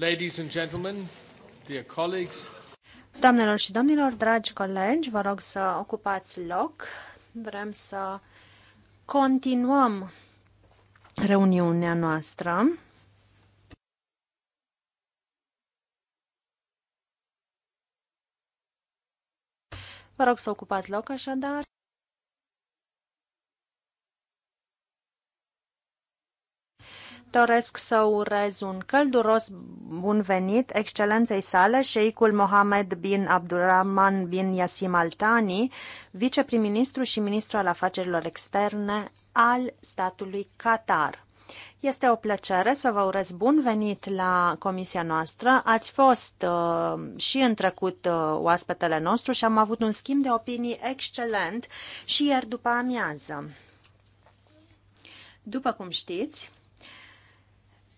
Ladies and gentlemen, dear colleagues. Doamnelor și domnilor, dragi colegi, vă rog să ocupați loc. Vrem să continuăm reuniunea noastră. Vă rog să ocupați loc așadar. doresc să urez un călduros bun venit excelenței sale, șeicul Mohamed bin Abdurrahman bin Yasim Altani, viceprim-ministru și ministru al afacerilor externe al statului Qatar. Este o plăcere să vă urez bun venit la comisia noastră. Ați fost uh, și în trecut uh, oaspetele nostru și am avut un schimb de opinii excelent și ieri după amiază. După cum știți,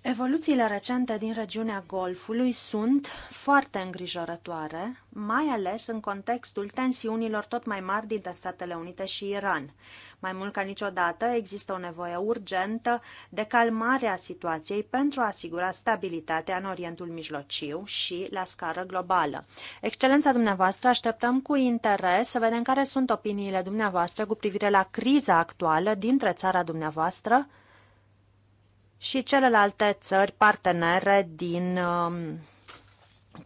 Evoluțiile recente din regiunea Golfului sunt foarte îngrijorătoare, mai ales în contextul tensiunilor tot mai mari dintre Statele Unite și Iran. Mai mult ca niciodată, există o nevoie urgentă de calmare a situației pentru a asigura stabilitatea în Orientul Mijlociu și la scară globală. Excelența dumneavoastră, așteptăm cu interes să vedem care sunt opiniile dumneavoastră cu privire la criza actuală dintre țara dumneavoastră, și celelalte țări partenere din um,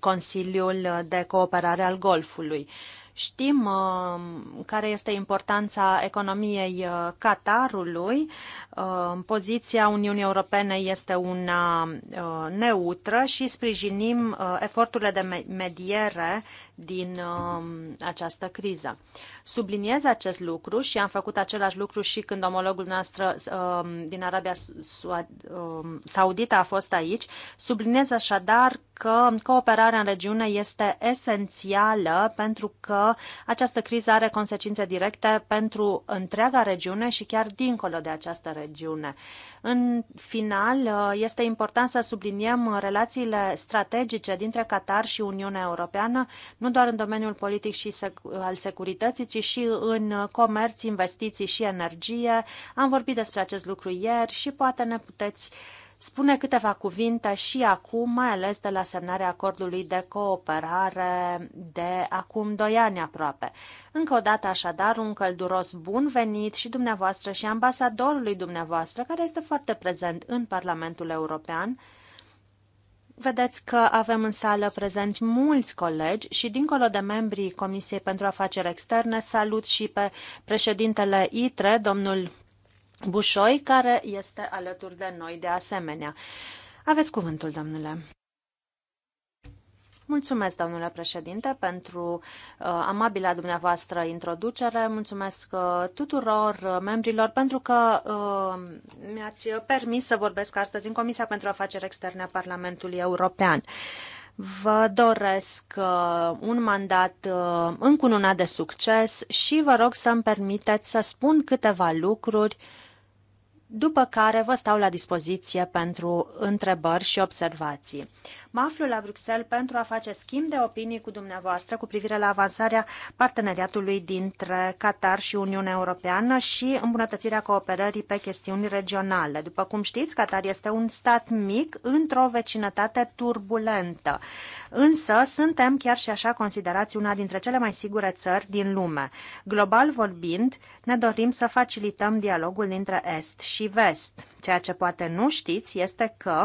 Consiliul de Cooperare al Golfului. Știm uh, care este importanța economiei uh, Qatarului. Uh, poziția Uniunii Europene este una uh, neutră și sprijinim uh, eforturile de mediere din uh, această criză. Uh, Subliniez acest lucru și am făcut același lucru și când omologul noastră um, din Arabia um, Saudită a fost aici. Subliniez așadar că cooperarea în regiune este esențială pentru că această criză are consecințe directe pentru întreaga regiune și chiar dincolo de această regiune. În final, uh, este important să subliniem relațiile strategice dintre Qatar și Uniunea Europeană, nu doar în domeniul politic și al securității, ci și în comerț, investiții și energie. Am vorbit despre acest lucru ieri și poate ne puteți spune câteva cuvinte și acum, mai ales de la semnarea acordului de cooperare de acum doi ani aproape. Încă o dată așadar, un călduros bun venit și dumneavoastră și ambasadorului dumneavoastră, care este foarte prezent în Parlamentul European, Vedeți că avem în sală prezenți mulți colegi și, dincolo de membrii Comisiei pentru Afaceri Externe, salut și pe președintele ITRE, domnul Bușoi, care este alături de noi de asemenea. Aveți cuvântul, domnule. Mulțumesc, domnule președinte, pentru uh, amabila dumneavoastră introducere. Mulțumesc uh, tuturor uh, membrilor pentru că uh, mi-ați permis să vorbesc astăzi în Comisia pentru Afaceri Externe a Parlamentului European. Vă doresc uh, un mandat uh, încununat de succes și vă rog să-mi permiteți să spun câteva lucruri după care vă stau la dispoziție pentru întrebări și observații. Mă aflu la Bruxelles pentru a face schimb de opinii cu dumneavoastră cu privire la avansarea parteneriatului dintre Qatar și Uniunea Europeană și îmbunătățirea cooperării pe chestiuni regionale. După cum știți, Qatar este un stat mic într-o vecinătate turbulentă. Însă suntem chiar și așa considerați una dintre cele mai sigure țări din lume. Global vorbind, ne dorim să facilităm dialogul dintre Est și Vest. Ceea ce poate nu știți este că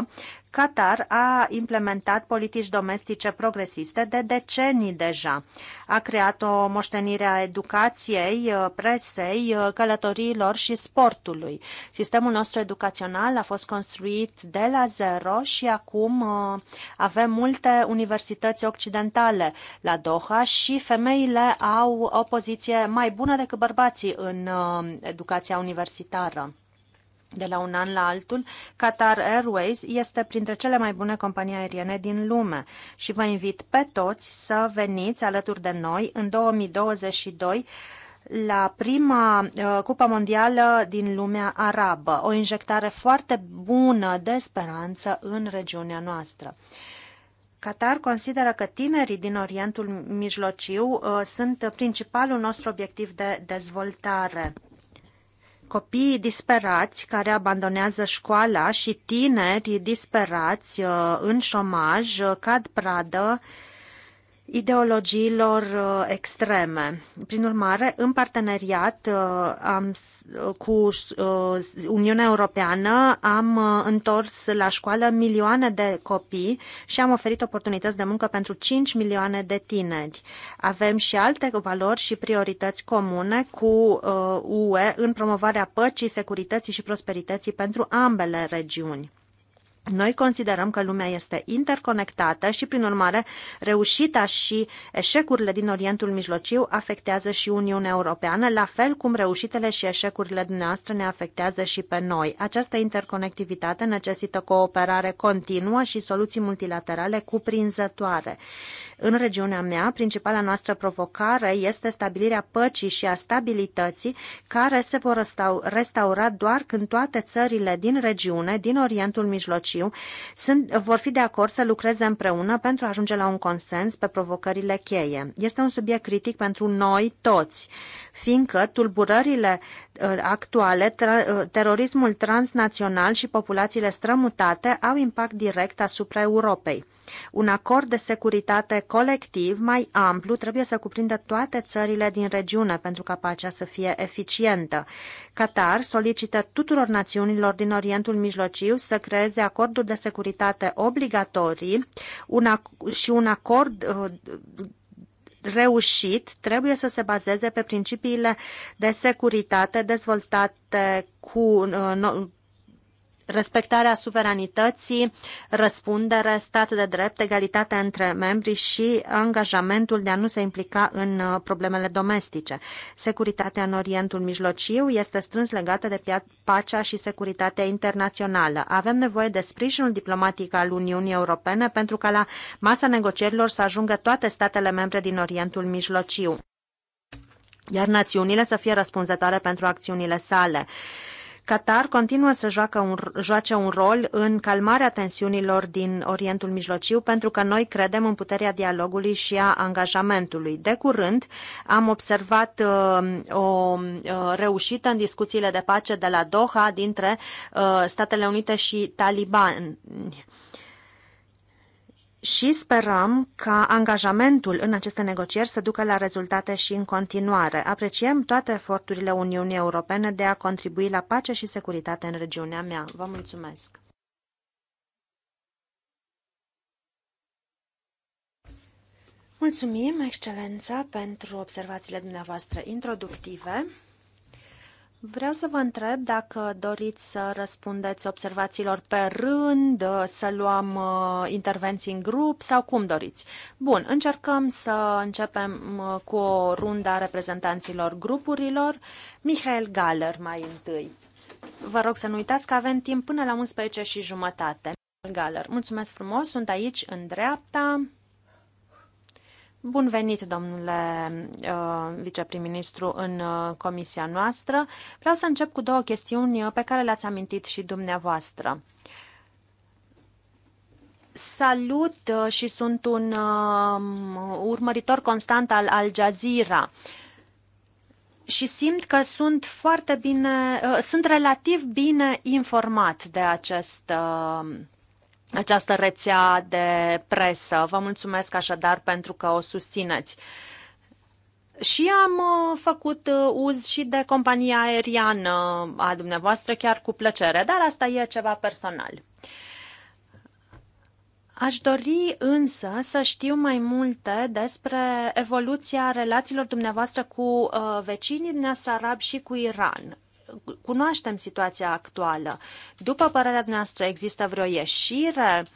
Qatar a implementat politici domestice progresiste de decenii deja. A creat o moștenire a educației, uh, presei, uh, călătoriilor și sportului. Sistemul nostru educațional a fost construit de la zero și acum uh, avem multe universități occidentale la Doha și femeile au o poziție mai bună decât bărbații în educația universitară de la un an la altul, Qatar Airways este printre cele mai bune companii aeriene din lume și vă invit pe toți să veniți alături de noi în 2022 la prima uh, Cupa Mondială din lumea arabă, o injectare foarte bună de speranță în regiunea noastră. Qatar consideră că tinerii din Orientul Mijlociu uh, sunt principalul nostru obiectiv de dezvoltare copiii disperați care abandonează școala și tinerii disperați uh, în șomaj uh, cad pradă ideologiilor uh, extreme. Prin urmare, în parteneriat uh, am, uh, cu Uniunea Europeană am întors la școală milioane de copii și am oferit oportunități de muncă pentru 5 milioane de tineri. Avem și alte valori și priorități comune cu UE în promovarea păcii, securității și prosperității pentru ambele regiuni. Noi considerăm că lumea este interconectată și, prin urmare, reușita și eșecurile din Orientul Mijlociu afectează și Uniunea Europeană, la fel cum reușitele și eșecurile dumneavoastră ne afectează și pe noi. Această interconectivitate necesită cooperare continuă și soluții multilaterale cuprinzătoare. În regiunea mea, principala noastră provocare este stabilirea păcii și a stabilității, care se vor restaura doar când toate țările din regiune, din Orientul Mijlociu, Tăciu sunt, vor fi de acord să lucreze împreună pentru a ajunge la un consens pe provocările cheie. Este un subiect critic pentru noi toți, fiindcă tulburările uh, actuale, uh, terorismul transnațional și populațiile strămutate au impact direct asupra Europei. Un acord de securitate colectiv mai amplu trebuie să cuprindă toate țările din regiune pentru ca pacea să fie eficientă. Qatar solicită tuturor națiunilor din Orientul Mijlociu să creeze acorduri de securitate obligatorii un și un acord uh, reușit trebuie să se bazeze pe principiile de securitate dezvoltate cu uh, respectarea suveranității, răspundere, stat de drept, egalitate între membri și angajamentul de a nu se implica în uh, problemele domestice. Securitatea în Orientul Mijlociu este strâns legată de pacea și securitatea internațională. Avem nevoie de sprijinul diplomatic al Uniunii Europene pentru ca la masa negocierilor să ajungă toate statele membre din Orientul Mijlociu iar națiunile să fie răspunzătoare pentru acțiunile sale. Qatar continuă să joacă un, joace un rol în calmarea tensiunilor din Orientul Mijlociu pentru că noi credem în puterea dialogului și a angajamentului. De curând am observat uh, o uh, reușită în discuțiile de pace de la Doha dintre uh, Statele Unite și Taliban. Uh, și sperăm ca angajamentul în aceste negocieri să ducă la rezultate și în continuare. Apreciem toate eforturile Uniunii Europene de a contribui la pace și securitate în regiunea mea. Vă mulțumesc! Mulțumim, Excelența, pentru observațiile dumneavoastră introductive. Vreau să vă întreb dacă doriți să răspundeți observațiilor pe rând, să luăm uh, intervenții în grup sau cum doriți. Bun, încercăm să începem uh, cu o rundă a reprezentanților grupurilor. Mihail Galer mai întâi. Vă rog să nu uitați că avem timp până la 11 și jumătate. Galer, mulțumesc frumos, sunt aici în dreapta. Bun venit, domnule uh, viceprim-ministru, în uh, comisia noastră. Vreau să încep cu două chestiuni uh, pe care le-ați amintit și dumneavoastră. Salut și sunt un um, urmăritor constant al Al Jazeera și simt că sunt foarte bine, sunt relativ bine informat de acest această rețea de presă. Vă mulțumesc așadar pentru că o susțineți. Și am uh, făcut uh, uz și de compania aeriană a dumneavoastră chiar cu plăcere, dar asta e ceva personal. Aș dori însă să știu mai multe despre evoluția relațiilor dumneavoastră cu uh, vecinii dumneavoastră arabi și cu Iran cunoaștem situația actuală. După părerea noastră, există vreo ieșire?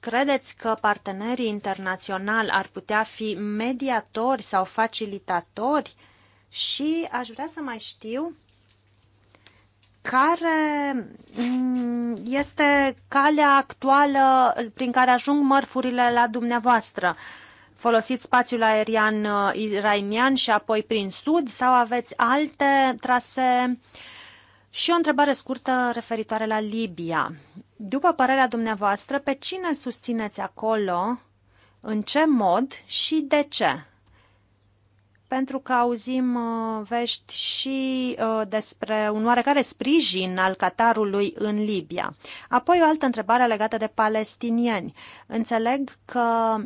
Credeți că partenerii internaționali ar putea fi mediatori sau facilitatori? Și aș vrea să mai știu care mm, este calea actuală prin care ajung mărfurile la dumneavoastră. Uh, folosiți spațiul aerian uh, iranian și apoi prin sud sau aveți alte trasee? Și o întrebare scurtă referitoare la Libia. După părerea dumneavoastră, pe cine susțineți acolo, în ce mod și de ce? Pentru că auzim uh, vești și uh, despre un oarecare sprijin al Qatarului în Libia. Apoi o altă întrebare legată de palestinieni. Înțeleg că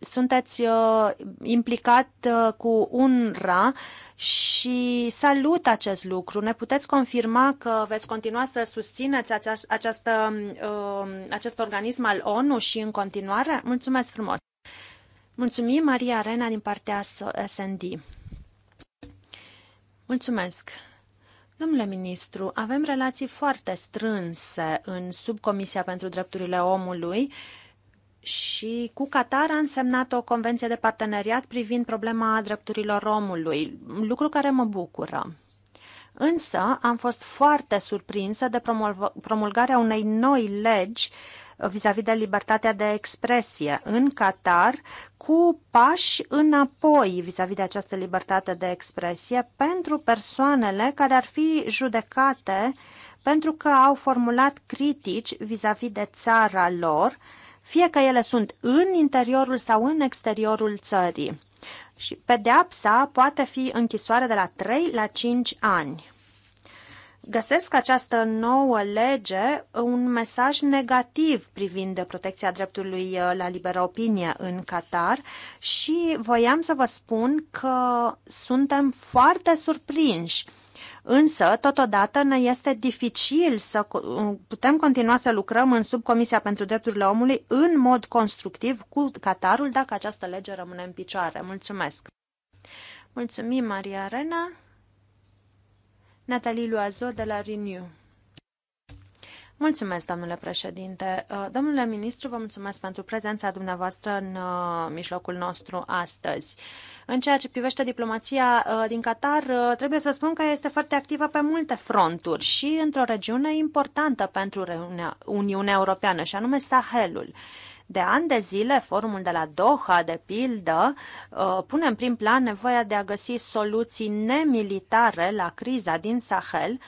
sunteți uh, implicat uh, cu UNRWA și salut acest lucru. Ne puteți confirma că veți continua să susțineți această, această, um, uh, acest organism al ONU și în continuare? Mulțumesc frumos! Mulțumim, Maria Arena, din partea SND. Mulțumesc! Domnule ministru, avem relații foarte strânse în Subcomisia pentru Drepturile Omului și cu Qatar a însemnat o convenție de parteneriat privind problema drepturilor omului, lucru care mă bucură. Însă am fost foarte surprinsă de promulgarea unei noi legi vis-a-vis -vis de libertatea de expresie în Qatar, cu pași înapoi vis-a-vis -vis de această libertate de expresie pentru persoanele care ar fi judecate pentru că au formulat critici vis-a-vis -vis de țara lor, fie că ele sunt în interiorul sau în exteriorul țării. Și pedeapsa poate fi închisoare de la 3 la 5 ani. Găsesc această nouă lege un mesaj negativ privind de protecția dreptului uh, la liberă opinie în Qatar și voiam să vă spun că suntem foarte surprinși Însă, totodată, ne este dificil să putem continua să lucrăm în subcomisia pentru drepturile omului în mod constructiv cu Qatarul dacă această lege rămâne în picioare. Mulțumesc! Mulțumim, Maria Arena. Natalie Loazo de la Renew. Mulțumesc, domnule președinte. Uh, domnule ministru, vă mulțumesc pentru prezența dumneavoastră în uh, mijlocul nostru astăzi. În ceea ce privește diplomația uh, din Qatar, trebuie să spun că este foarte activă pe multe fronturi și într-o regiune importantă pentru Uniunea Europeană, și anume Sahelul. De ani de zile, forumul de la Doha, de pildă, pune în prim plan nevoia de a găsi soluții nemilitare la criza din Sahel,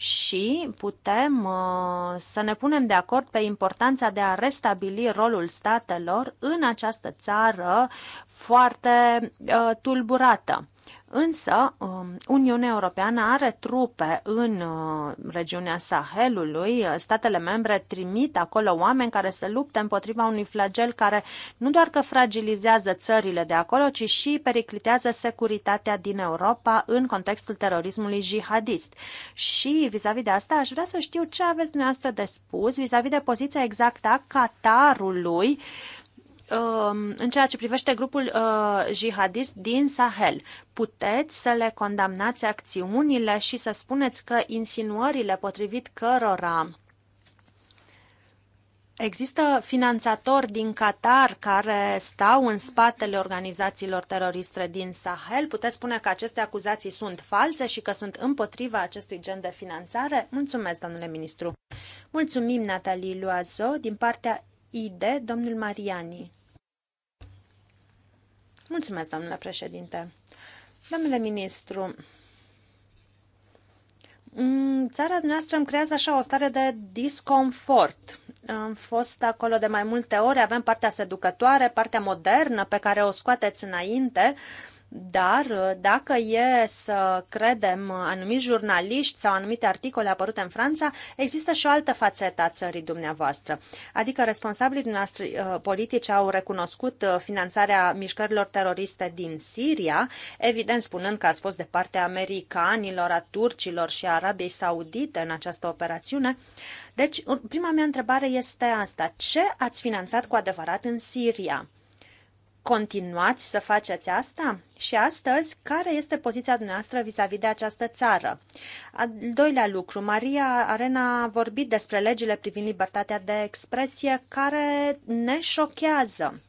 și putem uh, să ne punem de acord pe importanța de a restabili rolul statelor în această țară foarte uh, tulburată. Însă, um, Uniunea Europeană are trupe în uh, regiunea Sahelului. Statele membre trimit acolo oameni care se luptă împotriva unui flagel care nu doar că fragilizează țările de acolo, ci și periclitează securitatea din Europa în contextul terorismului jihadist. Și vis-a-vis -vis de asta, aș vrea să știu ce aveți dumneavoastră de spus vis-a-vis -vis de poziția exactă a Qatarului uh, Um, în ceea ce privește grupul uh, jihadist din Sahel. Puteți să le condamnați acțiunile și să spuneți că insinuările potrivit cărora Există finanțatori din Qatar care stau în spatele organizațiilor teroriste din Sahel. Puteți spune că aceste acuzații sunt false și că sunt împotriva acestui gen de finanțare? Mulțumesc, domnule ministru. Mulțumim, Natalie Luazo, din partea ID, domnul Mariani. Mulțumesc, domnule președinte. Domnule ministru, țara noastră îmi creează așa o stare de disconfort. Am fost acolo de mai multe ori, avem partea seducătoare, partea modernă pe care o scoateți înainte, uh, dar uh, dacă e să credem uh, anumiți jurnaliști sau anumite articole apărute în Franța, există și o altă fațetă a țării dumneavoastră. Adică responsabilii dumneavoastră uh, politici au recunoscut finanțarea mișcărilor teroriste din Siria, evident spunând că ați fost de partea americanilor, a turcilor și a Arabiei Saudite în această operațiune. Deci, prima mea întrebare este asta. Ce ați finanțat cu adevărat în Siria? Continuați să faceți asta? Și astăzi, care este poziția dumneavoastră vis-a-vis -vis de această țară? Al doilea lucru, Maria Arena a vorbit despre legile privind libertatea de expresie care ne șochează.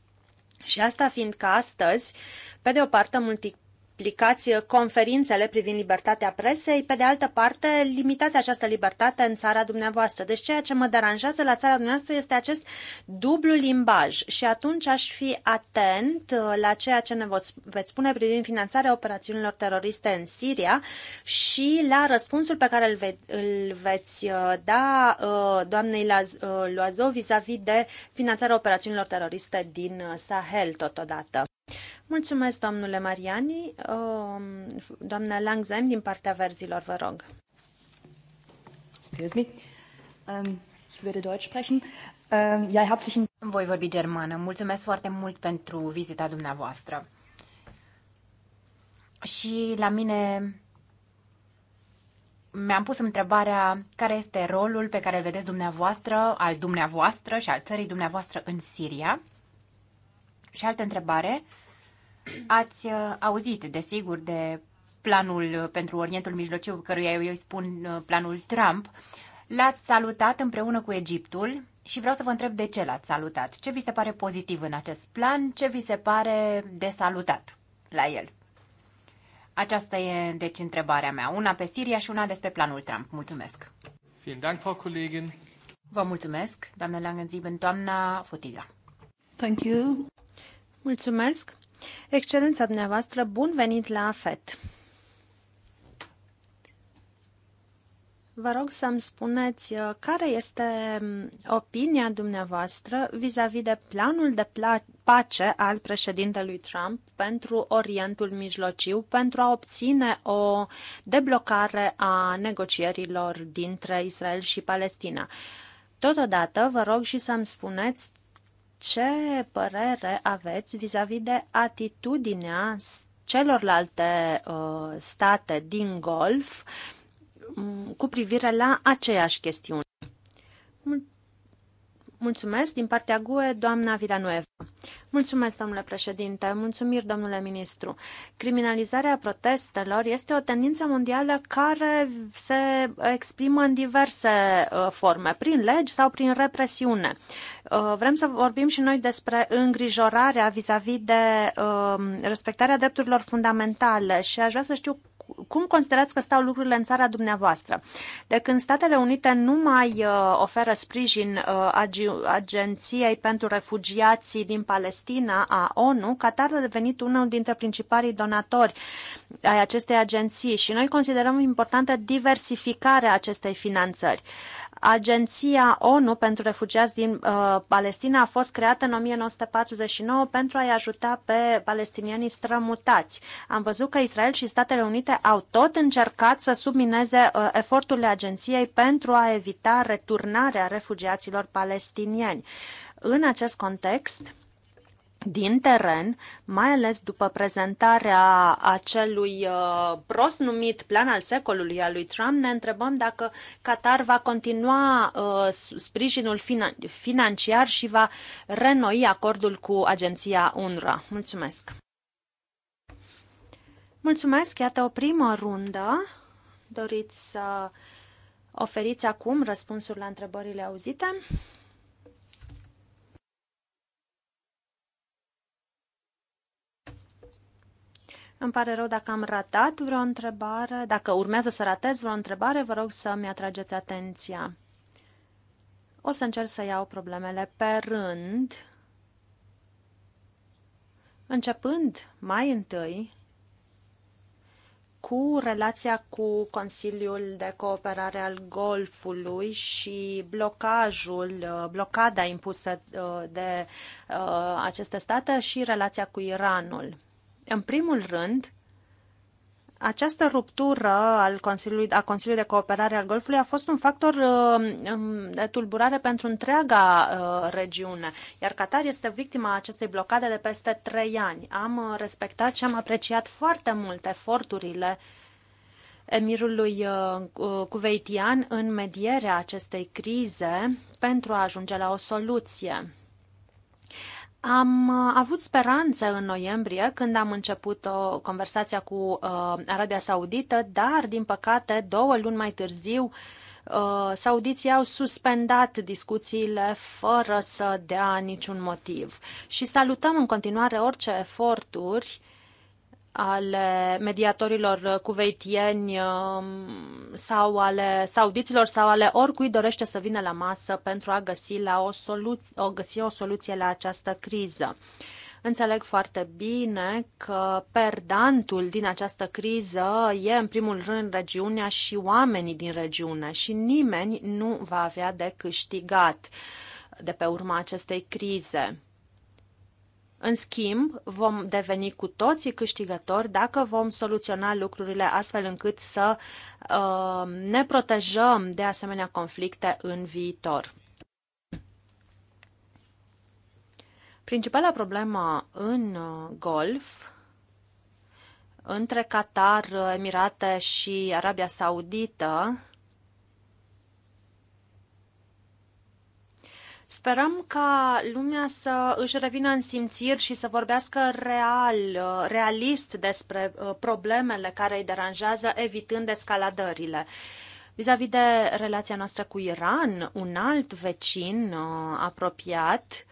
Și asta fiindcă astăzi, pe de o parte, multi aplicați uh, conferințele privind libertatea presei, pe de altă parte limitați această libertate în țara dumneavoastră. Deci ceea ce mă deranjează la țara dumneavoastră este acest dublu limbaj și atunci aș fi atent uh, la ceea ce ne veți spune privind finanțarea operațiunilor teroriste în Siria și la răspunsul pe care îl, ve- îl veți uh, da doamnei Loazo vis-a-vis de finanțarea operațiunilor teroriste din Sahel totodată. Mulțumesc, domnule Mariani. Um, doamna Langzheim, din partea verzilor, vă rog. Excuse me. Um, ich würde Deutsch sprechen. Um, ja, herzlichen... Voi vorbi germană. Mulțumesc foarte mult pentru vizita dumneavoastră. Și la mine mi-am pus întrebarea care este rolul pe care îl vedeți dumneavoastră, al dumneavoastră și al țării dumneavoastră în Siria și altă întrebare, ați uh, auzit, desigur, de planul pentru Orientul Mijlociu, căruia eu îi spun uh, planul Trump, l-ați salutat împreună cu Egiptul și vreau să vă întreb de ce l-ați salutat. Ce vi se pare pozitiv în acest plan? Ce vi se pare de salutat la el? Aceasta e, deci, întrebarea mea. Una pe Siria și una despre planul Trump. Mulțumesc! Vă mulțumesc, doamnă Langenziben, doamna Fotiga. Thank you. Mulțumesc! Excelența dumneavoastră, bun venit la AFET! Vă rog să-mi spuneți uh, care este mm, opinia dumneavoastră vis-a-vis -vis de planul de pace al președintelui Trump pentru Orientul Mijlociu pentru a obține o deblocare a negocierilor dintre Israel și Palestina. Totodată, vă rog și să-mi spuneți ce părere aveți vis-a-vis -vis de atitudinea celorlalte uh, state din Golf mm, cu privire la aceeași chestiune? Mulțumesc din partea GUE, doamna Villanueva. Mulțumesc, domnule președinte. Mulțumiri, domnule ministru. Criminalizarea protestelor este o tendință mondială care se exprimă în diverse uh, forme, prin legi sau prin represiune. Uh, vrem să vorbim și noi despre îngrijorarea vis-a-vis de uh, respectarea drepturilor fundamentale și aș vrea să știu cum considerați că stau lucrurile în țara dumneavoastră? De când Statele Unite nu mai uh, oferă sprijin uh, Agenției pentru Refugiații din Palestina a ONU, Qatar a devenit unul dintre principalii donatori ai acestei agenții și noi considerăm importantă diversificarea acestei finanțări. Uh, Agenția ONU pentru refugiați din uh, Palestina a fost creată în 1949 pentru a-i ajuta pe palestinienii strămutați. Am văzut că Israel și Statele Unite au tot încercat să submineze uh, eforturile agenției pentru a evita returnarea refugiaților palestinieni. În acest context, din teren, mai ales după prezentarea acelui uh, prost numit plan al secolului al lui Trump, ne întrebăm dacă Qatar va continua uh, sprijinul finan- financiar și va renoi acordul cu agenția UNRWA. Mulțumesc! Mulțumesc! Iată o primă rundă. Doriți să oferiți acum răspunsuri la întrebările auzite? Îmi pare rău dacă am ratat vreo întrebare. Dacă urmează să ratez vreo întrebare, vă rog să-mi atrageți atenția. O să încerc să iau problemele pe rând, începând mai întâi cu relația cu Consiliul de Cooperare al Golfului și blocajul, blocada impusă uh, de uh, aceste state și relația cu Iranul. În primul rând, această ruptură al Consiliului, a Consiliului de Cooperare al Golfului a fost un factor uh, um, de tulburare pentru întreaga uh, regiune, iar Qatar este victima acestei blocade de peste trei ani. Am uh, respectat și am apreciat foarte mult eforturile emirului cuveitian în medierea acestei crize pentru a ajunge la o soluție. Am uh, avut speranțe în noiembrie când am început o conversație cu uh, Arabia Saudită, dar, din păcate, două luni mai târziu, uh, saudiții au suspendat discuțiile fără să dea niciun motiv. Și salutăm în continuare orice eforturi ale mediatorilor cuveitieni um, sau ale saudiților sau ale oricui dorește să vină la masă pentru a găsi, la o soluție, o, găsi o soluție la această criză. Înțeleg foarte bine că perdantul din această criză e în primul rând regiunea și oamenii din regiune și nimeni nu va avea de câștigat de pe urma acestei crize. În schimb, vom deveni cu toții câștigători dacă vom soluționa lucrurile astfel încât să uh, ne protejăm de asemenea conflicte în viitor. Principala problemă în uh, golf între Qatar, Emirate și Arabia Saudită Sperăm ca lumea să își revină în simțiri și să vorbească real, uh, realist despre uh, problemele care îi deranjează, evitând escaladările. Vis-a-vis -vis de relația noastră cu Iran, un alt vecin uh, apropiat,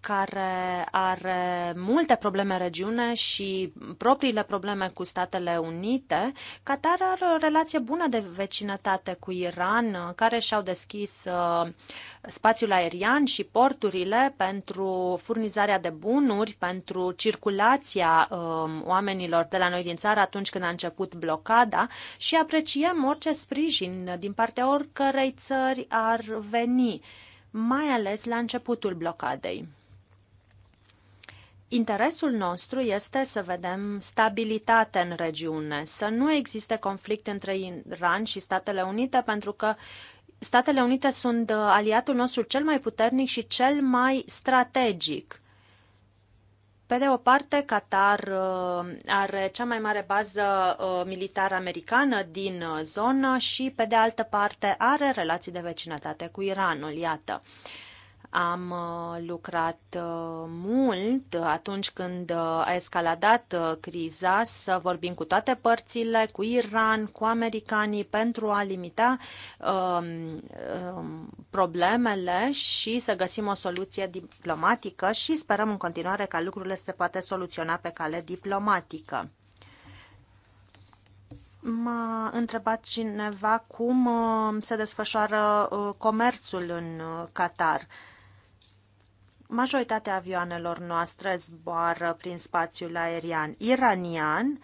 care are multe probleme în regiune și propriile probleme cu Statele Unite. Qatar are o relație bună de vecinătate cu Iran, care și-au deschis uh, spațiul aerian și porturile pentru furnizarea de bunuri, pentru circulația um, oamenilor de la noi din țară atunci când a început blocada și apreciem orice sprijin din partea oricărei țări ar veni mai ales la începutul blocadei. Interesul nostru este să vedem stabilitate în regiune, să nu existe conflict între Iran și Statele Unite, pentru că Statele Unite sunt uh, aliatul nostru cel mai puternic și cel mai strategic. Pe de o parte, Qatar uh, are cea mai mare bază uh, militară americană din zonă și, pe de altă parte, are relații de vecinătate cu Iranul, iată. Am uh, lucrat uh, mult atunci când uh, a escaladat criza să vorbim cu toate părțile, cu Iran, cu americanii, pentru a limita um, um, problemele și să găsim o soluție diplomatică și sperăm în continuare ca lucrurile se poate soluționa pe cale diplomatică. M-a întrebat cineva cum se desfășoară comerțul în Qatar. Majoritatea avioanelor noastre zboară prin spațiul aerian iranian,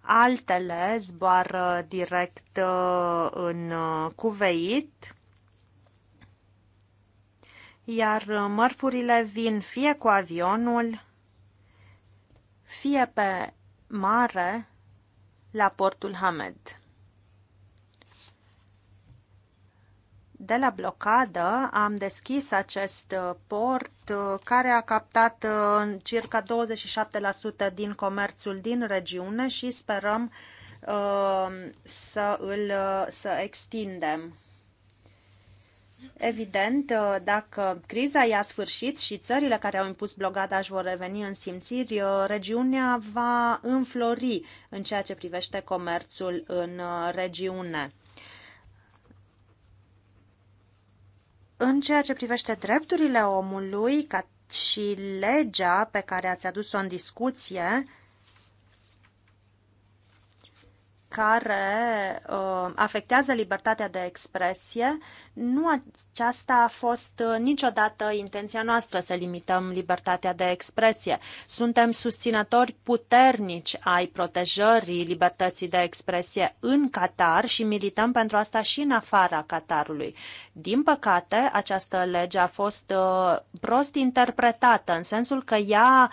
altele zboară direct uh, în Cuveit, uh, iar uh, mărfurile vin fie cu avionul, fie pe mare la portul Hamed. de la blocadă am deschis acest uh, port uh, care a captat uh, circa 27% din comerțul din regiune și sperăm să îl să extindem. Evident, dacă criza ia sfârșit și țările care au impus blocada își vor reveni în simțiri, regiunea va înflori în ceea ce privește comerțul în regiune. În ceea ce privește drepturile omului ca și legea pe care ați adus-o în discuție, care uh, afectează libertatea de expresie, nu aceasta a fost uh, niciodată intenția noastră să limităm libertatea de expresie. Suntem susținători puternici ai protejării libertății de expresie în Qatar și milităm pentru asta și în afara Qatarului. Din păcate, această lege a fost uh, prost interpretată, în sensul că ea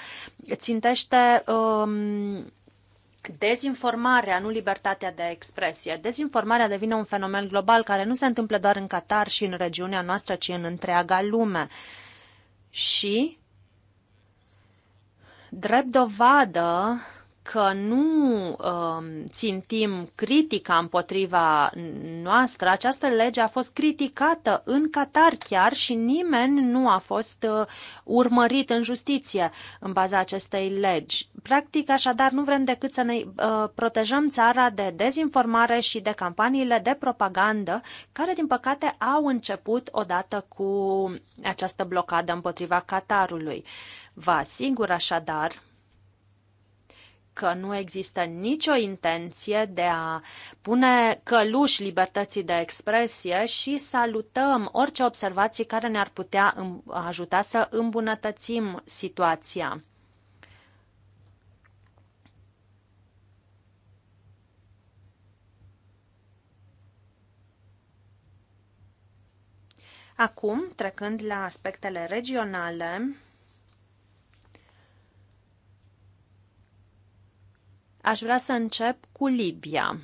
țintește Uh, dezinformarea, nu libertatea de expresie. Dezinformarea devine un fenomen global care nu se întâmplă doar în Qatar și în regiunea noastră, ci în întreaga lume. Și drept dovadă că nu um, țintim critica împotriva noastră, această lege a fost criticată în Qatar chiar și nimeni nu a fost uh, urmărit în justiție în baza acestei legi. Practic, așadar, nu vrem decât să ne uh, protejăm țara de dezinformare și de campaniile de propagandă, care, din păcate, au început odată cu această blocadă împotriva Qatarului. Vă asigur așadar că nu există nicio intenție de a pune căluși libertății de expresie și salutăm orice observații care ne-ar putea ajuta să îmbunătățim situația. Acum, trecând la aspectele regionale, Aș vrea să încep cu Libia.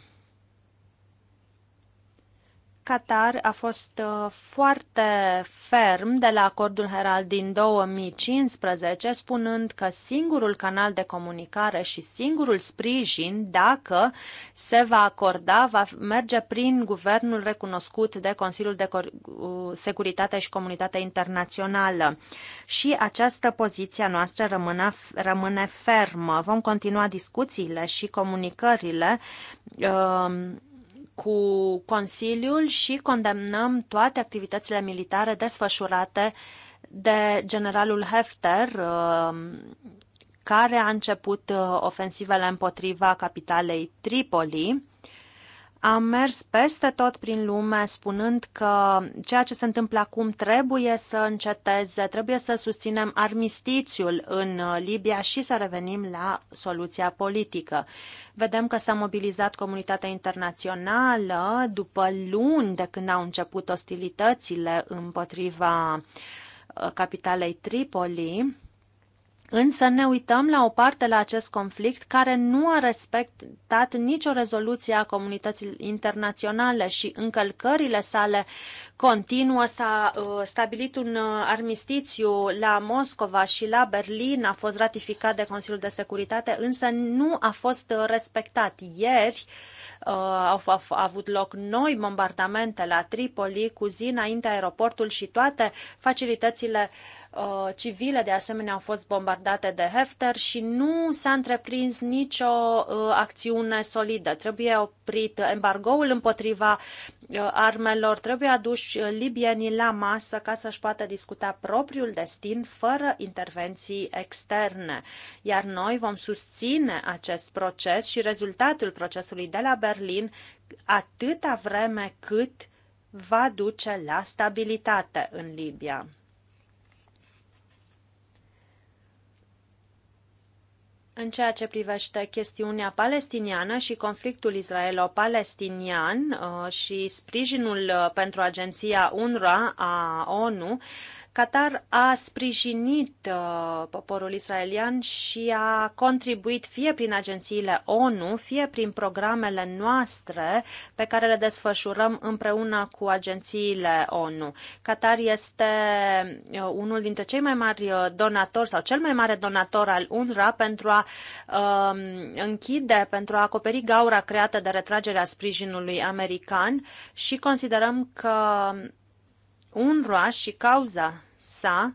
Qatar a fost uh, foarte ferm de la acordul Herald din 2015, spunând că singurul canal de comunicare și singurul sprijin, dacă se va acorda, va merge prin guvernul recunoscut de Consiliul de uh, Securitate și Comunitatea Internațională. Și această poziție noastră rămâne, rămâne fermă. Vom continua discuțiile și comunicările. Uh, cu Consiliul și condamnăm toate activitățile militare desfășurate de generalul Hefter, um, care a început uh, ofensivele împotriva capitalei Tripoli am mers peste tot prin lume spunând că ceea ce se întâmplă acum trebuie să înceteze, trebuie să susținem armistițiul în uh, Libia și să revenim la soluția politică. Vedem că s-a mobilizat comunitatea internațională după luni de când au început ostilitățile împotriva uh, capitalei Tripoli Însă ne uităm la o parte la acest conflict care nu a respectat nicio rezoluție a comunității internaționale și încălcările sale continuă. S-a uh, stabilit un uh, armistițiu la Moscova și la Berlin, a fost ratificat de Consiliul de Securitate, însă nu a fost uh, respectat. Ieri au avut loc noi bombardamente la Tripoli cu zi înainte aeroportul și toate facilitățile uh, Uh, civile de asemenea au fost bombardate de Hefter și nu s-a întreprins nicio uh, acțiune solidă. Trebuie oprit embargoul împotriva uh, armelor, trebuie aduși libienii la masă ca să-și poată discuta propriul destin fără intervenții externe. Iar noi vom susține acest proces și rezultatul procesului de la Berlin atâta vreme cât va duce la stabilitate în Libia. În ceea ce privește chestiunea palestiniană și conflictul israelo-palestinian uh, și sprijinul uh, pentru agenția UNRWA a ONU, Qatar a sprijinit uh, poporul israelian și a contribuit fie prin agențiile ONU, fie prin programele noastre pe care le desfășurăm împreună cu agențiile ONU. Qatar este uh, unul dintre cei mai mari uh, donatori sau cel mai mare donator al UNRWA pentru a um, închide, pentru a acoperi gaura creată de retragerea sprijinului american și considerăm că UNRWA și cauza sa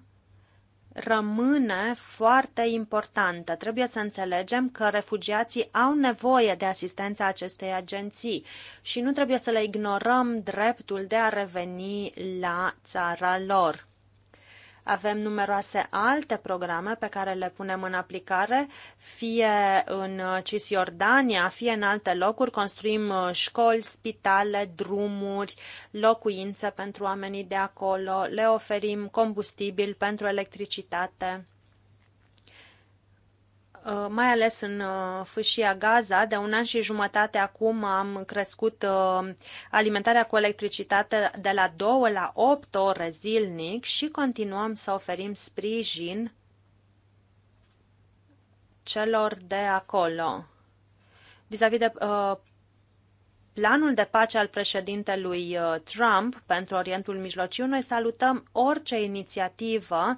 rămâne foarte importantă. Trebuie să înțelegem că refugiații au nevoie de asistența acestei agenții și nu trebuie să le ignorăm dreptul de a reveni la țara lor. Avem numeroase alte programe pe care le punem în aplicare, fie în Cisjordania, fie în alte locuri. Construim uh, școli, spitale, drumuri, locuințe pentru oamenii de acolo, le oferim combustibil pentru electricitate. Uh, mai ales în uh, fâșia Gaza. De un an și jumătate acum am crescut uh, alimentarea cu electricitate de la 2 la 8 ore zilnic și continuăm să oferim sprijin celor de acolo. Vis-a-vis de planul de pace al președintelui Trump pentru Orientul Mijlociu, noi salutăm orice inițiativă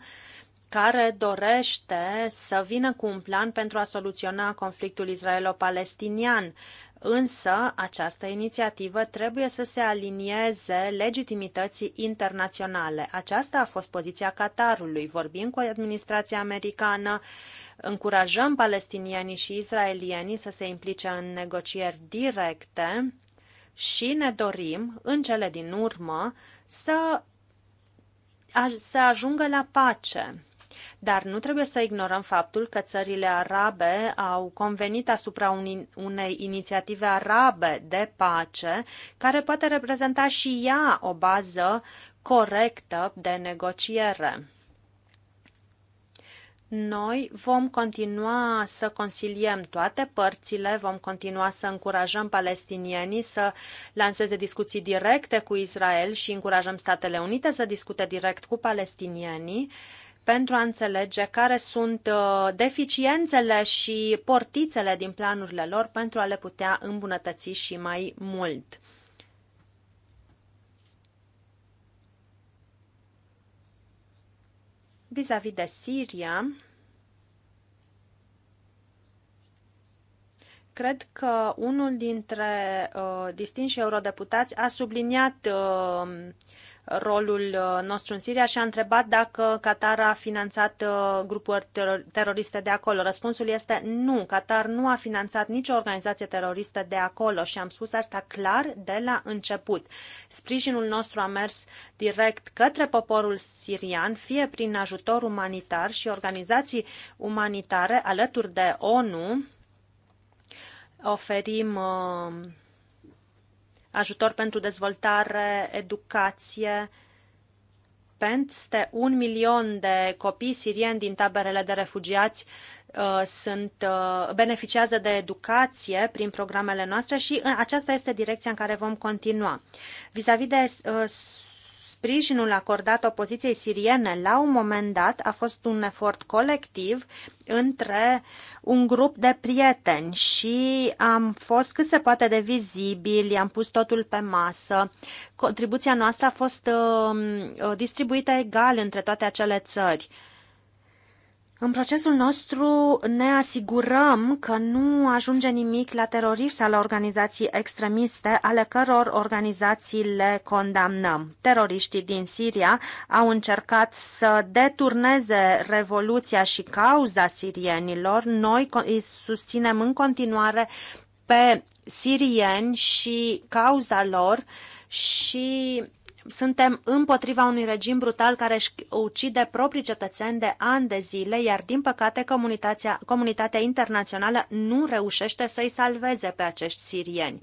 care dorește să vină cu un plan pentru a soluționa conflictul israelo-palestinian. Însă, această inițiativă trebuie să se alinieze legitimității internaționale. Aceasta a fost poziția Qatarului. Vorbim cu administrația americană, încurajăm palestinienii și israelienii să se implice în negocieri directe și ne dorim, în cele din urmă, să, să ajungă la pace. Dar nu trebuie să ignorăm faptul că țările arabe au convenit asupra unei inițiative arabe de pace, care poate reprezenta și ea o bază corectă de negociere. Noi vom continua să consiliem toate părțile, vom continua să încurajăm palestinienii să lanseze discuții directe cu Israel și încurajăm Statele Unite să discute direct cu palestinienii pentru a înțelege care sunt uh, deficiențele și portițele din planurile lor pentru a le putea îmbunătăți și mai mult. Vis-a-vis de Siria, cred că unul dintre uh, distinși eurodeputați a subliniat uh, rolul uh, nostru în Siria și a întrebat dacă Qatar a finanțat uh, grupuri teroriste de acolo. Răspunsul este nu, Qatar nu a finanțat nicio organizație teroristă de acolo și am spus asta clar de la început. Sprijinul nostru a mers direct către poporul sirian, fie prin ajutor umanitar și organizații umanitare alături de ONU, oferim uh, ajutor pentru dezvoltare, educație, peste un milion de copii sirieni din taberele de refugiați uh, sunt, uh, beneficiază de educație prin programele noastre și uh, aceasta este direcția în care vom continua. Vis-a-vis -vis de uh, Sprijinul acordat opoziției siriene la un moment dat a fost un efort colectiv între un grup de prieteni și am fost cât se poate de vizibili, am pus totul pe masă. Contribuția noastră a fost um, distribuită egal între toate acele țări. În procesul nostru ne asigurăm că nu ajunge nimic la teroriști sau la organizații extremiste ale căror organizații le condamnăm. Teroriștii din Siria au încercat să deturneze revoluția și cauza sirienilor. Noi îi susținem în continuare pe sirieni și cauza lor și suntem împotriva unui regim brutal care își ucide proprii cetățeni de ani de zile, iar din păcate comunitatea, comunitatea internațională nu reușește să-i salveze pe acești sirieni.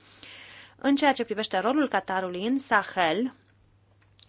În ceea ce privește rolul Qatarului în Sahel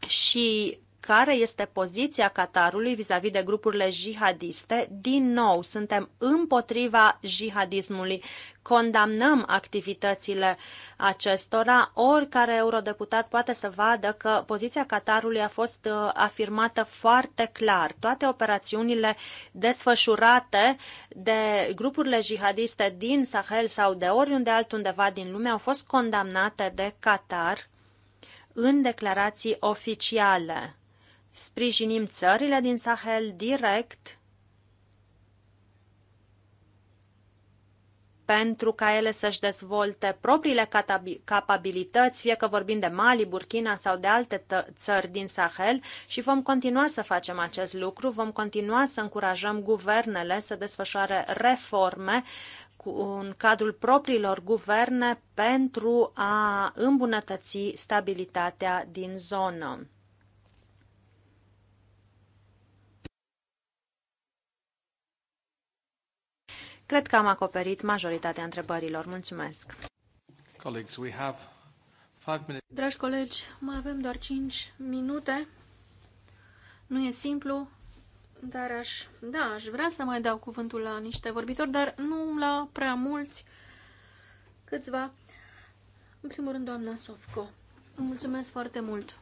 și care este poziția Qatarului vis-a-vis -vis de grupurile jihadiste. Din nou, suntem împotriva jihadismului, condamnăm activitățile acestora. Oricare eurodeputat poate să vadă că poziția Qatarului a fost uh, afirmată foarte clar. Toate operațiunile desfășurate de grupurile jihadiste din Sahel sau de oriunde altundeva din lume au fost condamnate de Qatar în declarații oficiale. Sprijinim țările din Sahel direct pentru ca ele să-și dezvolte propriile capabilități, fie că vorbim de Mali, Burkina sau de alte țări din Sahel și vom continua să facem acest lucru, vom continua să încurajăm guvernele să desfășoare reforme cu, în cadrul propriilor guverne pentru a îmbunătăți stabilitatea din zonă. Cred că am acoperit majoritatea întrebărilor. Mulțumesc! Dragi colegi, mai avem doar 5 minute. Nu e simplu, dar aș, da, aș vrea să mai dau cuvântul la niște vorbitori, dar nu la prea mulți, câțiva. În primul rând, doamna Sofco, mulțumesc foarte mult.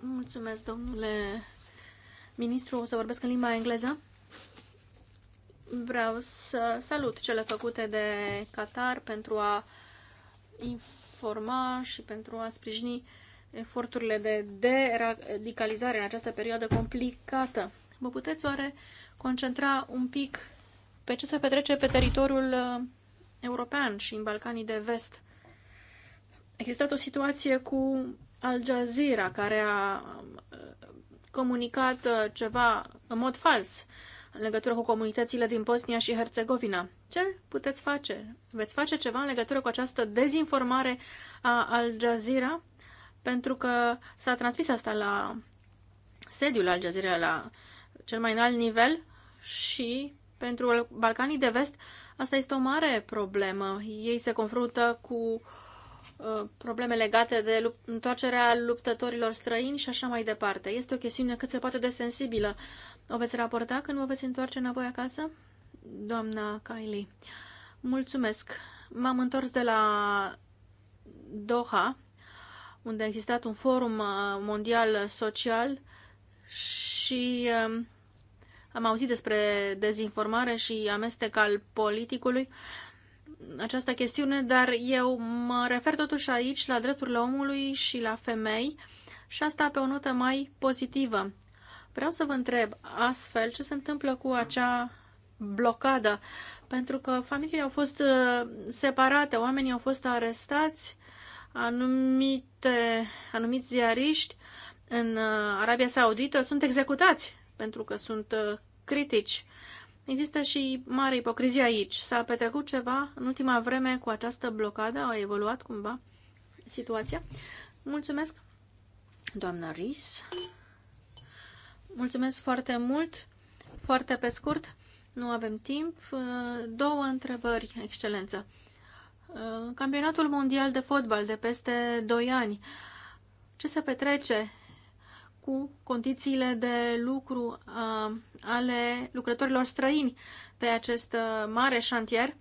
Mulțumesc, domnule ministru, o să vorbesc în limba engleză. Vreau să salut cele făcute de Qatar pentru a informa și pentru a sprijini eforturile de deradicalizare în această perioadă complicată. Vă puteți oare concentra un pic pe ce se petrece pe teritoriul uh, european și în Balcanii de vest? Există existat o situație cu Al Jazeera care a uh, comunicat uh, ceva în mod fals în legătură cu comunitățile din Bosnia și Herțegovina. Ce puteți face? Veți face ceva în legătură cu această dezinformare a Al Jazeera? Pentru că s-a transmis asta la sediul Al Jazeera, la cel mai înalt nivel și pentru Balcanii de Vest asta este o mare problemă. Ei se confruntă cu Uh, probleme legate de întoarcerea luptătorilor străini și așa mai departe. Este o chestiune cât se poate de sensibilă. O veți raporta când vă veți întoarce înapoi acasă? Doamna Kylie, mulțumesc. M-am întors de la Doha, unde a existat un forum uh, mondial social și um, am auzit despre dezinformare și amestec al politicului această chestiune, dar eu mă refer totuși aici la drepturile omului și la femei și asta pe o notă mai pozitivă. Vreau să vă întreb astfel ce se întâmplă cu acea blocadă, pentru că familiile au fost uh, separate, oamenii au fost arestați, anumite, anumiți ziariști în uh, Arabia Saudită sunt executați pentru că sunt uh, critici Există și mare ipocrizie aici. S-a petrecut ceva în ultima vreme cu această blocadă? A evoluat cumva situația? Mulțumesc, doamna Ris. Mulțumesc foarte mult, foarte pe scurt. Nu avem timp. Două întrebări, excelență. Campionatul mondial de fotbal de peste 2 ani. Ce se petrece? cu condițiile de lucru uh, ale lucrătorilor străini pe acest uh, mare șantier.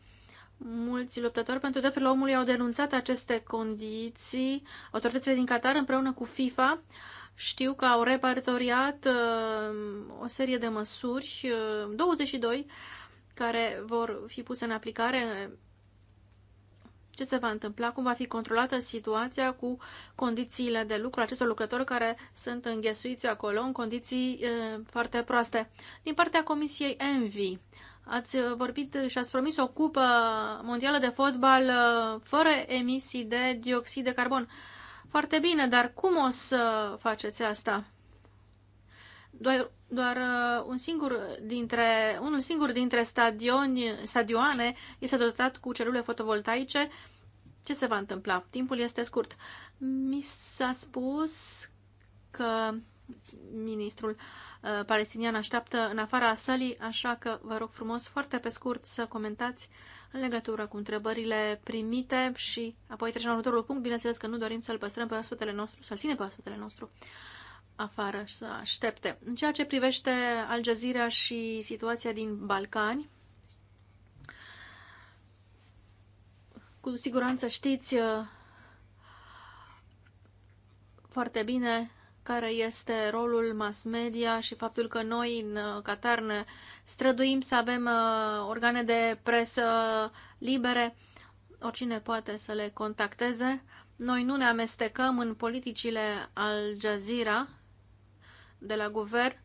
Mulți luptători pentru drepturile omului au denunțat aceste condiții. Autoritățile din Qatar împreună cu FIFA știu că au repertoriat uh, o serie de măsuri, 22, care vor fi puse în aplicare ce se va întâmpla, cum va fi controlată situația cu condițiile de lucru acestor lucrători care sunt înghesuiți acolo în condiții e, foarte proaste. Din partea Comisiei Envi, ați vorbit și ați promis o cupă mondială de fotbal fără emisii de dioxid de carbon. Foarte bine, dar cum o să faceți asta? Doar doar uh, un singur dintre, unul singur dintre stadioni, stadioane este dotat cu celule fotovoltaice, ce se va întâmpla? Timpul este scurt. Mi s-a spus că ministrul uh, palestinian așteaptă în afara sălii, așa că vă rog frumos foarte pe scurt să comentați în legătură cu întrebările primite și apoi trecem la următorul punct. Bineînțeles că nu dorim să-l păstrăm pe oaspetele nostru, să-l ține pe oaspetele nostru afară să aștepte. În ceea ce privește Al Jazeera și situația din Balcani, cu siguranță știți uh, foarte bine care este rolul mass media și faptul că noi în uh, Qatar ne străduim să avem uh, organe de presă libere. Oricine poate să le contacteze. Noi nu ne amestecăm în politicile Al Jazeera, de la guvern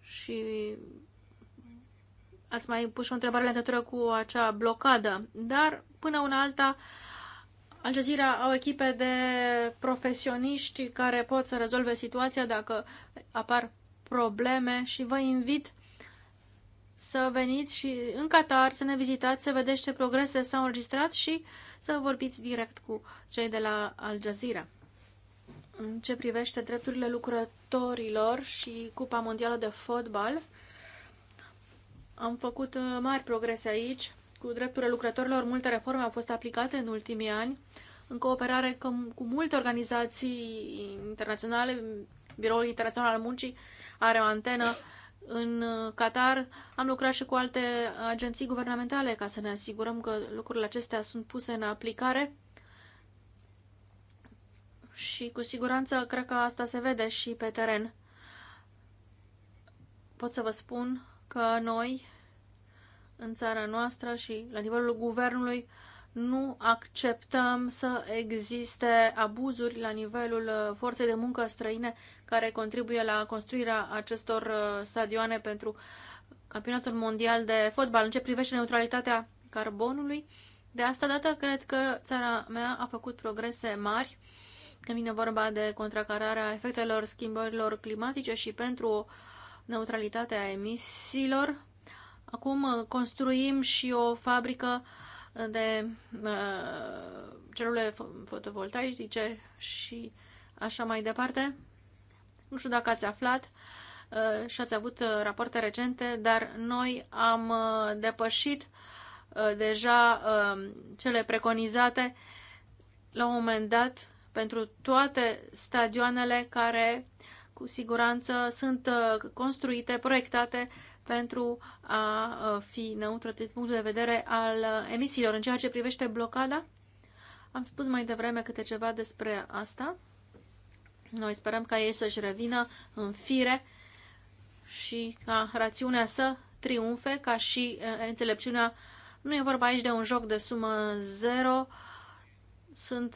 și ați mai pus o întrebare în legătură cu acea blocadă, dar până una alta Al Jazeera au echipe de profesioniști care pot să rezolve situația dacă apar probleme și vă invit să veniți și în Qatar, să ne vizitați, să vedeți ce progrese s-au înregistrat și să vorbiți direct cu cei de la Al Jazeera în ce privește drepturile lucrătorilor și Cupa Mondială de Fotbal. Am făcut uh, mari progrese aici. Cu drepturile lucrătorilor, multe reforme au fost aplicate în ultimii ani, în cooperare cu multe organizații internaționale. Biroul Internațional al Muncii are o antenă în uh, Qatar. Am lucrat și cu alte agenții guvernamentale ca să ne asigurăm că lucrurile acestea sunt puse în aplicare și cu siguranță cred că asta se vede și pe teren. Pot să vă spun că noi, în țara noastră și la nivelul guvernului, nu acceptăm să existe abuzuri la nivelul uh, forței de muncă străine care contribuie la construirea acestor uh, stadioane pentru campionatul mondial de fotbal. În ce privește neutralitatea carbonului, de asta dată cred că țara mea a făcut progrese mari când vine vorba de contracararea efectelor schimbărilor climatice și pentru neutralitatea emisiilor. Acum construim și o fabrică de uh, celule fotovoltaice și așa mai departe. Nu știu dacă ați aflat uh, și ați avut uh, rapoarte recente, dar noi am uh, depășit uh, deja uh, cele preconizate la un moment dat pentru toate stadioanele care cu siguranță sunt uh, construite, proiectate pentru a uh, fi neutră din punct de vedere al uh, emisiilor. În ceea ce privește blocada, am spus mai devreme câte ceva despre asta. Noi sperăm ca ei să-și revină în fire și ca rațiunea să triumfe, ca și înțelepciunea. Nu e vorba aici de un joc de sumă zero, sunt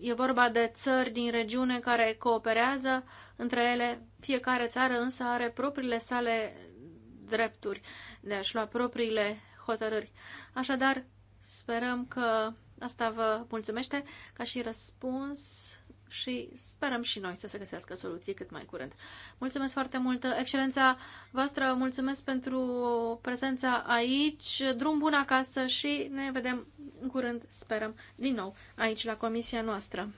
E vorba de țări din regiune care cooperează între ele. Fiecare țară însă are propriile sale drepturi de a-și lua propriile hotărâri. Așadar, sperăm că asta vă mulțumește ca și răspuns și sperăm și noi să se găsească soluții cât mai curând. Mulțumesc foarte mult, excelența voastră, mulțumesc pentru prezența aici, drum bun acasă și ne vedem în curând, sperăm, din nou aici la comisia noastră.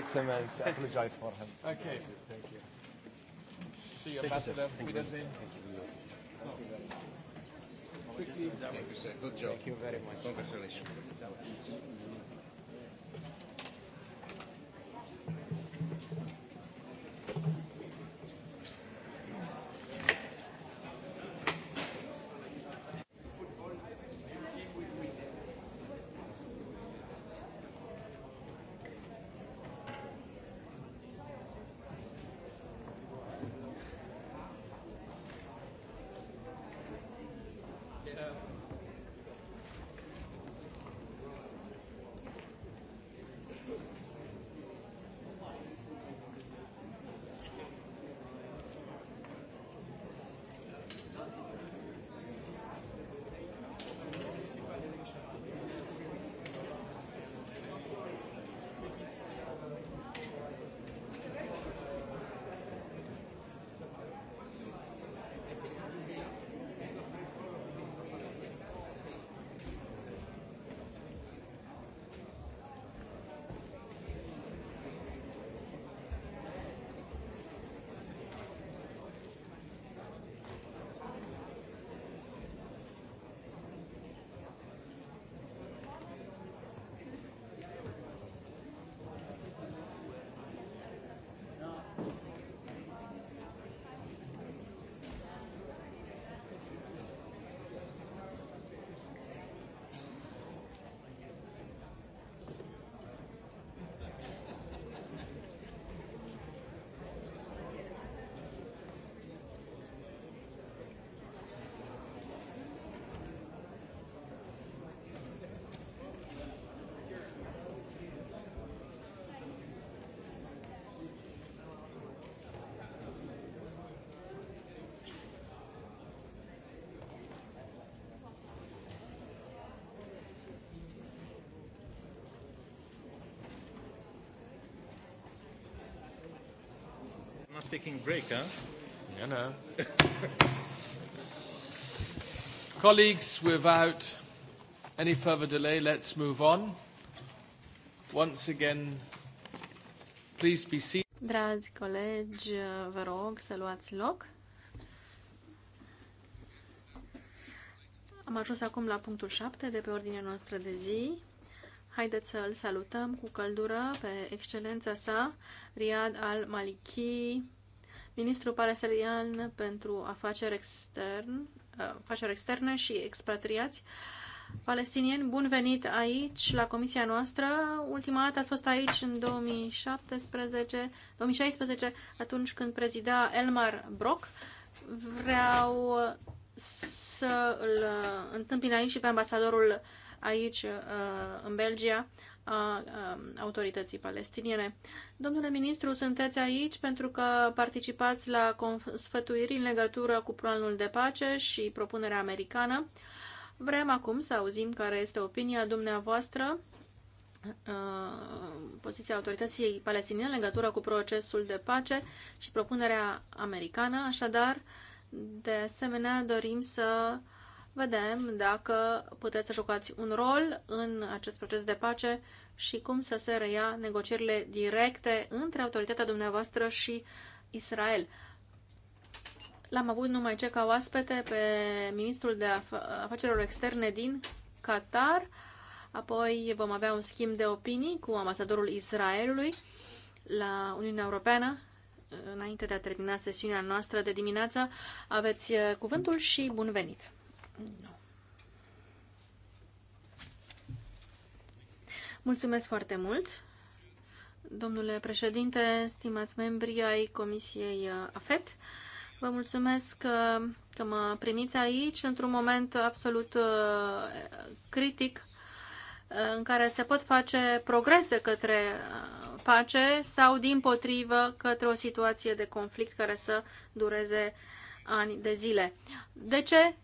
It's immense. I apologize for him. Okay. Thank you. See you, Ambassador. Thank you. Thank you. Thank you, oh. Good job. Thank you very much. Congratulations. not taking break, huh? No, no. Colleagues, without any further delay, let's move on. Once again, please be seated. Dragi colegi, vă rog să luați loc. Am ajuns acum la punctul 7 de pe ordinea noastră de zi. Haideți să îl salutăm cu căldură pe excelența sa, Riad al Maliki, Ministrul palestinian pentru afaceri, extern, uh, afaceri externe și expatriați palestinieni, bun venit aici la comisia noastră. Ultima dată ați fost aici în 2017, 2016, atunci când prezida Elmar Brock. Vreau să îl uh, întâmpin aici și pe ambasadorul aici uh, în Belgia a autorității palestiniene. Domnule ministru, sunteți aici pentru că participați la sfătuiri în legătură cu planul de pace și propunerea americană. Vrem acum să auzim care este opinia dumneavoastră, poziția autorității palestiniene în legătură cu procesul de pace și propunerea americană. Așadar, de asemenea, dorim să uh, vedem dacă puteți să jucați un rol în acest proces de pace și cum să se reia negocierile directe între autoritatea dumneavoastră și Israel. L-am avut numai ce ca oaspete pe ministrul de af- afacerilor externe din Qatar, apoi vom avea un schimb de opinii cu ambasadorul Israelului la Uniunea Europeană înainte de a termina sesiunea noastră de dimineață. Aveți uh, cuvântul și bun venit! Mulțumesc foarte mult, domnule președinte, stimați membri ai Comisiei uh, AFET. Vă mulțumesc că, uh, că mă primiți aici într-un moment absolut uh, critic în care se pot face progrese către pace sau, din potrivă, către o situație de conflict care să dureze ani de zile. De ce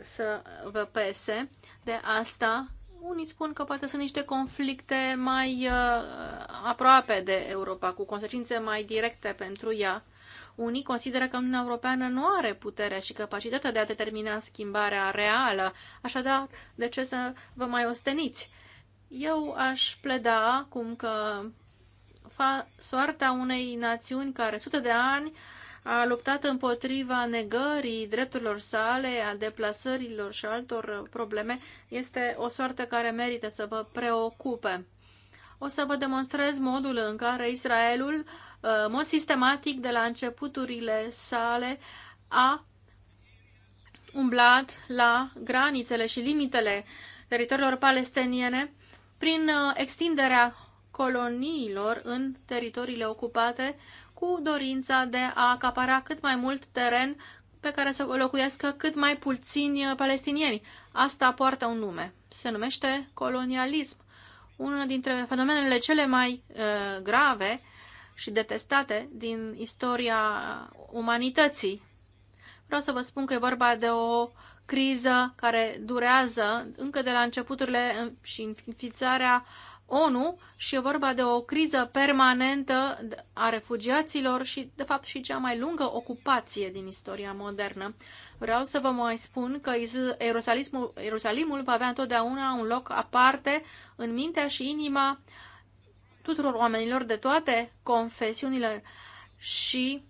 să vă pese de asta. Unii spun că poate sunt niște conflicte mai uh, aproape de Europa, cu consecințe mai directe pentru ea. Unii consideră că Uniunea Europeană nu are puterea și capacitatea de a determina schimbarea reală, așadar, de ce să vă mai osteniți? Eu aș pleda cum că soarta unei națiuni care sute de ani uh, a luptat împotriva negării drepturilor sale, a deplasărilor și altor probleme, este o soartă care merită să vă preocupe. O să vă demonstrez modul în care Israelul, uh, în mod sistematic de la începuturile sale, a umblat la granițele și limitele teritoriilor palestiniene prin uh, extinderea coloniilor în teritoriile ocupate, cu dorința de a acapara cât mai mult teren pe care să locuiască cât mai puțini palestinieni. Asta poartă un nume. Se numește colonialism. Unul dintre fenomenele cele mai uh, grave și detestate din istoria umanității. Vreau să vă spun că e vorba de o criză care durează încă de la începuturile uh, și înființarea ONU și e vorba de o criză permanentă a refugiaților și, de fapt, și cea mai lungă ocupație din istoria modernă. Vreau să vă mai spun că Ierusalimul, va avea întotdeauna un loc aparte în mintea și inima tuturor oamenilor de toate confesiunile și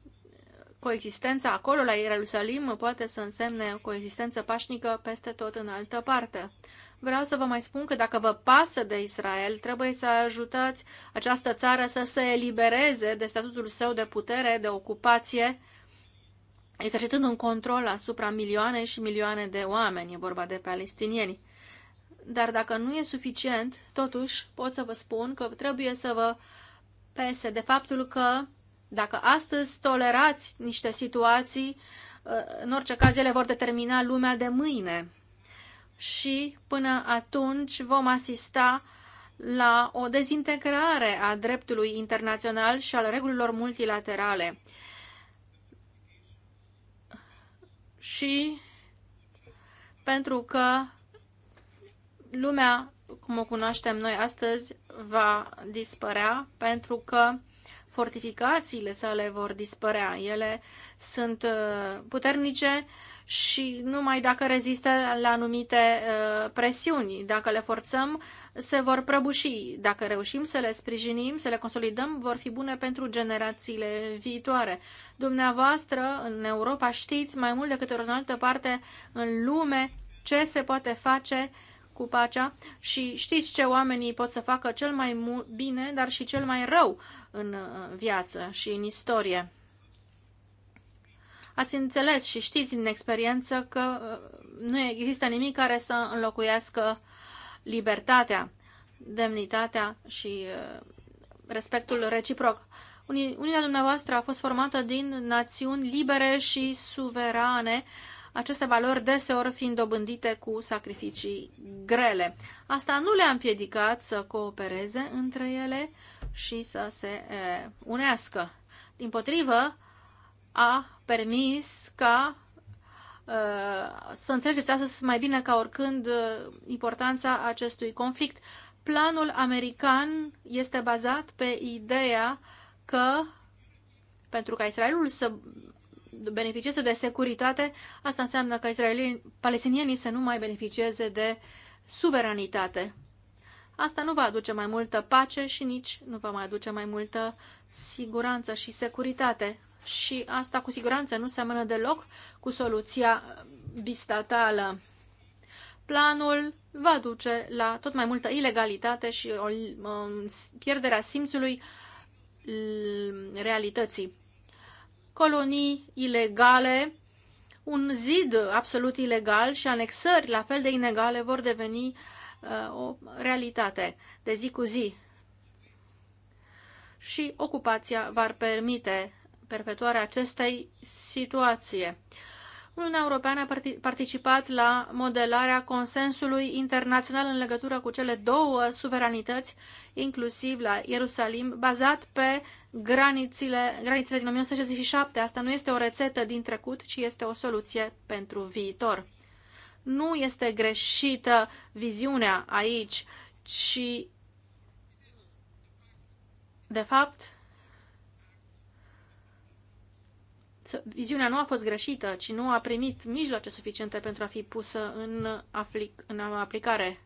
coexistența acolo, la Ierusalim, poate să însemne o coexistență pașnică peste tot în altă parte. Vreau să vă mai spun că dacă vă pasă de Israel, trebuie să ajutați această țară să se elibereze de statutul său de putere, de ocupație, exercitând un control asupra milioane și milioane de oameni, e vorba de palestinieni. Dar dacă nu e suficient, totuși pot să vă spun că trebuie să vă pese de faptul că dacă astăzi tolerați niște situații, în orice caz ele vor determina lumea de mâine și până atunci vom asista la o dezintegrare a dreptului internațional și al regulilor multilaterale. Și pentru că lumea, cum o cunoaștem noi astăzi, va dispărea, pentru că fortificațiile sale vor dispărea. Ele sunt uh, puternice, și numai dacă rezistă la anumite uh, presiuni. Dacă le forțăm, se vor prăbuși. Dacă reușim să le sprijinim, să le consolidăm, vor fi bune pentru generațiile viitoare. Dumneavoastră, în Europa, știți mai mult decât în altă parte în lume ce se poate face cu pacea și știți ce oamenii pot să facă cel mai bine, dar și cel mai rău în uh, viață și în istorie ați înțeles și știți din experiență că uh, nu există nimic care să înlocuiască libertatea, demnitatea și uh, respectul reciproc. Uniunea dumneavoastră a fost formată din națiuni libere și suverane, aceste valori deseori fiind dobândite cu sacrificii grele. Asta nu le-a împiedicat să coopereze între ele și să se uh, unească. Din potrivă, a permis ca uh, să înțelegeți astăzi mai bine ca oricând uh, importanța acestui conflict. Planul american este bazat pe ideea că pentru ca Israelul să beneficieze de securitate, asta înseamnă că palestinienii să nu mai beneficieze de suveranitate. Asta nu va aduce mai multă pace și nici nu va mai aduce mai multă siguranță și securitate și asta cu siguranță nu seamănă deloc cu soluția bistatală. Planul va duce la tot mai multă ilegalitate și o um, pierderea simțului realității. Colonii ilegale, un zid absolut ilegal și anexări la fel de inegale vor deveni uh, o realitate de zi cu zi. Și ocupația va permite perpetuarea acestei situații. Uniunea Europeană a participat la modelarea consensului internațional în legătură cu cele două suveranități, inclusiv la Ierusalim, bazat pe granițile, granițele din 1967. Asta nu este o rețetă din trecut, ci este o soluție pentru viitor. Nu este greșită viziunea aici, ci, de fapt, viziunea nu a fost greșită, ci nu a primit mijloace suficiente pentru a fi pusă în, aplic în aplicare.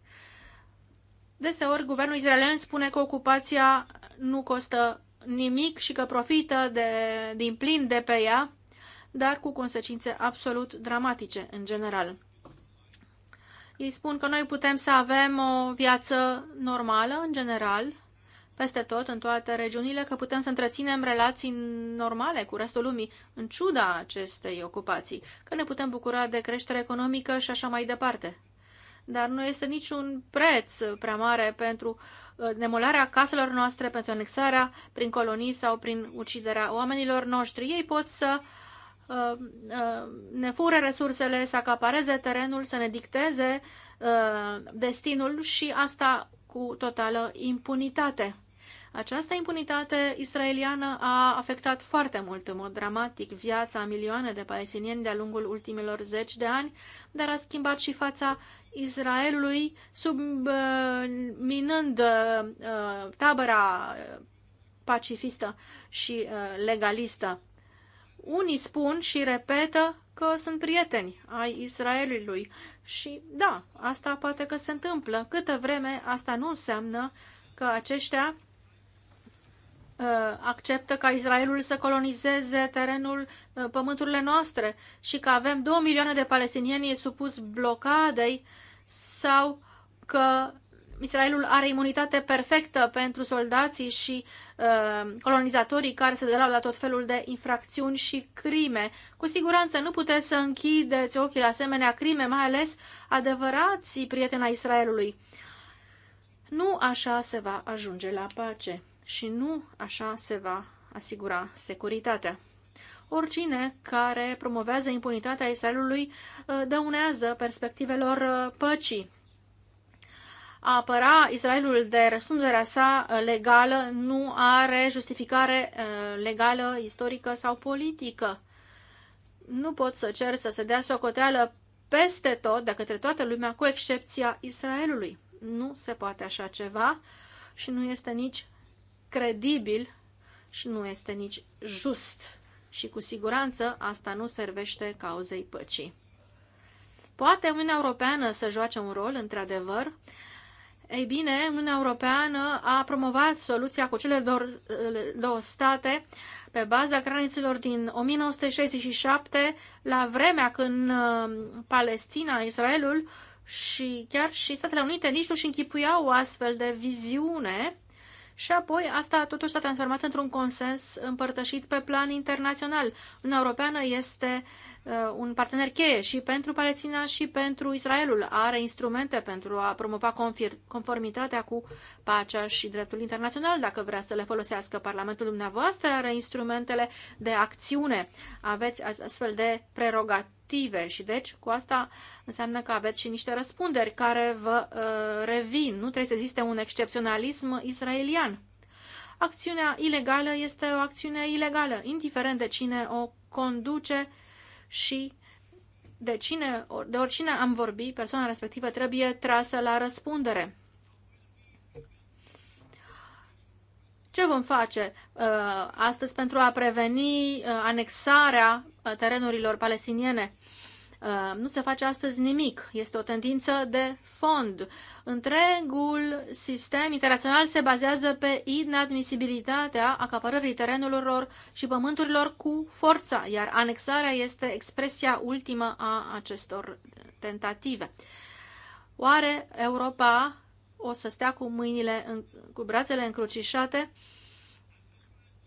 Deseori, guvernul israelian spune că ocupația nu costă nimic și că profită de, din plin de pe ea, dar cu consecințe absolut dramatice în general. Ei spun că noi putem să avem o viață normală în general, peste tot, în toate regiunile, că putem să întreținem relații normale cu restul lumii, în ciuda acestei ocupații, că ne putem bucura de creștere economică și așa mai departe. Dar nu este niciun preț prea mare pentru uh, demolarea caselor noastre, pentru anexarea prin colonii sau prin uciderea oamenilor noștri. Ei pot să uh, uh, ne fură resursele, să acapareze terenul, să ne dicteze destinul și asta cu totală impunitate. Această impunitate israeliană a afectat foarte mult, în mod dramatic, viața a milioane de palestinieni de-a lungul ultimilor zeci de ani, dar a schimbat și fața Israelului, subminând uh, uh, tabăra pacifistă și uh, legalistă. Unii spun și repetă că sunt prieteni ai Israelului și da, asta poate că se întâmplă. Câtă vreme asta nu înseamnă că aceștia Uh, acceptă ca Israelul să colonizeze terenul, uh, pământurile noastre și că avem două milioane de palestinieni supuși blocadei sau că Israelul are imunitate perfectă pentru soldații și uh, colonizatorii care se delau la tot felul de infracțiuni și crime. Cu siguranță nu puteți să închideți ochii la asemenea crime, mai ales adevărații prieteni ai Israelului. Nu așa se va ajunge la pace și nu așa se va asigura securitatea. Oricine care promovează impunitatea Israelului uh, dăunează perspectivelor uh, păcii. A apăra Israelul de răspunderea sa uh, legală nu are justificare legală, istorică sau politică. Nu pot să cer să se dea socoteală peste tot, de către toată lumea, cu excepția Israelului. Nu se poate așa ceva și nu este nici credibil și nu este nici just. Și cu siguranță asta nu servește cauzei păcii. Poate Uniunea Europeană să joace un rol, într-adevăr? Ei bine, Uniunea Europeană a promovat soluția cu cele două, două state pe baza graniților din 1967, la vremea când uh, Palestina, Israelul și chiar și Statele Unite nici nu-și închipuiau o astfel de viziune și apoi asta totuși s-a transformat într-un consens împărtășit pe plan internațional. Uniunea Europeană este Uh, un partener cheie și pentru Palestina și pentru Israelul. Are instrumente pentru a promova conformitatea cu pacea și dreptul internațional, dacă vrea să le folosească. Parlamentul dumneavoastră are instrumentele de acțiune. Aveți astfel de prerogative și deci cu asta înseamnă că aveți și niște răspunderi care vă uh, revin. Nu trebuie să existe un excepționalism israelian. Acțiunea ilegală este o acțiune ilegală, indiferent de cine o conduce uh, și de, cine, de oricine am vorbit, persoana respectivă trebuie trasă la răspundere. Ce vom face uh, astăzi pentru a preveni uh, anexarea uh, terenurilor palestiniene Uh, nu se face astăzi nimic. Este o tendință de fond. Întregul sistem internațional se bazează pe inadmisibilitatea acapărării terenurilor și pământurilor cu forța, iar anexarea este expresia ultimă a acestor tentative. Oare Europa o să stea cu mâinile, în, cu brațele încrucișate? Uh,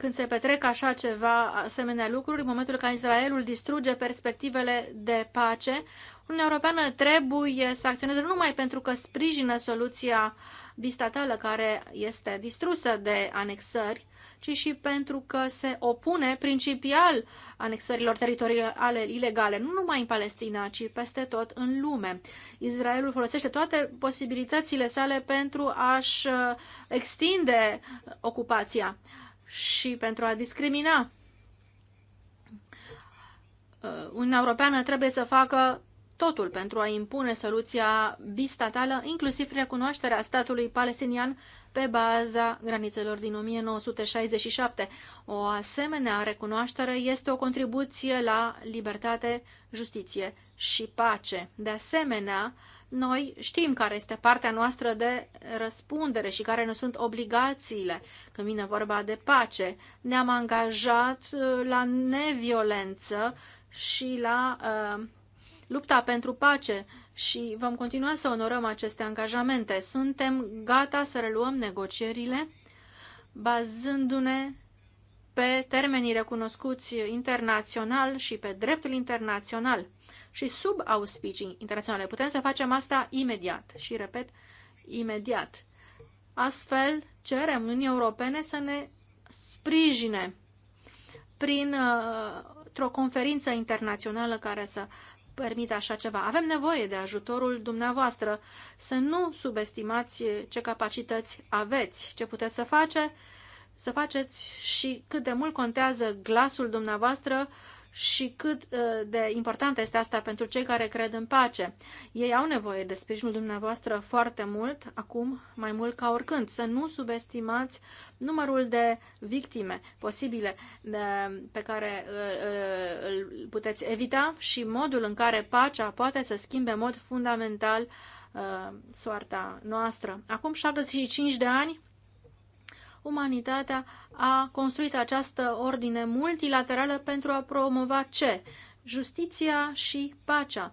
când se petrec așa ceva, asemenea lucruri, în momentul în care Israelul distruge perspectivele de pace, Uniunea Europeană trebuie să acționeze nu numai pentru că sprijină soluția bistatală care este distrusă de anexări, ci și pentru că se opune principial anexărilor teritoriale ilegale, nu numai în Palestina, ci peste tot în lume. Israelul folosește toate posibilitățile sale pentru a-și uh, extinde ocupația și pentru a discrimina. Uh, un Europeană trebuie să facă totul pentru a impune soluția bistatală, inclusiv recunoașterea statului palestinian pe baza granițelor din 1967. O asemenea recunoaștere este o contribuție la libertate, justiție și pace. De asemenea, noi știm care este partea noastră de răspundere și care nu sunt obligațiile când vine vorba de pace. Ne-am angajat uh, la neviolență și la uh, lupta pentru pace și vom continua să onorăm aceste angajamente. Suntem gata să reluăm negocierile bazându-ne pe termenii recunoscuți internațional și pe dreptul internațional și sub auspicii internaționale. Putem să facem asta imediat și, repet, imediat. Astfel, cerem Uniunii Europene să ne sprijine prin uh, o conferință internațională care să permită așa ceva. Avem nevoie de ajutorul dumneavoastră. Să nu subestimați ce capacități aveți, ce puteți să face, să faceți și cât de mult contează glasul dumneavoastră și cât uh, de importantă este asta pentru cei care cred în pace. Ei au nevoie de sprijinul dumneavoastră foarte mult, acum mai mult ca oricând. Să nu subestimați numărul de victime posibile pe care uh, uh, îl puteți evita și modul în care pacea poate să schimbe în mod fundamental soarta noastră. Acum 75 de ani umanitatea a construit această ordine multilaterală pentru a promova ce? Justiția și pacea.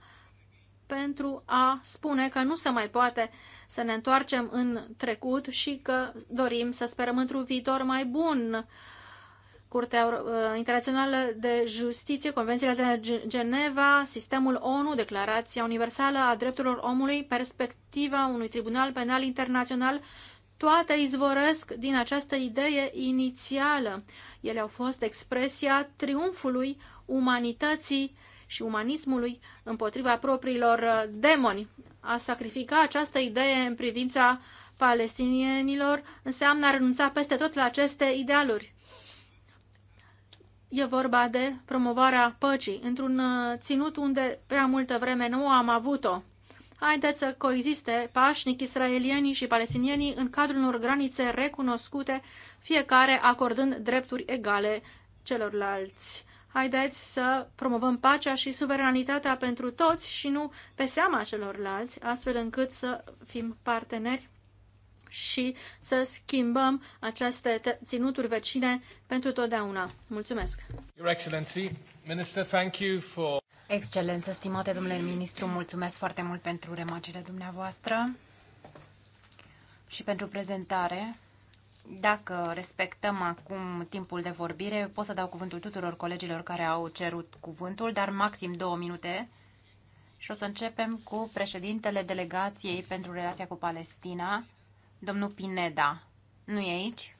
Pentru a spune că nu se mai poate să ne întoarcem în trecut și că dorim să sperăm într-un viitor mai bun. Curtea uh, Internațională de Justiție, Convenția de Geneva, Sistemul ONU, Declarația Universală a Drepturilor Omului, perspectiva unui Tribunal Penal Internațional toate izvorăsc din această idee inițială. Ele au fost expresia triumfului umanității și umanismului împotriva propriilor uh, demoni. A sacrifica această idee în privința palestinienilor înseamnă a renunța peste tot la aceste idealuri. E vorba de promovarea păcii într-un uh, ținut unde prea multă vreme nu am avut-o. Haideți să coexiste pașnic israelienii și palestinienii în cadrul unor granițe recunoscute, fiecare acordând drepturi egale celorlalți. Haideți să promovăm pacea și suveranitatea pentru toți și nu pe seama celorlalți, astfel încât să fim parteneri și să schimbăm aceste ținuturi vecine pentru totdeauna. Mulțumesc! Your Excellency, Minister, thank you for... Excelență, stimate domnule ministru, mulțumesc foarte mult pentru remarcile dumneavoastră și pentru prezentare. Dacă respectăm acum timpul de vorbire, pot să dau cuvântul tuturor colegilor care au cerut cuvântul, dar maxim două minute. Și o să începem cu președintele delegației pentru relația cu Palestina, domnul Pineda. Nu e aici?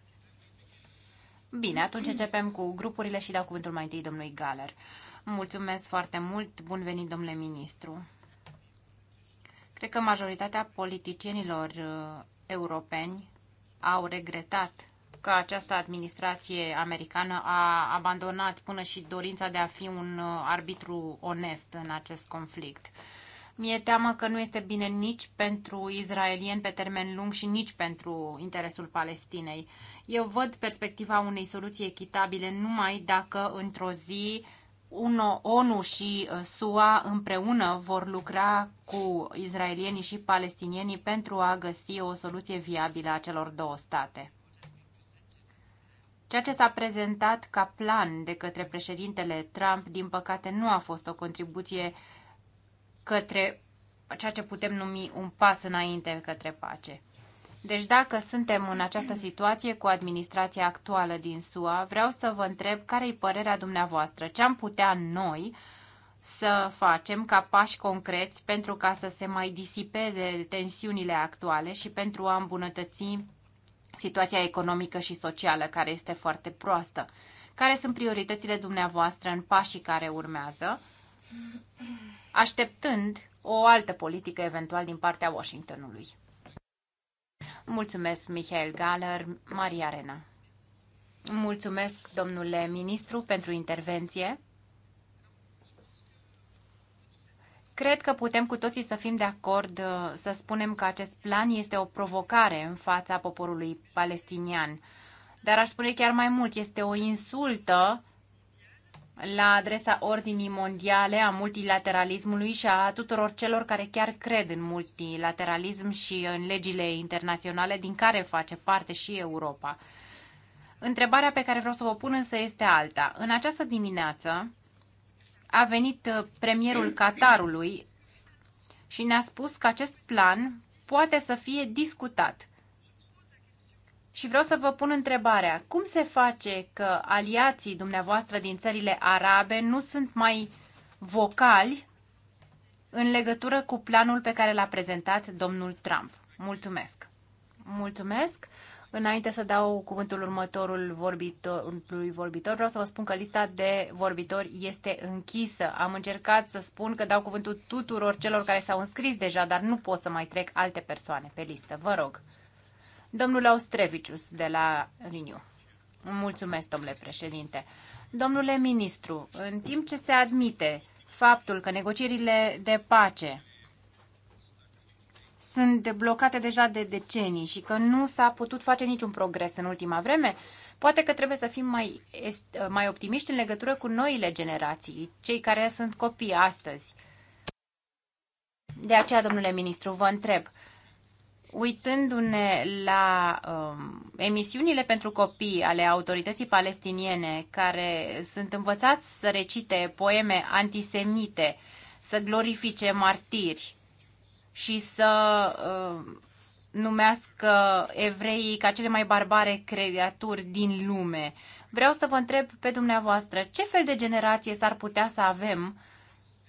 Bine, atunci începem cu grupurile și dau cuvântul mai întâi domnului Galer. Mulțumesc foarte mult. Bun venit, domnule ministru. Cred că majoritatea politicienilor uh, europeni au regretat că această administrație americană a abandonat până și dorința de a fi un uh, arbitru onest în acest conflict. Mi-e teamă că nu este bine nici pentru izraelieni pe termen lung și nici pentru interesul Palestinei. Eu văd perspectiva unei soluții echitabile numai dacă într-o zi ONU și uh, SUA împreună vor lucra cu izraelienii și palestinienii pentru a găsi o soluție viabilă a celor două state. Ceea ce s-a prezentat ca plan de către președintele Trump, din păcate, nu a fost o contribuție către ceea ce putem numi un pas înainte către pace. Deci dacă suntem în această situație cu administrația actuală din SUA, vreau să vă întreb care e părerea dumneavoastră, ce am putea noi să facem ca pași concreți pentru ca să se mai disipeze tensiunile actuale și pentru a îmbunătăți situația economică și socială care este foarte proastă. Care sunt prioritățile dumneavoastră în pașii care urmează, așteptând o altă politică eventual din partea Washingtonului? Mulțumesc, Michael Galer, Maria Arena. Mulțumesc, domnule ministru, pentru intervenție. Cred că putem cu toții să fim de acord să spunem că acest plan este o provocare în fața poporului palestinian. Dar aș spune chiar mai mult, este o insultă la adresa ordinii mondiale, a multilateralismului și a tuturor celor care chiar cred în multilateralism și în legile internaționale din care face parte și Europa. Întrebarea pe care vreau să vă pun însă este alta. În această dimineață a venit uh, premierul Qatarului și ne-a spus că acest plan poate să fie discutat. Și vreau să vă pun întrebarea, cum se face că aliații dumneavoastră din țările arabe nu sunt mai vocali în legătură cu planul pe care l-a prezentat domnul Trump? Mulțumesc! Mulțumesc! Înainte să dau cuvântul următorul vorbitorului vorbitor, vreau să vă spun că lista de vorbitori este închisă. Am încercat să spun că dau cuvântul tuturor celor care s-au înscris deja, dar nu pot să mai trec alte persoane pe listă. Vă rog! Domnul Austrevicius de la Riniu. Mulțumesc, domnule președinte. Domnule ministru, în timp ce se admite faptul că negocierile de pace sunt blocate deja de decenii și că nu s-a putut face niciun progres în ultima vreme, poate că trebuie să fim mai, mai optimiști în legătură cu noile generații, cei care sunt copii astăzi. De aceea, domnule ministru, vă întreb, uitându-ne la um, emisiunile pentru copii ale autorității palestiniene care sunt învățați să recite poeme antisemite, să glorifice martiri și să uh, numească evreii ca cele mai barbare creaturi din lume. Vreau să vă întreb pe dumneavoastră ce fel de generație s-ar putea să avem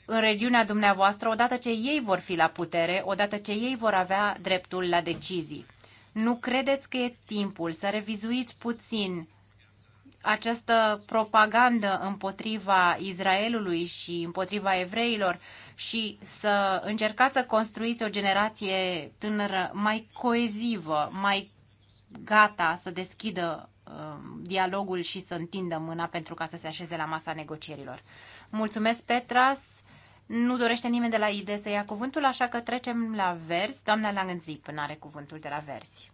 în regiunea dumneavoastră odată ce ei vor fi la putere, odată ce ei vor avea dreptul la decizii. Nu credeți că e timpul să revizuiți puțin această propagandă împotriva Israelului și împotriva evreilor și să încercați să construiți o generație tânără mai coezivă, mai gata să deschidă uh, dialogul și să întindă mâna pentru ca să se așeze la masa negocierilor. Mulțumesc, Petras! Nu dorește nimeni de la ID să ia cuvântul, așa că trecem la vers. Doamna Langenzip până are cuvântul de la versi.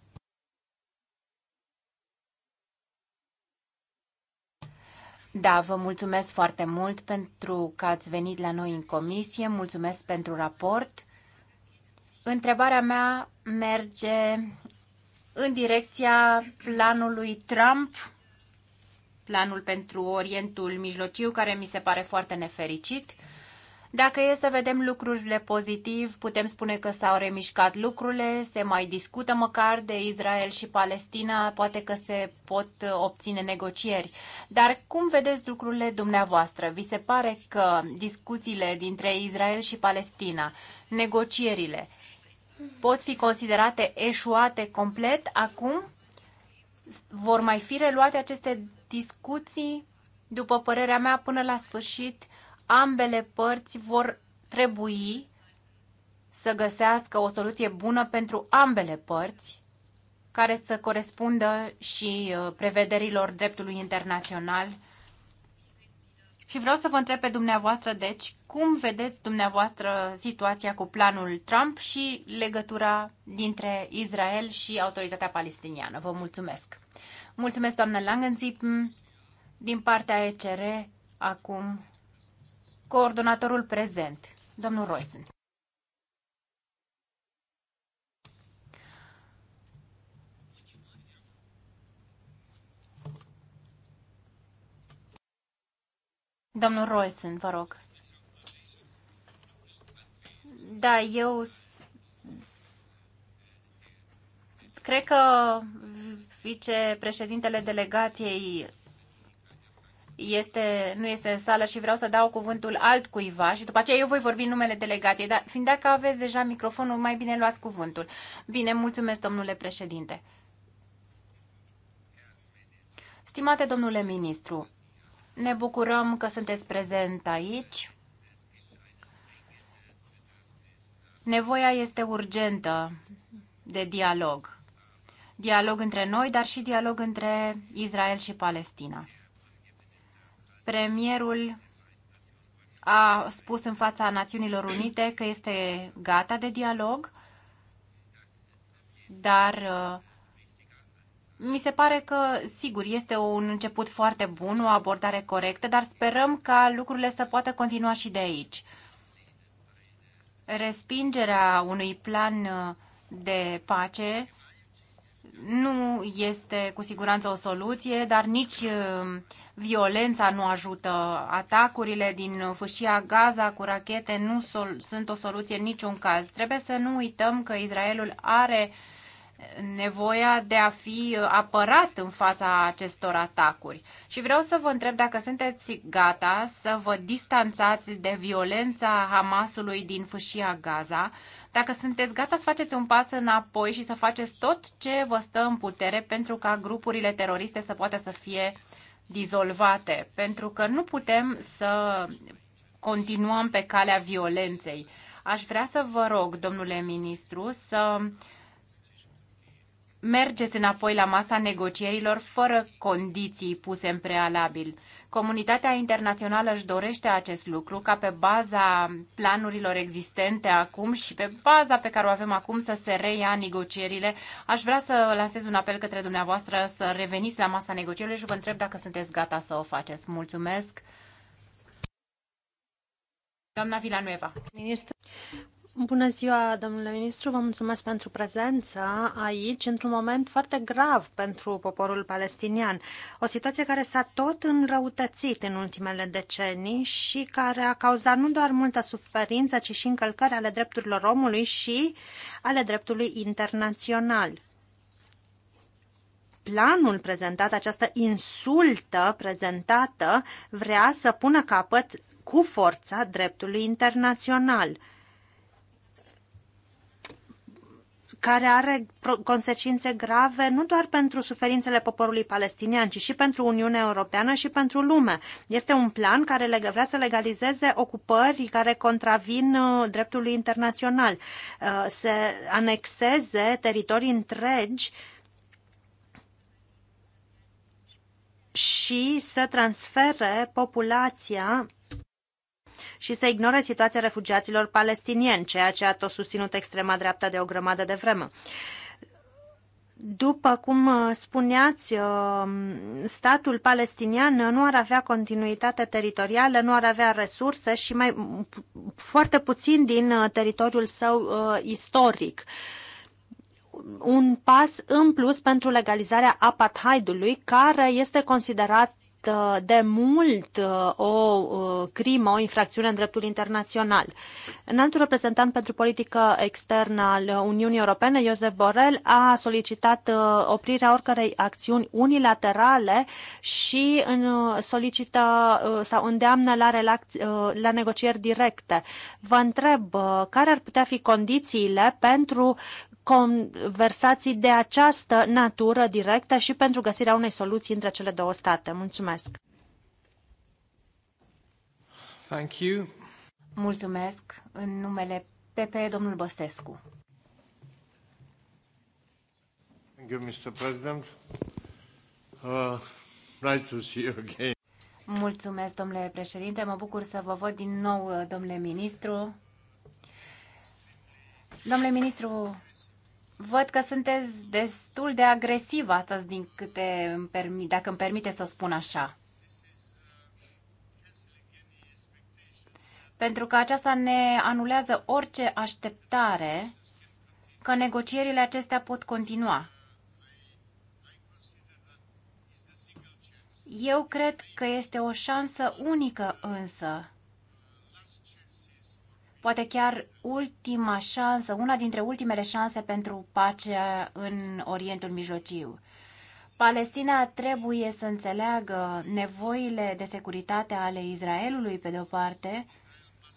Da, vă mulțumesc foarte mult pentru că ați venit la noi în comisie, mulțumesc pentru raport. Întrebarea mea merge în direcția planului Trump, planul pentru Orientul Mijlociu, care mi se pare foarte nefericit. Dacă e să vedem lucrurile pozitiv, putem spune că s-au remișcat lucrurile, se mai discută măcar de Israel și Palestina, poate că se pot obține negocieri. Dar cum vedeți lucrurile dumneavoastră? Vi se pare că discuțiile dintre Israel și Palestina, negocierile, pot fi considerate eșuate complet acum? Vor mai fi reluate aceste discuții, după părerea mea, până la sfârșit ambele părți vor trebui să găsească o soluție bună pentru ambele părți care să corespundă și uh, prevederilor dreptului internațional. Și vreau să vă întreb pe dumneavoastră, deci, cum vedeți dumneavoastră situația cu planul Trump și legătura dintre Israel și autoritatea palestiniană? Vă mulțumesc! Mulțumesc, doamnă Langenzip, din partea ECR, acum coordonatorul prezent, domnul Roisen. Domnul Roisen, vă rog. Da, eu cred că vicepreședintele delegației este, nu este în sală și vreau să dau cuvântul altcuiva și după aceea eu voi vorbi în numele delegației, dar fiind dacă aveți deja microfonul, mai bine luați cuvântul. Bine, mulțumesc, domnule președinte. Stimate domnule ministru, ne bucurăm că sunteți prezent aici. Nevoia este urgentă de dialog. Dialog între noi, dar și dialog între Israel și Palestina. Premierul a spus în fața Națiunilor Unite că este gata de dialog, dar uh, mi se pare că, sigur, este un început foarte bun, o abordare corectă, dar sperăm ca lucrurile să poată continua și de aici. Respingerea unui plan uh, de pace nu este cu siguranță o soluție, dar nici uh, violența nu ajută. Atacurile din fâșia Gaza cu rachete nu sunt o soluție în niciun caz. Trebuie să nu uităm că Israelul are nevoia de a fi apărat în fața acestor atacuri. Și vreau să vă întreb dacă sunteți gata să vă distanțați de violența Hamasului din fâșia Gaza, dacă sunteți gata să faceți un pas înapoi și să faceți tot ce vă stă în putere pentru ca grupurile teroriste să poată să fie dizolvate, pentru că nu putem să continuăm pe calea violenței. Aș vrea să vă rog, domnule ministru, să mergeți înapoi la masa negocierilor fără condiții puse în prealabil. Comunitatea internațională își dorește acest lucru ca pe baza planurilor existente acum și pe baza pe care o avem acum să se reia negocierile. Aș vrea să lansez un apel către dumneavoastră să reveniți la masa negocierilor și vă întreb dacă sunteți gata să o faceți. Mulțumesc! Doamna Villanueva. Bună ziua, domnule ministru, vă mulțumesc pentru prezența aici, într-un moment foarte grav pentru poporul palestinian. O situație care s-a tot înrăutățit în ultimele decenii și care a cauzat nu doar multă suferință, ci și încălcări ale drepturilor omului și ale dreptului internațional planul prezentat, această insultă prezentată, vrea să pună capăt cu forța dreptului internațional. care are consecințe grave nu doar pentru suferințele poporului palestinian, ci și pentru Uniunea Europeană și pentru lume. Este un plan care le vrea să legalizeze ocupări care contravin uh, dreptului internațional, uh, să anexeze teritorii întregi și să transfere populația și să ignore situația refugiaților palestinieni, ceea ce a tot susținut extrema dreapta de o grămadă de vreme. După cum uh, spuneați, uh, statul palestinian nu ar avea continuitate teritorială, nu ar avea resurse și mai foarte puțin din uh, teritoriul său istoric. Un pas în plus pentru legalizarea apartheidului, care este considerat Uh, de mult uh, o uh, crimă, o infracțiune în dreptul internațional. Înaltul reprezentant pentru politică externă al Uniunii Europene, Josep Borrell, a solicitat oprirea oricărei acțiuni unilaterale și solicită sau îndeamnă la, relax, la negocieri directe. Vă întreb care ar putea fi condițiile pentru conversații de această natură directă și pentru găsirea unei soluții între cele două state. Mulțumesc! Thank you. Mulțumesc în numele PP, domnul Băstescu. Thank you, Mr. President. Uh, nice to see you again. Mulțumesc, domnule președinte. Mă bucur să vă văd din nou, uh, domnule ministru. Domnule ministru, Văd că sunteți destul de agresiv astăzi, din câte îmi permi, dacă îmi permite să spun așa. Pentru că aceasta ne anulează orice așteptare că negocierile acestea pot continua. Eu cred că este o șansă unică însă poate chiar ultima șansă, una dintre ultimele șanse pentru pacea în Orientul Mijlociu. Palestina trebuie să înțeleagă nevoile de securitate ale Israelului, pe de-o parte,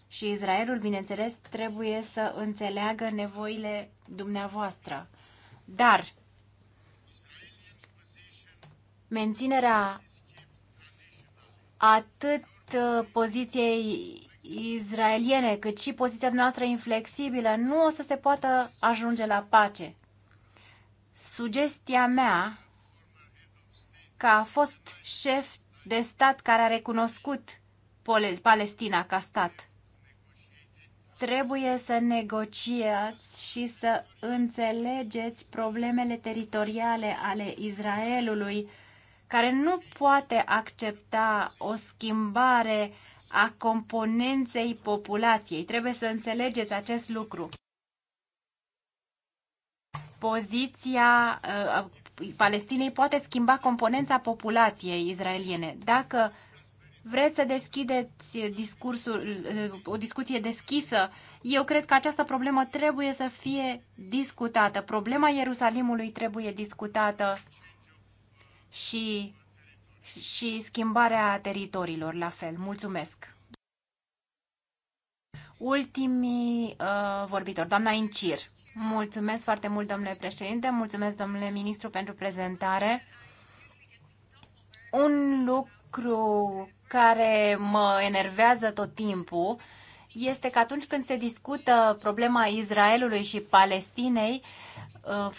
și Israelul, bineînțeles, trebuie să înțeleagă nevoile dumneavoastră. Dar menținerea atât uh, poziției izraeliene, cât și poziția noastră inflexibilă, nu o să se poată ajunge la pace. Sugestia mea, ca a fost șef de stat care a recunoscut Palestina ca stat, trebuie să negociați și să înțelegeți problemele teritoriale ale Israelului, care nu poate accepta o schimbare uh, a componenței populației. Trebuie să înțelegeți acest lucru. Poziția uh, Palestinei poate schimba componența populației izraeliene. Dacă vreți să deschideți discursul, uh, o discuție deschisă, eu cred că această problemă trebuie să fie discutată. Problema Ierusalimului trebuie discutată și și schimbarea teritoriilor, la fel. Mulțumesc! Ultimii uh, vorbitori, doamna Incir. Mulțumesc foarte mult, domnule președinte, mulțumesc, domnule ministru, pentru prezentare. Un lucru care mă enervează tot timpul este că atunci când se discută problema Israelului și Palestinei, uh,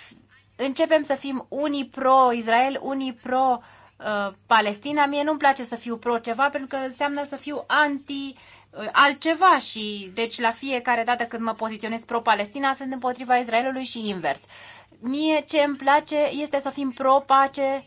începem să fim unii pro-Israel, unii pro-Palestina Uh, Palestina. Mie nu-mi place să fiu pro-ceva pentru că înseamnă să fiu anti uh, altceva și deci la fiecare dată când mă poziționez pro-Palestina sunt împotriva Israelului și invers. Mie ce îmi place este să fim pro-pace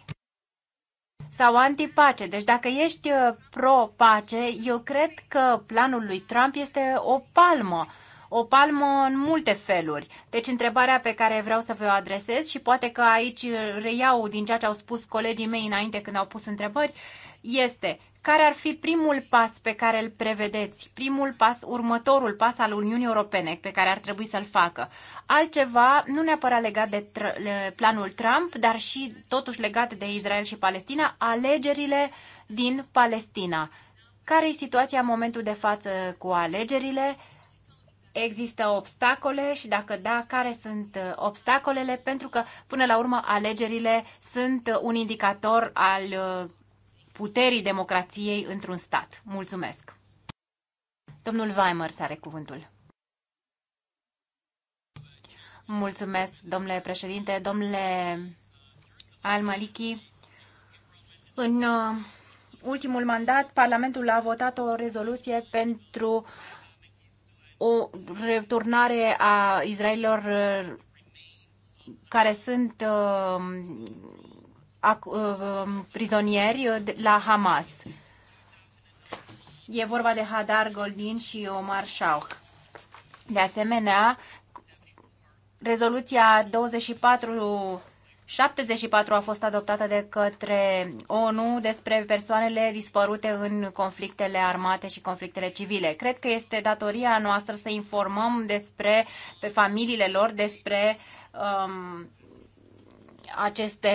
sau anti pace Deci dacă ești uh, pro-pace, eu cred că planul lui Trump este o palmă. Uh, o palmă în multe feluri. Deci întrebarea pe care vreau să vă o adresez și poate că aici reiau din ceea ce au spus colegii mei înainte când au pus întrebări, este care ar fi primul pas pe care îl prevedeți, primul pas, următorul pas al Uniunii Europene pe care ar trebui să-l facă. Altceva, nu neapărat legat de tr- planul Trump, dar și totuși legat de Israel și Palestina, alegerile din Palestina. Care e situația în momentul de față cu alegerile? există obstacole și dacă da, care sunt uh, obstacolele, pentru că până la urmă alegerile sunt uh, un indicator al uh, puterii democrației într-un stat. Mulțumesc! Domnul Weimer are cuvântul. Mulțumesc, domnule președinte, domnule Al-Maliki. În ultimul mandat, Parlamentul a votat o rezoluție pentru uh, o returnare a Israelilor uh, care sunt uh, uh, prizonieri la Hamas. E vorba de Hadar Goldin și Omar Shauk. De asemenea, rezoluția 24 74 a fost adoptată de către ONU despre persoanele dispărute în conflictele armate și conflictele civile. Cred că este datoria noastră să informăm despre pe familiile lor despre um, aceste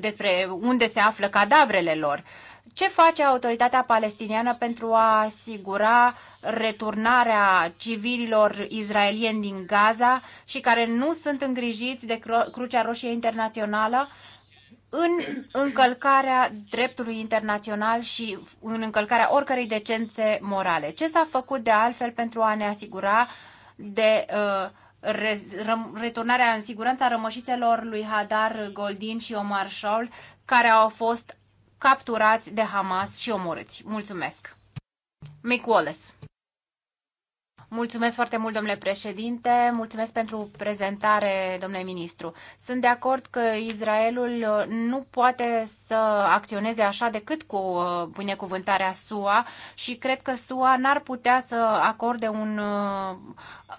despre unde se află cadavrele lor. Ce face autoritatea palestiniană pentru a asigura returnarea civililor izraelieni din Gaza și care nu sunt îngrijiți de Crucea Roșie Internațională în încălcarea dreptului internațional și în încălcarea oricărei decențe morale? Ce s-a făcut de altfel pentru a ne asigura de uh, returnarea în siguranță a rămășițelor lui Hadar Goldin și Omar Shaul, care au fost capturați de Hamas și omorâți. Mulțumesc! Mick Wallace Mulțumesc foarte mult, domnule președinte. Mulțumesc pentru prezentare, domnule ministru. Sunt de acord că Israelul uh, nu poate să acționeze așa decât cu uh, binecuvântarea SUA și cred că SUA n-ar putea să acorde un, uh,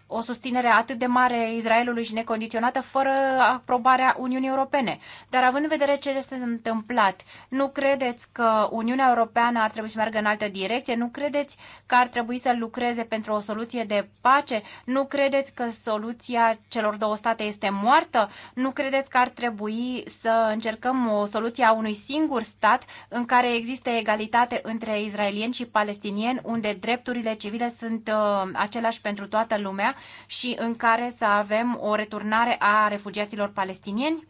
o susținere atât de mare Israelului și necondiționată fără aprobarea Uniunii Europene. Dar având în vedere ce s-a întâmplat, nu credeți că Uniunea Europeană ar trebui să meargă în altă direcție? Nu credeți că ar trebui să lucreze pentru o soluție soluție de pace? Nu credeți că soluția celor două state este moartă? Nu credeți că ar trebui să încercăm o soluție a unui singur stat în care există egalitate între israelieni și palestinieni, unde drepturile civile sunt uh, aceleași pentru toată lumea și în care să avem o returnare a refugiaților palestinieni?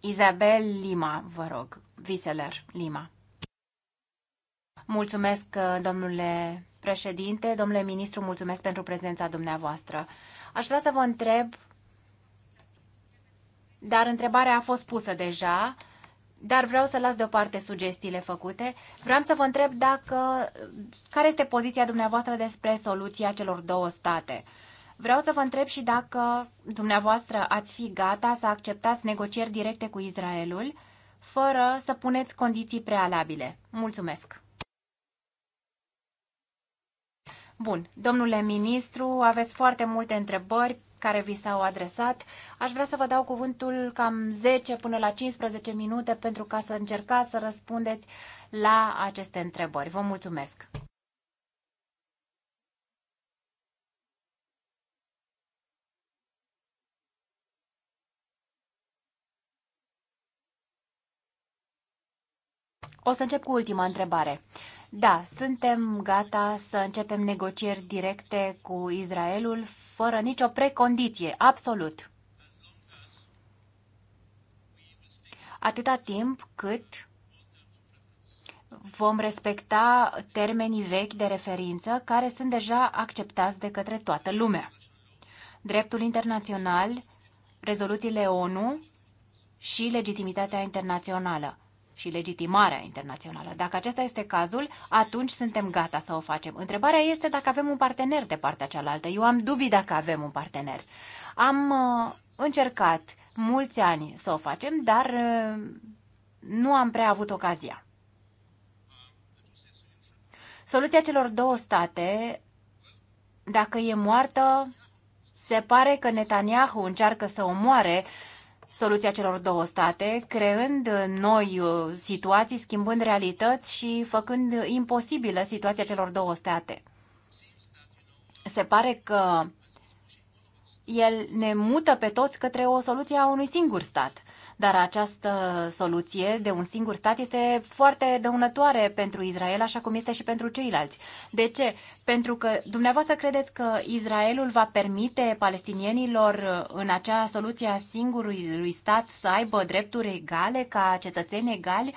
Isabel Lima, vă rog, Viseler Lima. Mulțumesc, uh, domnule președinte, domnule ministru, mulțumesc pentru prezența dumneavoastră. Aș vrea să vă întreb, dar întrebarea a fost pusă deja, dar vreau să las deoparte sugestiile făcute. Vreau să vă întreb dacă, care este poziția dumneavoastră despre soluția celor două state. Vreau să vă întreb și dacă dumneavoastră ați fi gata să acceptați negocieri directe cu Israelul, fără să puneți condiții prealabile. Mulțumesc! Bun, domnule ministru, aveți foarte multe întrebări care vi s-au adresat. Aș vrea să vă dau cuvântul cam 10 până la 15 minute pentru ca să încercați să răspundeți la aceste întrebări. Vă mulțumesc! O să încep cu ultima întrebare. Da, suntem gata să începem negocieri directe cu Israelul fără nicio precondiție, absolut. Atâta timp cât vom respecta termenii vechi de referință care sunt deja acceptați de către toată lumea. Dreptul internațional, rezoluțiile ONU și legitimitatea internațională și legitimarea internațională. Dacă acesta este cazul, atunci suntem gata să o facem. Întrebarea este dacă avem un partener de partea cealaltă. Eu am dubii dacă avem un partener. Am uh, încercat mulți ani să o facem, dar uh, nu am prea avut ocazia. Soluția celor două state, dacă e moartă, se pare că Netanyahu încearcă să moare. uh, soluția celor două state, creând noi uh, situații, schimbând realități și făcând imposibilă situația celor două state. Se pare că el ne mută pe toți către o soluție a unui singur stat. Dar această soluție de un singur stat este foarte dăunătoare pentru Israel, așa cum este și pentru ceilalți. De ce? Pentru că dumneavoastră credeți că Israelul va permite palestinienilor uh, în acea soluție a singurului stat să aibă drepturi egale ca cetățeni egali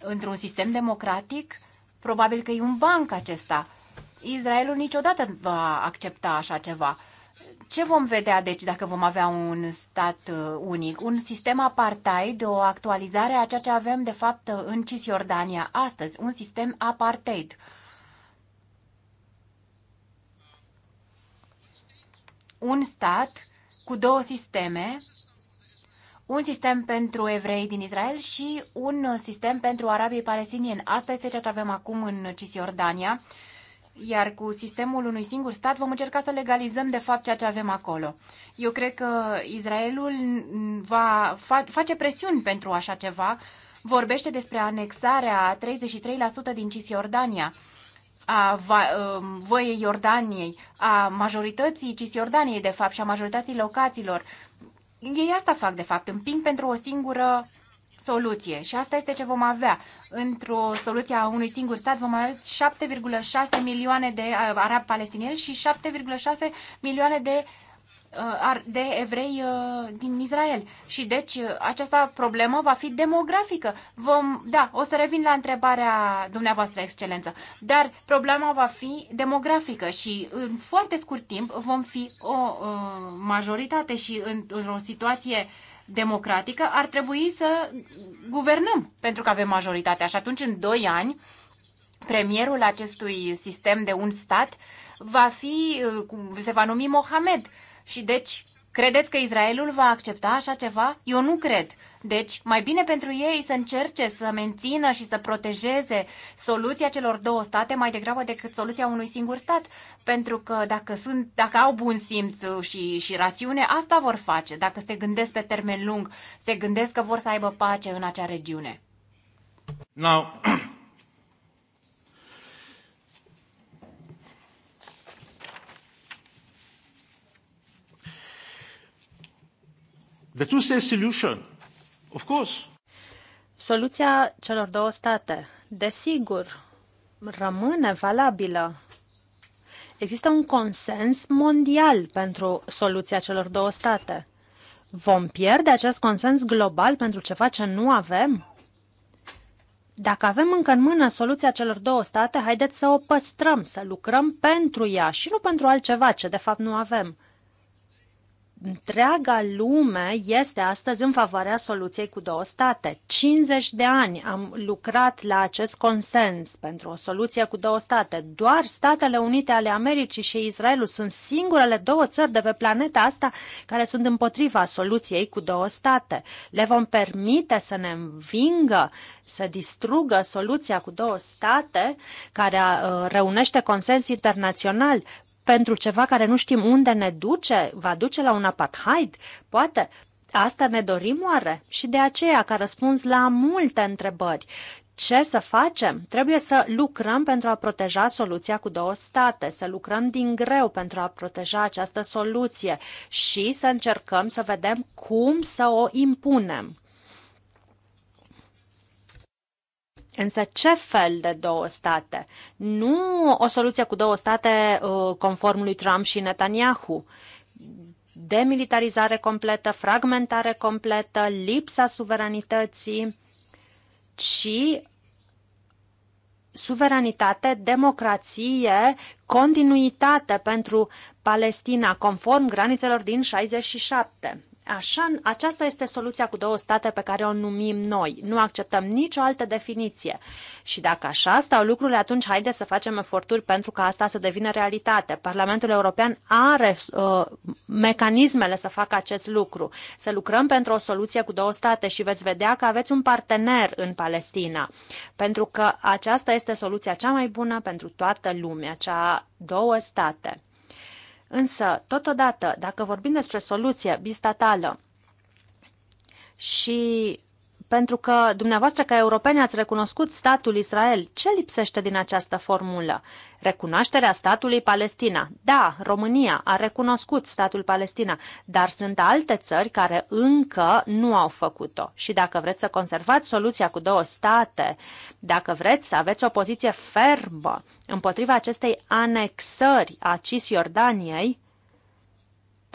într-un sistem democratic? Probabil că e un banc acesta. Israelul niciodată va accepta așa ceva. Ce vom vedea, deci, dacă vom avea un stat uh, unic? Un sistem apartheid, o actualizare a ceea ce avem, de fapt, uh, în Cisjordania astăzi, un sistem apartheid. Un stat cu două sisteme, un sistem pentru evrei din Israel și un uh, sistem pentru arabii palestinieni. Asta este ceea ce avem acum în Cisjordania iar cu sistemul unui singur stat vom încerca să legalizăm de fapt ceea ce avem acolo. Eu cred că Israelul va fa- face presiuni pentru așa ceva. Vorbește despre anexarea 33% din Cisjordania a um, voiei Iordaniei, a majorității Cisjordaniei, de fapt, și a majorității locațiilor. Ei asta fac, de fapt, împing pentru o singură soluție. Și asta este ce vom avea. Într-o soluție a unui singur stat vom avea 7,6 milioane de uh, arabi palestinieni și 7,6 milioane de uh, de evrei uh, din Israel. Și deci această problemă va fi demografică. Vom, da, o să revin la întrebarea dumneavoastră, excelență, dar problema va fi demografică și în foarte scurt timp vom fi o majoritate și într-o situație uh, democratică, ar trebui să guvernăm, pentru că avem majoritatea. Și atunci, în doi ani, premierul acestui sistem de un stat va fi, uh, se va numi Mohamed. Și deci, credeți că Israelul va accepta așa ceva? Eu nu cred. Deci, mai bine pentru ei să încerce să mențină și să protejeze soluția celor două state mai degrabă decât soluția unui singur stat, pentru că dacă, sunt, dacă au bun simț și, și rațiune, asta vor face. Dacă se gândesc pe termen lung, se gândesc că vor să aibă pace în acea regiune. Now, The two-state solution Of course. Soluția celor două state, desigur, rămâne valabilă. Există un consens mondial pentru soluția celor două state. Vom pierde acest consens global pentru ceva ce nu avem? Dacă avem încă în mână soluția celor două state, haideți să o păstrăm, să lucrăm pentru ea și nu pentru altceva ce de fapt nu avem întreaga lume este astăzi în favoarea soluției cu două state. 50 de ani am lucrat la acest consens pentru o soluție cu două state. Doar Statele Unite ale Americii și Israelul sunt singurele două țări de pe planeta asta care sunt împotriva soluției cu două state. Le vom permite să ne învingă, să distrugă soluția cu două state care uh, reunește consens internațional pentru ceva care nu știm unde ne duce, va duce la un apartheid? Poate. Asta ne dorim oare? Și de aceea, ca răspuns la multe întrebări, ce să facem? Trebuie să lucrăm pentru a proteja soluția cu două state, să lucrăm din greu pentru a proteja această soluție și să încercăm să vedem cum să o impunem. Însă ce fel de două state? Nu o soluție cu două state uh, conform lui Trump și Netanyahu. Demilitarizare completă, fragmentare completă, lipsa suveranității, ci suveranitate, democrație, continuitate pentru Palestina, conform granițelor din 67. Așa, aceasta este soluția cu două state pe care o numim noi. Nu acceptăm nicio altă definiție. Și dacă așa stau lucrurile, atunci haide să facem eforturi pentru ca asta să devină realitate. Parlamentul European are uh, mecanismele să facă acest lucru. Să lucrăm pentru o soluție cu două state și veți vedea că aveți un partener în Palestina. Pentru că aceasta este soluția cea mai bună pentru toată lumea, cea două state. Însă, totodată, dacă vorbim despre soluție bistatală și pentru că dumneavoastră ca europeni ați recunoscut statul Israel. Ce lipsește din această formulă? Recunoașterea statului Palestina. Da, România a recunoscut statul Palestina, dar sunt alte țări care încă nu au făcut-o. Și dacă vreți să conservați soluția cu două state, dacă vreți să aveți o poziție fermă împotriva acestei anexări a Cisjordaniei,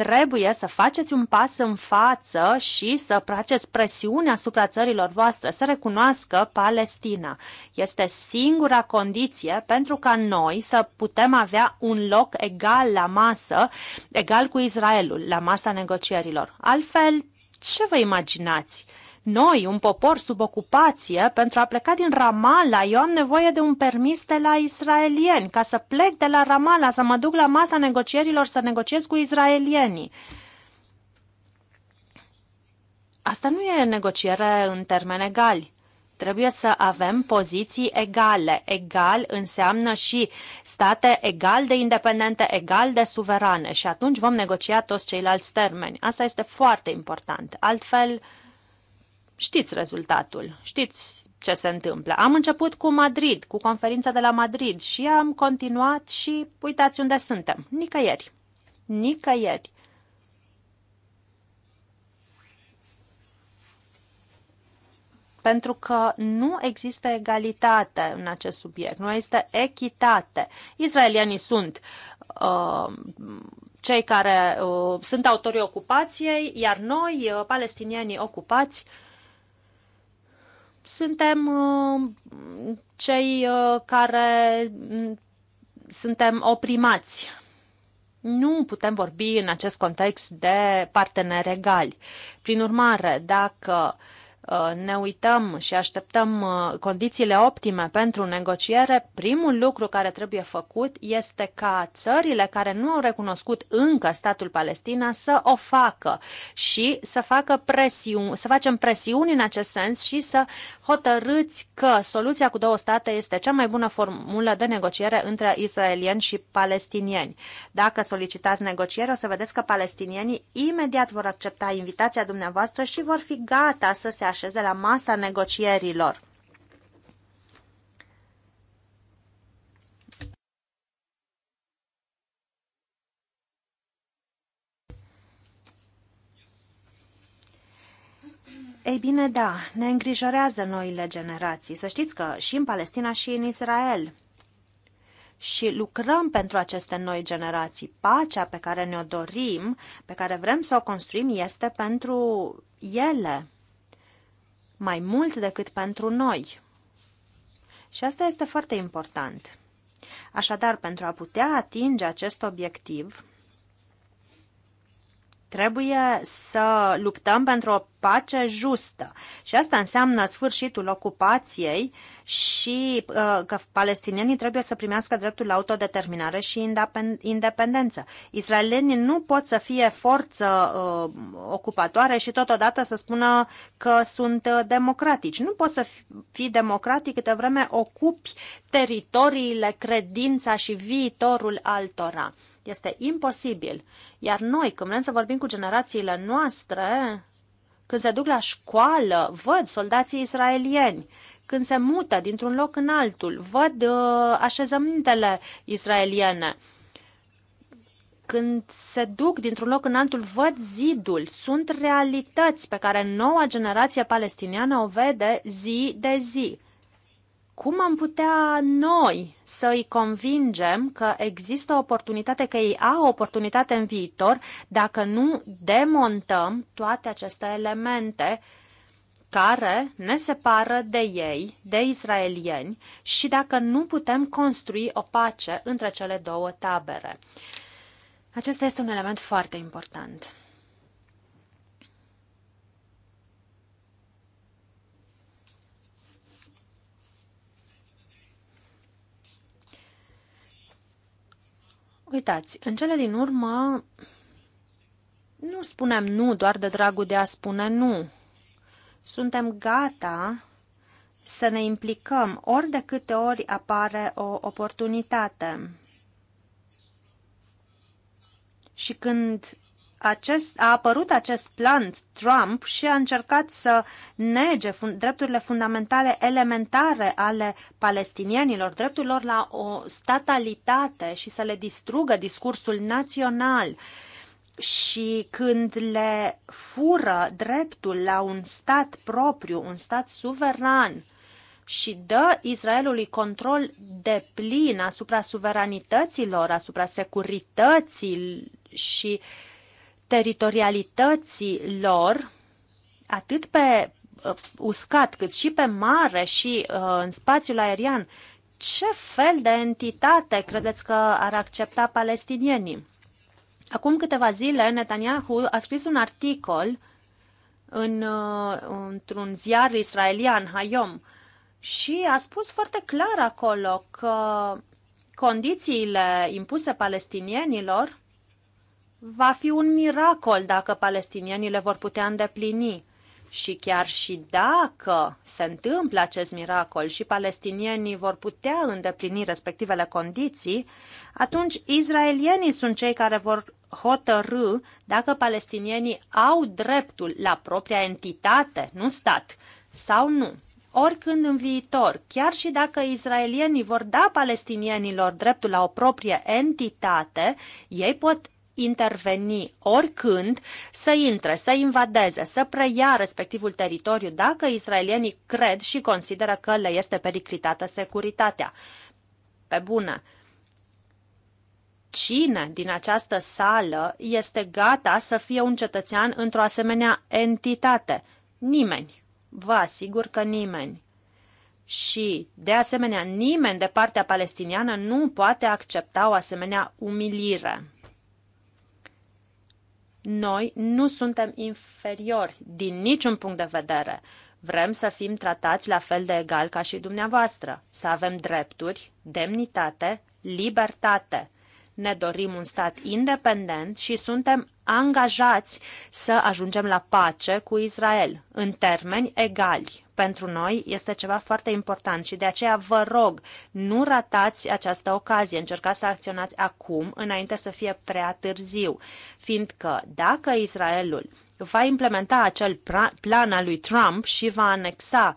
trebuie să faceți un pas în față și să faceți presiune asupra țărilor voastre să recunoască Palestina. Este singura condiție pentru ca noi să putem avea un loc egal la masă, egal cu Israelul, la masa negocierilor. Altfel, ce vă imaginați? noi, un popor sub ocupație, pentru a pleca din Ramala, eu am nevoie de un permis de la israelieni, ca să plec de la Ramala, să mă duc la masa negocierilor, să negociez cu israelienii. Asta nu e negociere în termeni egali trebuie să avem poziții egale. Egal înseamnă și state egal de independente, egal de suverane și atunci vom negocia toți ceilalți termeni. Asta este foarte important. Altfel, uh, Știți rezultatul, știți ce se întâmplă. Am început cu Madrid, cu conferința de la Madrid și am continuat și uitați unde suntem. Nicăieri. Nicăieri. pentru că nu există egalitate în acest subiect, nu există echitate. Israelienii sunt uh, cei care uh, sunt autorii ocupației, iar noi, uh, palestinienii ocupați, uh, suntem uh, cei uh, care mm, suntem oprimați. Nu putem vorbi în acest context de parteneri egali. Prin urmare, dacă uh, Uh, ne uităm și așteptăm uh, condițiile optime pentru negociere, primul lucru care trebuie făcut este ca țările care nu au recunoscut încă statul Palestina să o facă și să, facă presiuni, să facem presiuni în acest sens și să hotărâți că soluția cu două state este cea mai bună formulă de negociere între israelieni și palestinieni. Dacă solicitați negociere, o să vedeți că palestinienii imediat vor accepta invitația dumneavoastră și vor fi gata să se aștepte așeze la masa negocierilor. Ei bine, da, ne îngrijorează noile generații. Să știți că și în Palestina și în Israel. Și lucrăm pentru aceste noi generații. Pacea pe care ne-o dorim, pe care vrem să o construim, este pentru ele mai mult decât pentru noi. Și asta este foarte important. Așadar, pentru a putea atinge acest obiectiv, Trebuie să luptăm pentru o pace justă. Și asta înseamnă sfârșitul ocupației și uh, că palestinienii trebuie să primească dreptul la autodeterminare și independență. Israelienii nu pot să fie forță uh, ocupatoare și totodată să spună că sunt democratici. Nu poți să fii democratic câte vreme ocupi teritoriile, credința și viitorul altora. Este imposibil. Iar noi, când vrem să vorbim cu generațiile noastre, când se duc la școală, văd soldații israelieni, când se mută dintr-un loc în altul, văd uh, așezămintele israeliene. Când se duc dintr-un loc în altul, văd zidul. Sunt realități pe care noua generație palestiniană o vede zi de zi cum am putea noi să îi convingem că există o oportunitate, că ei au o oportunitate în viitor, dacă nu demontăm toate aceste elemente care ne separă de ei, de israelieni, și dacă nu putem construi o pace între cele două tabere. Acesta este un element foarte important. Uitați, în cele din urmă nu spunem nu doar de dragul de a spune nu. Suntem gata să ne implicăm ori de câte ori apare o oportunitate. Și când acest, a apărut acest plan Trump și a încercat să nege fun, drepturile fundamentale elementare ale palestinienilor, dreptul lor la o statalitate și să le distrugă discursul național și când le fură dreptul la un stat propriu, un stat suveran și dă Israelului control de plin asupra suveranităților, asupra securității și uh, teritorialității lor, atât pe uh, uscat cât și pe mare și uh, în spațiul aerian, ce fel de entitate credeți că ar accepta palestinienii? Acum câteva zile, Netanyahu a scris un articol în, uh, într-un ziar israelian, Hayom, și a spus foarte clar acolo că condițiile impuse palestinienilor Va fi un miracol dacă palestinienii le vor putea îndeplini. Și chiar și dacă se întâmplă acest miracol și palestinienii vor putea îndeplini respectivele condiții, atunci izraelienii sunt cei care vor hotărâ dacă palestinienii au dreptul la propria entitate, nu stat, sau nu. Oricând în viitor, chiar și dacă izraelienii vor da palestinienilor dreptul la o proprie entitate, ei pot interveni oricând, să intre, să invadeze, să preia respectivul teritoriu dacă israelienii cred și consideră că le este periclitată securitatea. Pe bună! Cine din această sală este gata să fie un cetățean într-o asemenea entitate? Nimeni. Vă asigur că nimeni. Și, de asemenea, nimeni de partea palestiniană nu poate accepta o asemenea umilire noi nu suntem inferiori din niciun punct de vedere. Vrem să fim tratați la fel de egal ca și dumneavoastră, să avem drepturi, demnitate, libertate. Ne dorim un stat independent și suntem angajați să ajungem la pace cu Israel, în termeni egali. Pentru noi este ceva foarte important și de aceea vă rog, nu ratați această ocazie, încercați să acționați acum, înainte să fie prea târziu, fiindcă dacă Israelul va implementa acel plan al lui Trump și va anexa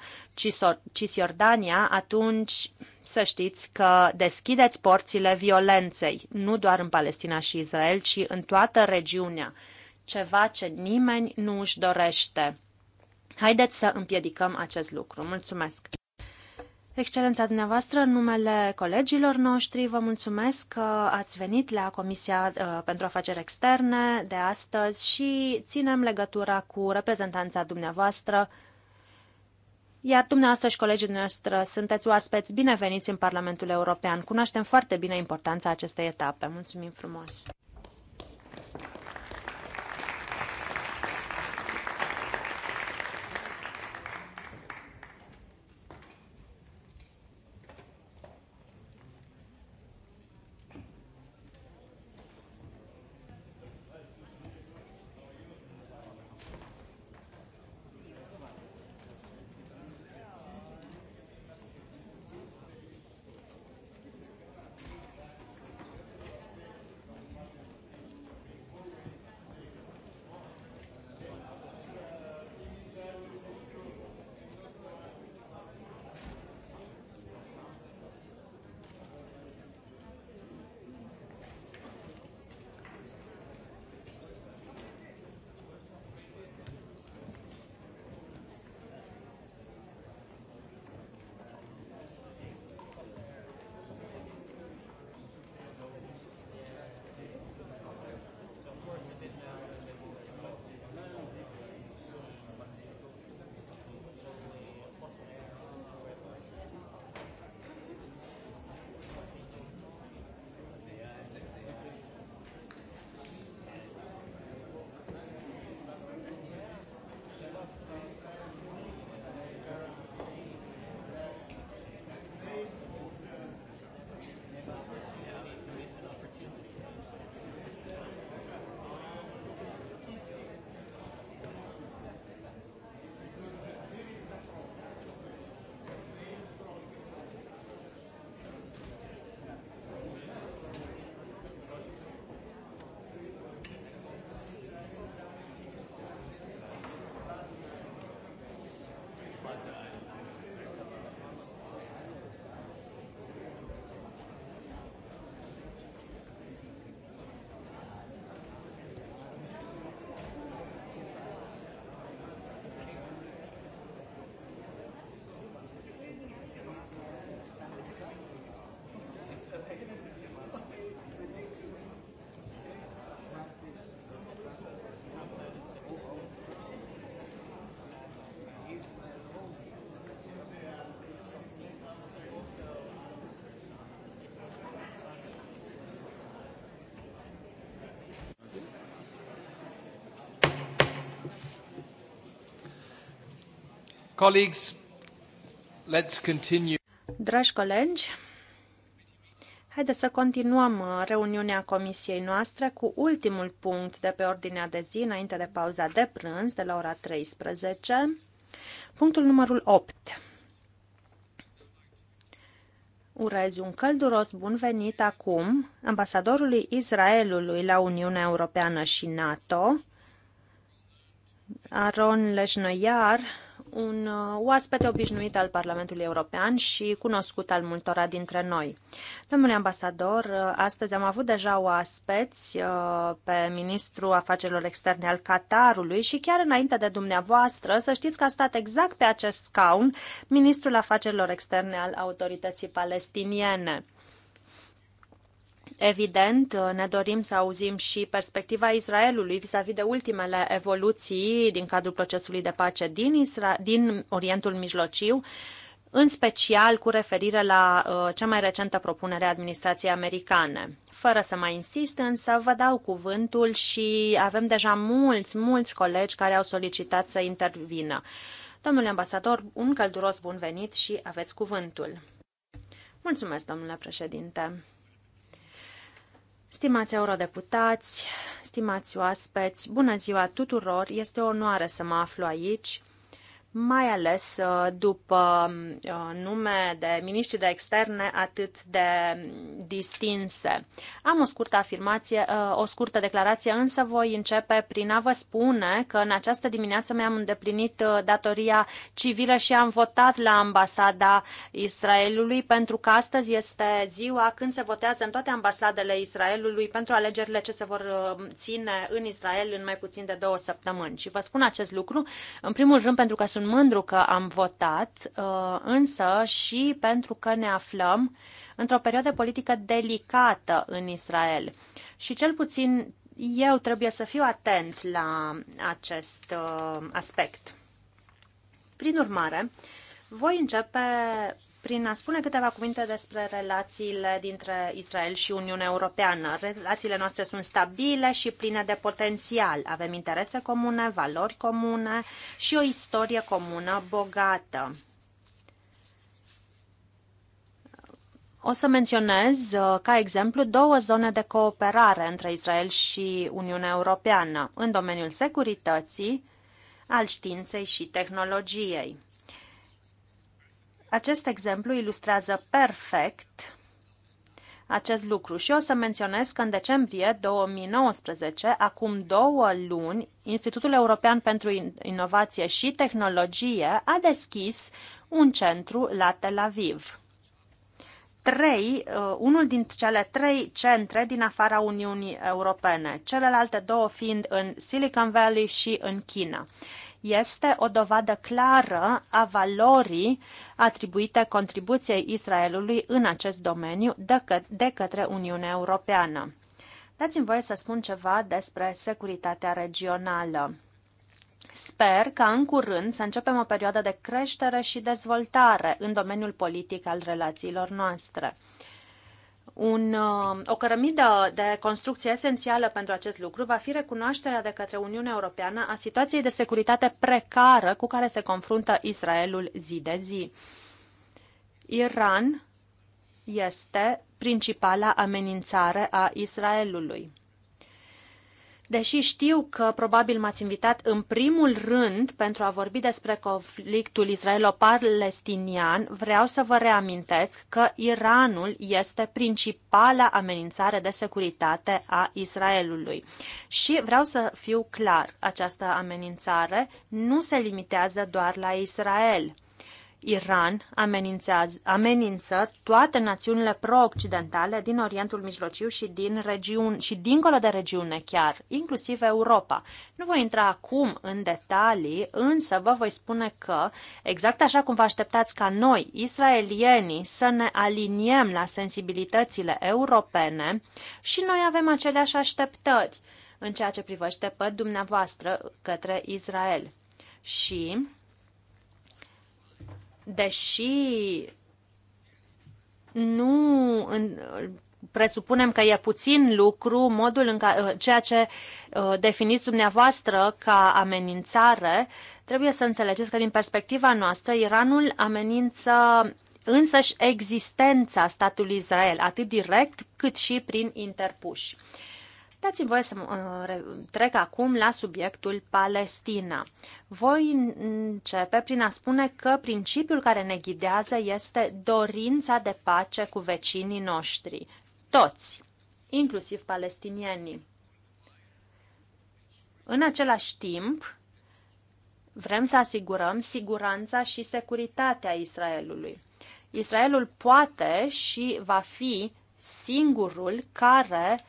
Cisjordania, atunci să știți că deschideți porțile violenței, nu doar în Palestina și Israel, ci în toată regiunea. Ceva ce nimeni nu își dorește. Haideți să împiedicăm acest lucru. Mulțumesc! Excelența dumneavoastră, în numele colegilor noștri, vă mulțumesc că ați venit la Comisia uh, pentru Afaceri Externe de astăzi și ținem legătura cu reprezentanța dumneavoastră iar dumneavoastră și colegii noastre sunteți oaspeți bineveniți în Parlamentul European. Cunoaștem foarte bine importanța acestei etape. Mulțumim frumos! Colleagues, let's continue. Dragi colegi, haideți să continuăm uh, reuniunea comisiei noastre cu ultimul punct de pe ordinea de zi înainte de pauza de prânz de la ora 13, punctul numărul 8. Urez un călduros bun venit acum ambasadorului Israelului la Uniunea Europeană și NATO, Aron Leșnoiar, un uh, oaspete obișnuit al Parlamentului European și cunoscut al multora dintre noi. Domnule ambasador, uh, astăzi am avut deja oaspeți uh, pe ministrul afacerilor externe al Qatarului și chiar înainte de dumneavoastră, să știți că a stat exact pe acest scaun ministrul afacerilor externe al autorității palestiniene. Evident, ne dorim să auzim și perspectiva Israelului vis-a-vis -vis de ultimele evoluții din cadrul procesului de pace din, Isra- din Orientul Mijlociu, în special cu referire la uh, cea mai recentă propunere a administrației americane. Fără să mai insist, însă vă dau cuvântul și avem deja mulți, mulți colegi care au solicitat să intervină. Domnule ambasador, un călduros bun venit și aveți cuvântul. Mulțumesc, domnule președinte. Stimați eurodeputați, stimați oaspeți, bună ziua tuturor! Este o onoare să mă aflu aici mai ales uh, după uh, nume de miniștri de externe atât de distinse. Am o scurtă afirmație, uh, o scurtă declarație, însă voi începe prin a vă spune că în această dimineață mi-am îndeplinit datoria civilă și am votat la ambasada Israelului pentru că astăzi este ziua când se votează în toate ambasadele Israelului pentru alegerile ce se vor ține în Israel în mai puțin de două săptămâni. Și vă spun acest lucru, în primul rând pentru că sunt sunt mândru că am votat, uh, însă și pentru că ne aflăm într-o perioadă politică delicată în Israel. Și cel puțin eu trebuie să fiu atent la acest uh, aspect. Prin urmare, voi începe prin a spune câteva cuvinte despre relațiile dintre Israel și Uniunea Europeană. Relațiile noastre sunt stabile și pline de potențial. Avem interese comune, valori comune și o istorie comună bogată. O să menționez uh, ca exemplu două zone de cooperare între Israel și Uniunea Europeană în domeniul securității, al științei și tehnologiei. Acest exemplu ilustrează perfect acest lucru și o să menționez că în decembrie 2019, acum două luni, Institutul European pentru Inovație și Tehnologie a deschis un centru la Tel Aviv. Trei, uh, unul din cele trei centre din afara Uniunii Europene, celelalte două fiind în Silicon Valley și în China este o dovadă clară a valorii atribuite contribuției Israelului în acest domeniu de, că- de către Uniunea Europeană. Dați-mi voie să spun ceva despre securitatea regională. Sper ca în curând să începem o perioadă de creștere și dezvoltare în domeniul politic al relațiilor noastre un, uh, o cărămidă de construcție esențială pentru acest lucru va fi recunoașterea de către Uniunea Europeană a situației de securitate precară cu care se confruntă Israelul zi de zi. Iran este principala amenințare a Israelului. Deși știu că probabil m-ați invitat în primul rând pentru a vorbi despre conflictul israelo-palestinian, vreau să vă reamintesc că Iranul este principala amenințare de securitate a Israelului. Și vreau să fiu clar, această amenințare nu se limitează doar la Israel. Iran amenință toate națiunile pro-occidentale din Orientul Mijlociu și, din regiuni, și dincolo de regiune chiar, inclusiv Europa. Nu voi intra acum în detalii, însă vă voi spune că, exact așa cum vă așteptați ca noi, israelienii, să ne aliniem la sensibilitățile europene și noi avem aceleași așteptări în ceea ce privește pe dumneavoastră către Israel. Și deși nu în, presupunem că e puțin lucru, modul în care, uh, ceea ce uh, definiți dumneavoastră ca amenințare, trebuie să înțelegeți că din perspectiva noastră Iranul amenință însăși existența statului Israel, atât direct cât și prin interpuși. Uh, Dați-mi voie să uh, trec acum la subiectul Palestina. Voi începe prin a spune că principiul care ne ghidează este dorința de pace cu vecinii noștri. Toți, inclusiv palestinienii. În același timp, vrem să asigurăm siguranța și securitatea Israelului. Israelul poate și va fi singurul care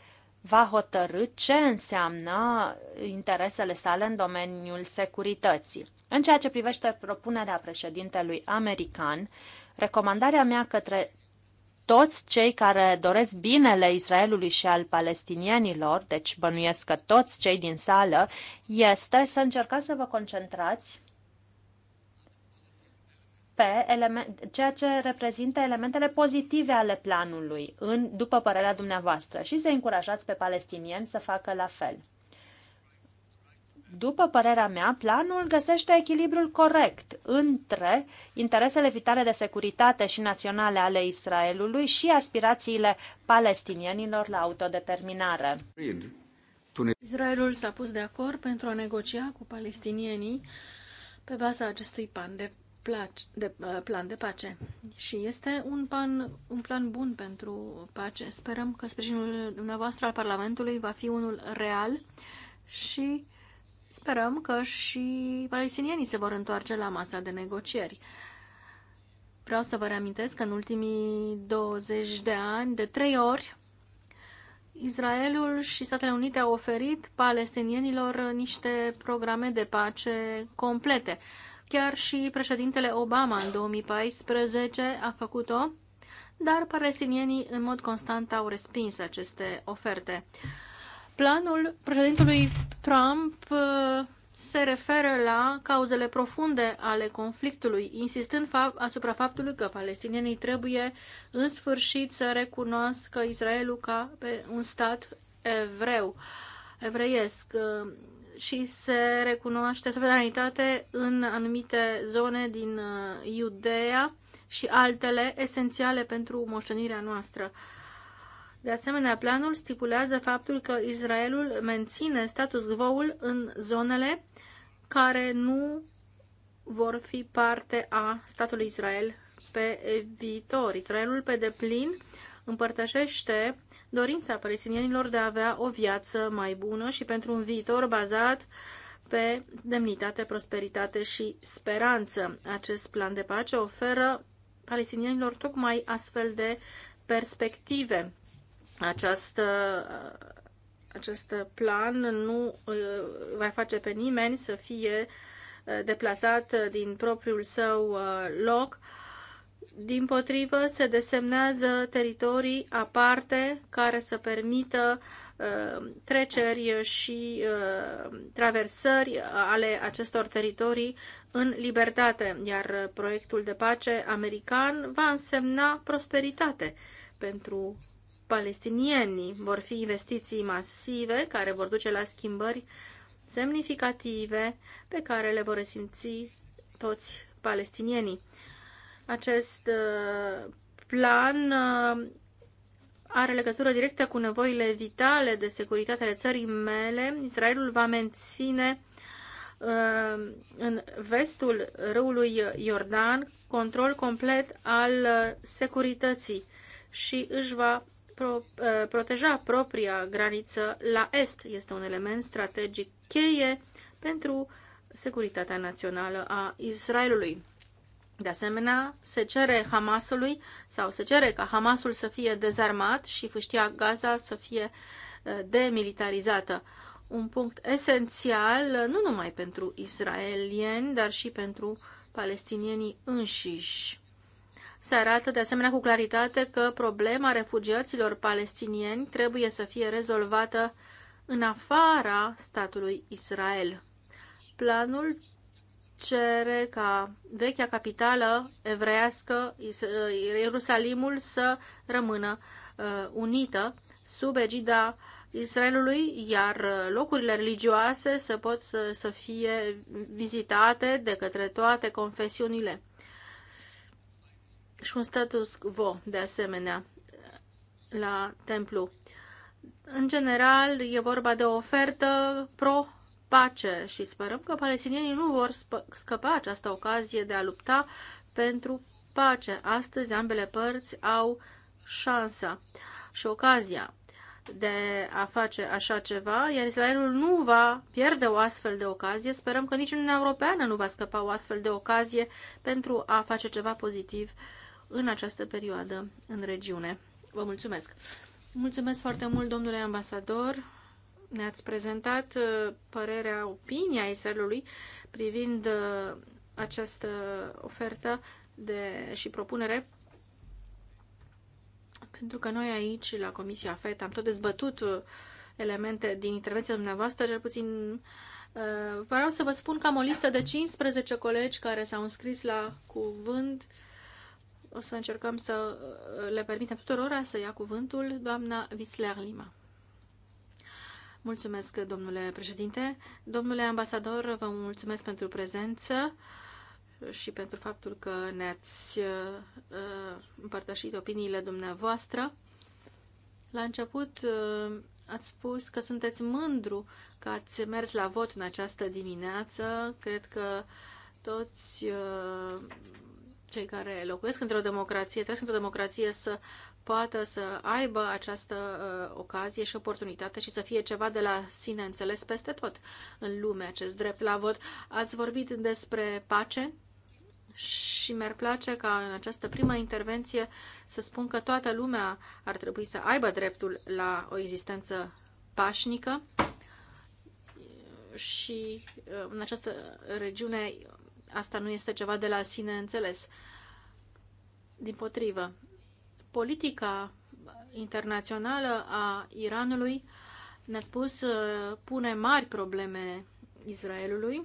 va hotărâ ce înseamnă interesele sale în domeniul securității. În ceea ce privește propunerea președintelui american, recomandarea mea către toți cei care doresc binele Israelului și al palestinienilor, deci bănuiesc că toți cei din sală, este să încercați să vă concentrați pe element, ceea ce reprezintă elementele pozitive ale planului, în, după părerea dumneavoastră, și să încurajați pe palestinieni să facă la fel. După părerea mea, planul găsește echilibrul corect între interesele vitale de securitate și naționale ale Israelului și aspirațiile palestinienilor la autodeterminare. Israelul s-a pus de acord pentru a negocia cu palestinienii pe baza acestui plan de, de, uh, plan de pace și este un plan, un plan bun pentru pace. Sperăm că sprijinul dumneavoastră al Parlamentului va fi unul real și sperăm că și palestinienii se vor întoarce la masa de negocieri. Vreau să vă reamintesc că în ultimii 20 de ani, de trei ori, Israelul și Statele Unite au oferit palestinienilor niște programe de pace complete. Chiar și președintele Obama în 2014 a făcut-o, dar palestinienii în mod constant au respins aceste oferte. Planul președintelui Trump uh, se referă la cauzele profunde ale conflictului, insistând asupra faptului că palestinienii trebuie în sfârșit să recunoască Israelul ca un stat evreu, evreiesc. Uh, și se recunoaște suveranitate în anumite zone din uh, Iudea și altele esențiale pentru moștenirea noastră. De asemenea, planul stipulează faptul că Israelul menține status quo-ul în zonele care nu vor fi parte a statului Israel pe viitor. Israelul pe deplin împărtășește dorința palestinienilor de a avea o viață mai bună și pentru un viitor bazat pe demnitate, prosperitate și speranță. Acest plan de pace oferă palestinienilor tocmai astfel de perspective. Această, acest plan nu uh, va face pe nimeni să fie uh, deplasat din propriul său uh, loc din potrivă, se desemnează teritorii aparte care să permită uh, treceri și uh, traversări ale acestor teritorii în libertate, iar proiectul de pace american va însemna prosperitate pentru palestinieni. Vor fi investiții masive care vor duce la schimbări semnificative pe care le vor simți toți palestinienii. Acest uh, plan uh, are legătură directă cu nevoile vitale de securitate ale țării mele. Israelul va menține uh, în vestul râului Iordan control complet al securității și își va pro, proteja propria graniță la est. Este un element strategic cheie pentru securitatea națională a Israelului. De asemenea, se cere Hamasului sau se cere ca Hamasul să fie dezarmat și fâștia Gaza să fie uh, demilitarizată. Un punct esențial uh, nu numai pentru israelieni, dar și pentru palestinienii înșiși. Se arată de asemenea cu claritate că problema refugiaților palestinieni trebuie să fie rezolvată în afara statului Israel. Planul cere ca vechea capitală evrească, uh, Ierusalimul, să rămână uh, unită sub egida Israelului, iar uh, locurile religioase să pot să, să fie vizitate de către toate confesiunile. Și un status quo, de asemenea, la templu. În general, e vorba de o ofertă pro pace și sperăm că palestinienii nu vor scăpa această ocazie de a lupta pentru pace. Astăzi ambele părți au șansa și ocazia de a face așa ceva, iar Israelul nu va pierde o astfel de ocazie. Sperăm că nici Uniunea Europeană nu va scăpa o astfel de ocazie pentru a face ceva pozitiv în această perioadă în regiune. Vă mulțumesc! Mulțumesc foarte mult, domnule ambasador! Ne-ați prezentat uh, părerea, opinia Israelului privind uh, această ofertă de, și propunere pentru că noi aici, la Comisia FET, am tot dezbătut uh, elemente din intervenția dumneavoastră, cel puțin vreau să vă spun că am o listă de 15 colegi care s-au înscris la cuvânt. O să încercăm să le permitem tuturora să ia cuvântul. Doamna Witzler Lima. Mulțumesc, domnule președinte. Domnule ambasador, vă mulțumesc pentru prezență și pentru faptul că ne-ați uh, împărtășit opiniile dumneavoastră. La început uh, ați spus că sunteți mândru că ați mers la vot în această dimineață. Cred că toți uh, cei care locuiesc într-o democrație, trăiesc într-o democrație să poată să aibă această uh, ocazie și oportunitate și să fie ceva de la sine înțeles peste tot în lume, acest drept la vot. Ați vorbit despre pace și mi-ar place ca în această primă intervenție să spun că toată lumea ar trebui să aibă dreptul la o existență pașnică și uh, în această regiune asta nu este ceva de la sine înțeles. Din potrivă, politica internațională a Iranului, ne-a spus, uh, pune mari probleme Israelului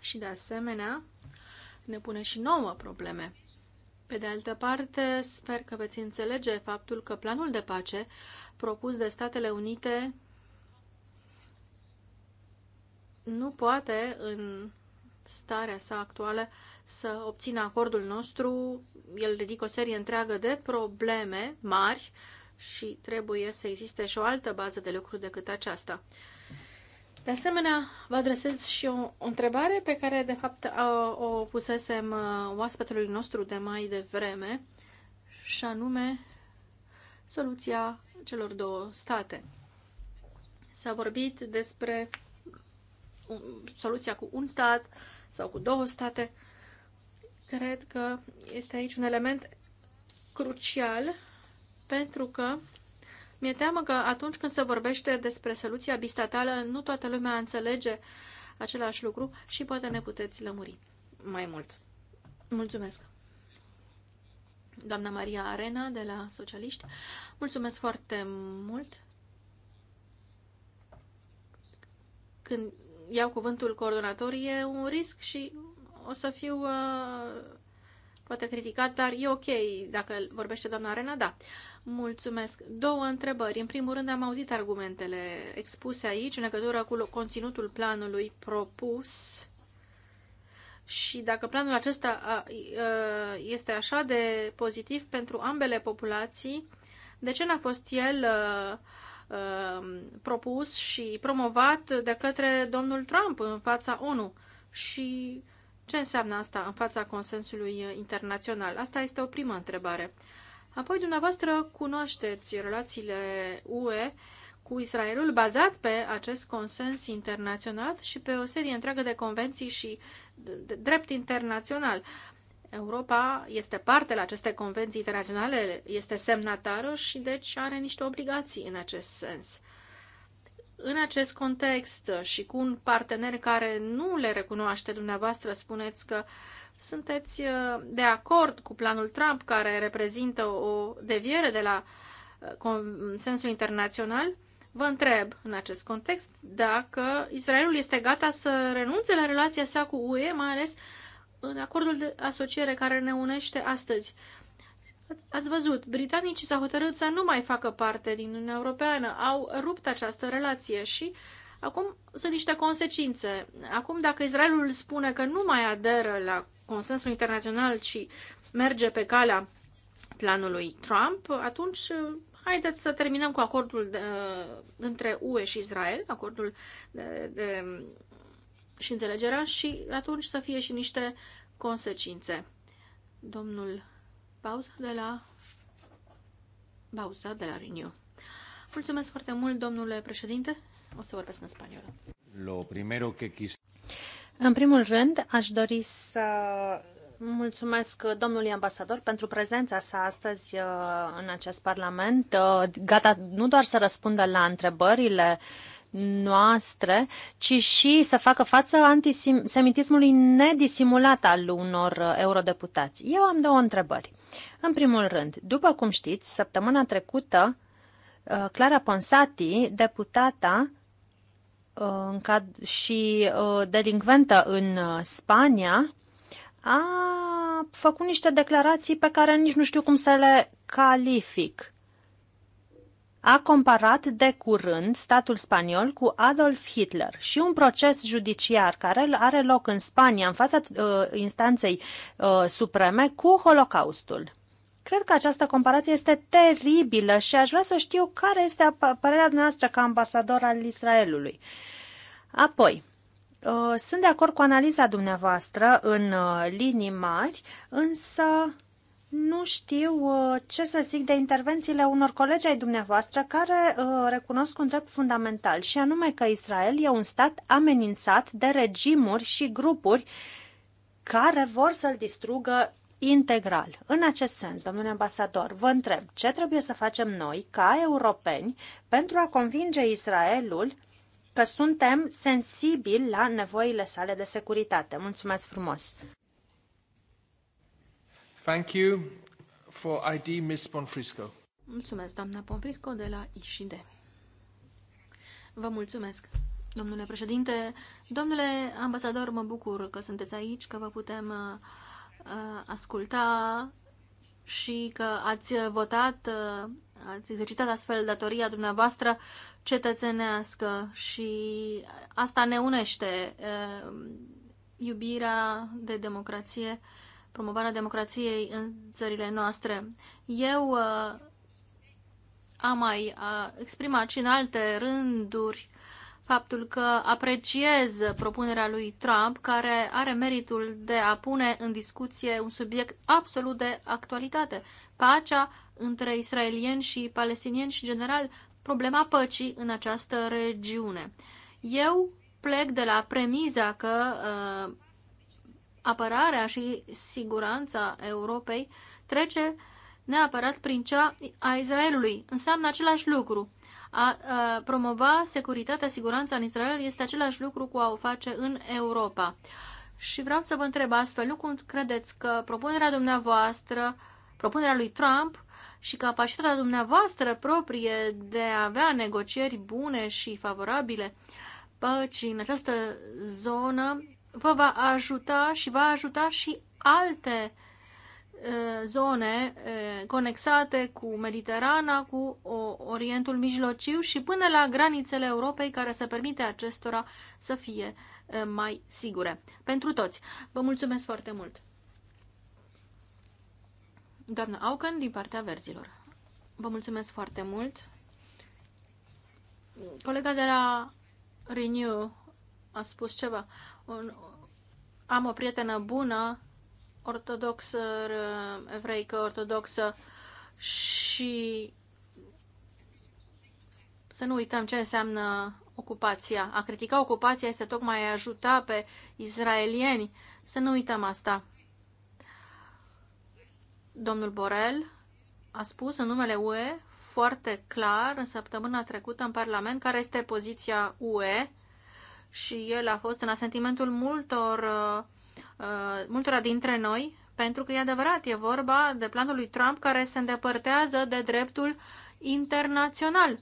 și, de asemenea, ne pune și nouă probleme. Pe de altă parte, sper că veți înțelege faptul că planul de pace propus de Statele Unite nu poate, în starea sa actuală, să obțină acordul nostru. El ridică o serie întreagă de probleme mari și trebuie să existe și o altă bază de lucru decât aceasta. De asemenea, vă adresez și o, o întrebare pe care, de fapt, o, o pusesem oaspetului nostru de mai devreme, și anume soluția celor două state. S-a vorbit despre soluția cu un stat sau cu două state. Cred că este aici un element crucial pentru că mi-e teamă că atunci când se vorbește despre soluția bistatală, nu toată lumea înțelege același lucru și poate ne puteți lămuri mai mult. Mulțumesc! Doamna Maria Arena de la Socialiști, mulțumesc foarte mult! Când iau cuvântul coordonatorii e un risc și o să fiu uh, poate criticat, dar e ok dacă vorbește doamna Arena, da. Mulțumesc. Două întrebări. În primul rând am auzit argumentele expuse aici în legătură cu conținutul planului propus și dacă planul acesta uh, este așa de pozitiv pentru ambele populații, de ce n-a fost el uh, propus și promovat de către domnul Trump în fața ONU? Și ce înseamnă asta în fața consensului uh, internațional? Asta este o primă întrebare. Apoi, dumneavoastră, cunoașteți relațiile UE cu Israelul bazat pe acest consens internațional și pe o serie întreagă de convenții și drept internațional. Europa este parte la aceste convenții internaționale, este semnatară și deci are niște obligații în acest sens. În acest context și cu un partener care nu le recunoaște dumneavoastră, spuneți că sunteți uh, de acord cu planul Trump, care reprezintă o deviere de la uh, consensul internațional. Vă întreb în acest context dacă Israelul este gata să renunțe la relația sa cu UE, mai ales în acordul de asociere care ne unește astăzi. Ați văzut, britanicii s-au hotărât să nu mai facă parte din Uniunea Europeană, au rupt această relație și acum sunt niște consecințe. Acum, dacă Israelul spune că nu mai aderă la consensul internațional, ci merge pe calea planului Trump, atunci uh, haideți să terminăm cu acordul de, uh, între UE și Israel, acordul de, de, și înțelegerea, și atunci să fie și niște consecințe. Domnul Pauza de la... Pauza de la Rinio. Mulțumesc foarte mult, domnule președinte. O să vorbesc în spaniolă. Lo primero que quis... În primul rând, aș dori să Mulțumesc domnului ambasador pentru prezența sa astăzi uh, în acest Parlament, uh, gata nu doar să răspundă la întrebările uh, noastre, ci și să facă față antisemitismului nedisimulat al unor eurodeputați. Eu am două întrebări. În primul rând, după cum știți, săptămâna trecută, uh, Clara Ponsati, deputata uh, și uh, delinventă în Spania, a făcut niște declarații pe care nici nu știu cum să le calific a comparat de curând statul spaniol cu Adolf Hitler și un proces judiciar care are loc în Spania în fața uh, instanței uh, supreme cu Holocaustul. Cred că această comparație este teribilă și aș vrea să știu care este părerea noastră ca ambasador al Israelului. Apoi, uh, sunt de acord cu analiza dumneavoastră în uh, linii mari, însă nu știu uh, ce să zic de intervențiile unor colegi ai dumneavoastră care uh, recunosc un drept fundamental, și anume că Israel e un stat amenințat de regimuri și grupuri care vor să-l distrugă integral. În acest sens, domnule ambasador, vă întreb ce trebuie să facem noi, ca europeni, pentru a convinge Israelul că suntem sensibili la nevoile sale de securitate. Mulțumesc frumos! Thank you for ID, Ms. Bonfrisco. Mulțumesc, doamna Ponfrisco, de la ISHID. Vă mulțumesc, domnule președinte. Domnule ambasador, mă bucur că sunteți aici, că vă putem uh, uh, asculta și că ați votat, uh, ați exercitat astfel datoria dumneavoastră cetățenească și asta ne unește uh, iubirea de democrație uh, promovarea democrației în țările noastre. Eu uh, am mai uh, exprimat și în alte rânduri faptul că apreciez propunerea lui Trump, care are meritul de a pune în discuție un subiect absolut de actualitate, pacea între israelieni și palestinieni și, general, problema păcii în această regiune. Eu plec de la premiza că uh, apărarea și siguranța Europei trece neapărat prin cea a Israelului. Înseamnă același lucru. A, a promova securitatea, siguranța în Israel este același lucru cu a o face în Europa. Și vreau să vă întreb astfel, nu cum credeți că propunerea dumneavoastră, propunerea lui Trump și capacitatea dumneavoastră proprie de a avea negocieri bune și favorabile păcii în această zonă vă va ajuta și va ajuta și alte uh, zone uh, conexate cu Mediterana, cu Orientul Mijlociu și până la granițele Europei care să permite acestora să fie uh, mai sigure. Pentru toți, vă mulțumesc foarte mult! Doamna Aucan, din partea verzilor. Vă mulțumesc foarte mult. Colega de la Renew a spus ceva un, am o prietenă bună, ortodoxă, evreică, ortodoxă și să nu uităm ce înseamnă ocupația. A critica ocupația este tocmai a ajuta pe israelieni. Să nu uităm asta. Domnul Borel a spus în numele UE foarte clar în săptămâna trecută în Parlament care este poziția UE și el a fost în asentimentul multor, uh, uh, multora dintre noi, pentru că e adevărat, e vorba de planul lui Trump care se îndepărtează de dreptul internațional.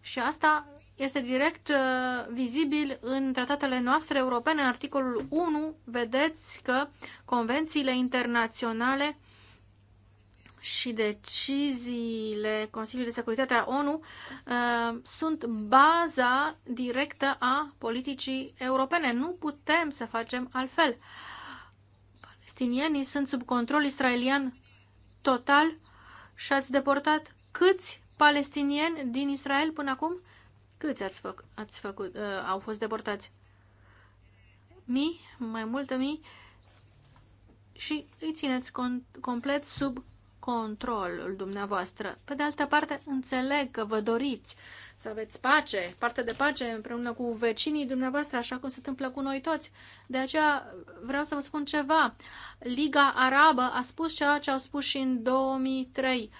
Și asta este direct uh, vizibil în tratatele noastre europene, în articolul 1, vedeți că convențiile internaționale și deciziile Consiliului de Securitate a ONU uh, sunt baza directă a politicii europene. Nu putem să facem altfel. Palestinienii sunt sub control israelian total și ați deportat câți palestinieni din Israel până acum? Câți ați, făc, ați făcut, uh, au fost deportați? Mii, mai multe mii și îi țineți complet sub controlul dumneavoastră. Pe de altă parte, înțeleg că vă doriți să aveți pace, parte de pace împreună cu vecinii dumneavoastră, așa cum se întâmplă cu noi toți. De aceea vreau să vă spun ceva. Liga Arabă a spus ceea ce au spus și în 2003.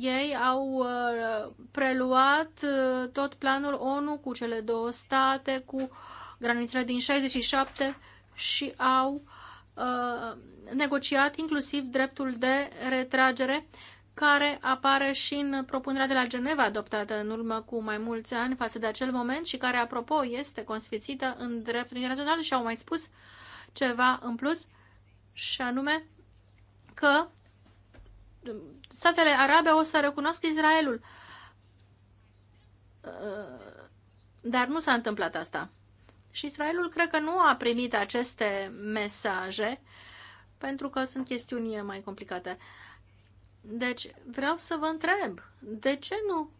Ei au uh, preluat uh, tot planul ONU cu cele două state, cu granițele din 67 și au uh, Uh, negociat inclusiv dreptul de retragere care apare și în propunerea de la Geneva adoptată în urmă cu mai mulți ani față de acel moment și care, apropo, este consfințită în dreptul internațional și au mai spus ceva în plus și anume că statele arabe o să recunoască Israelul. Uh, dar nu s-a întâmplat asta. Și Israelul cred că nu a primit aceste mesaje pentru că sunt chestiuni mai complicate. Deci vreau să vă întreb, de ce nu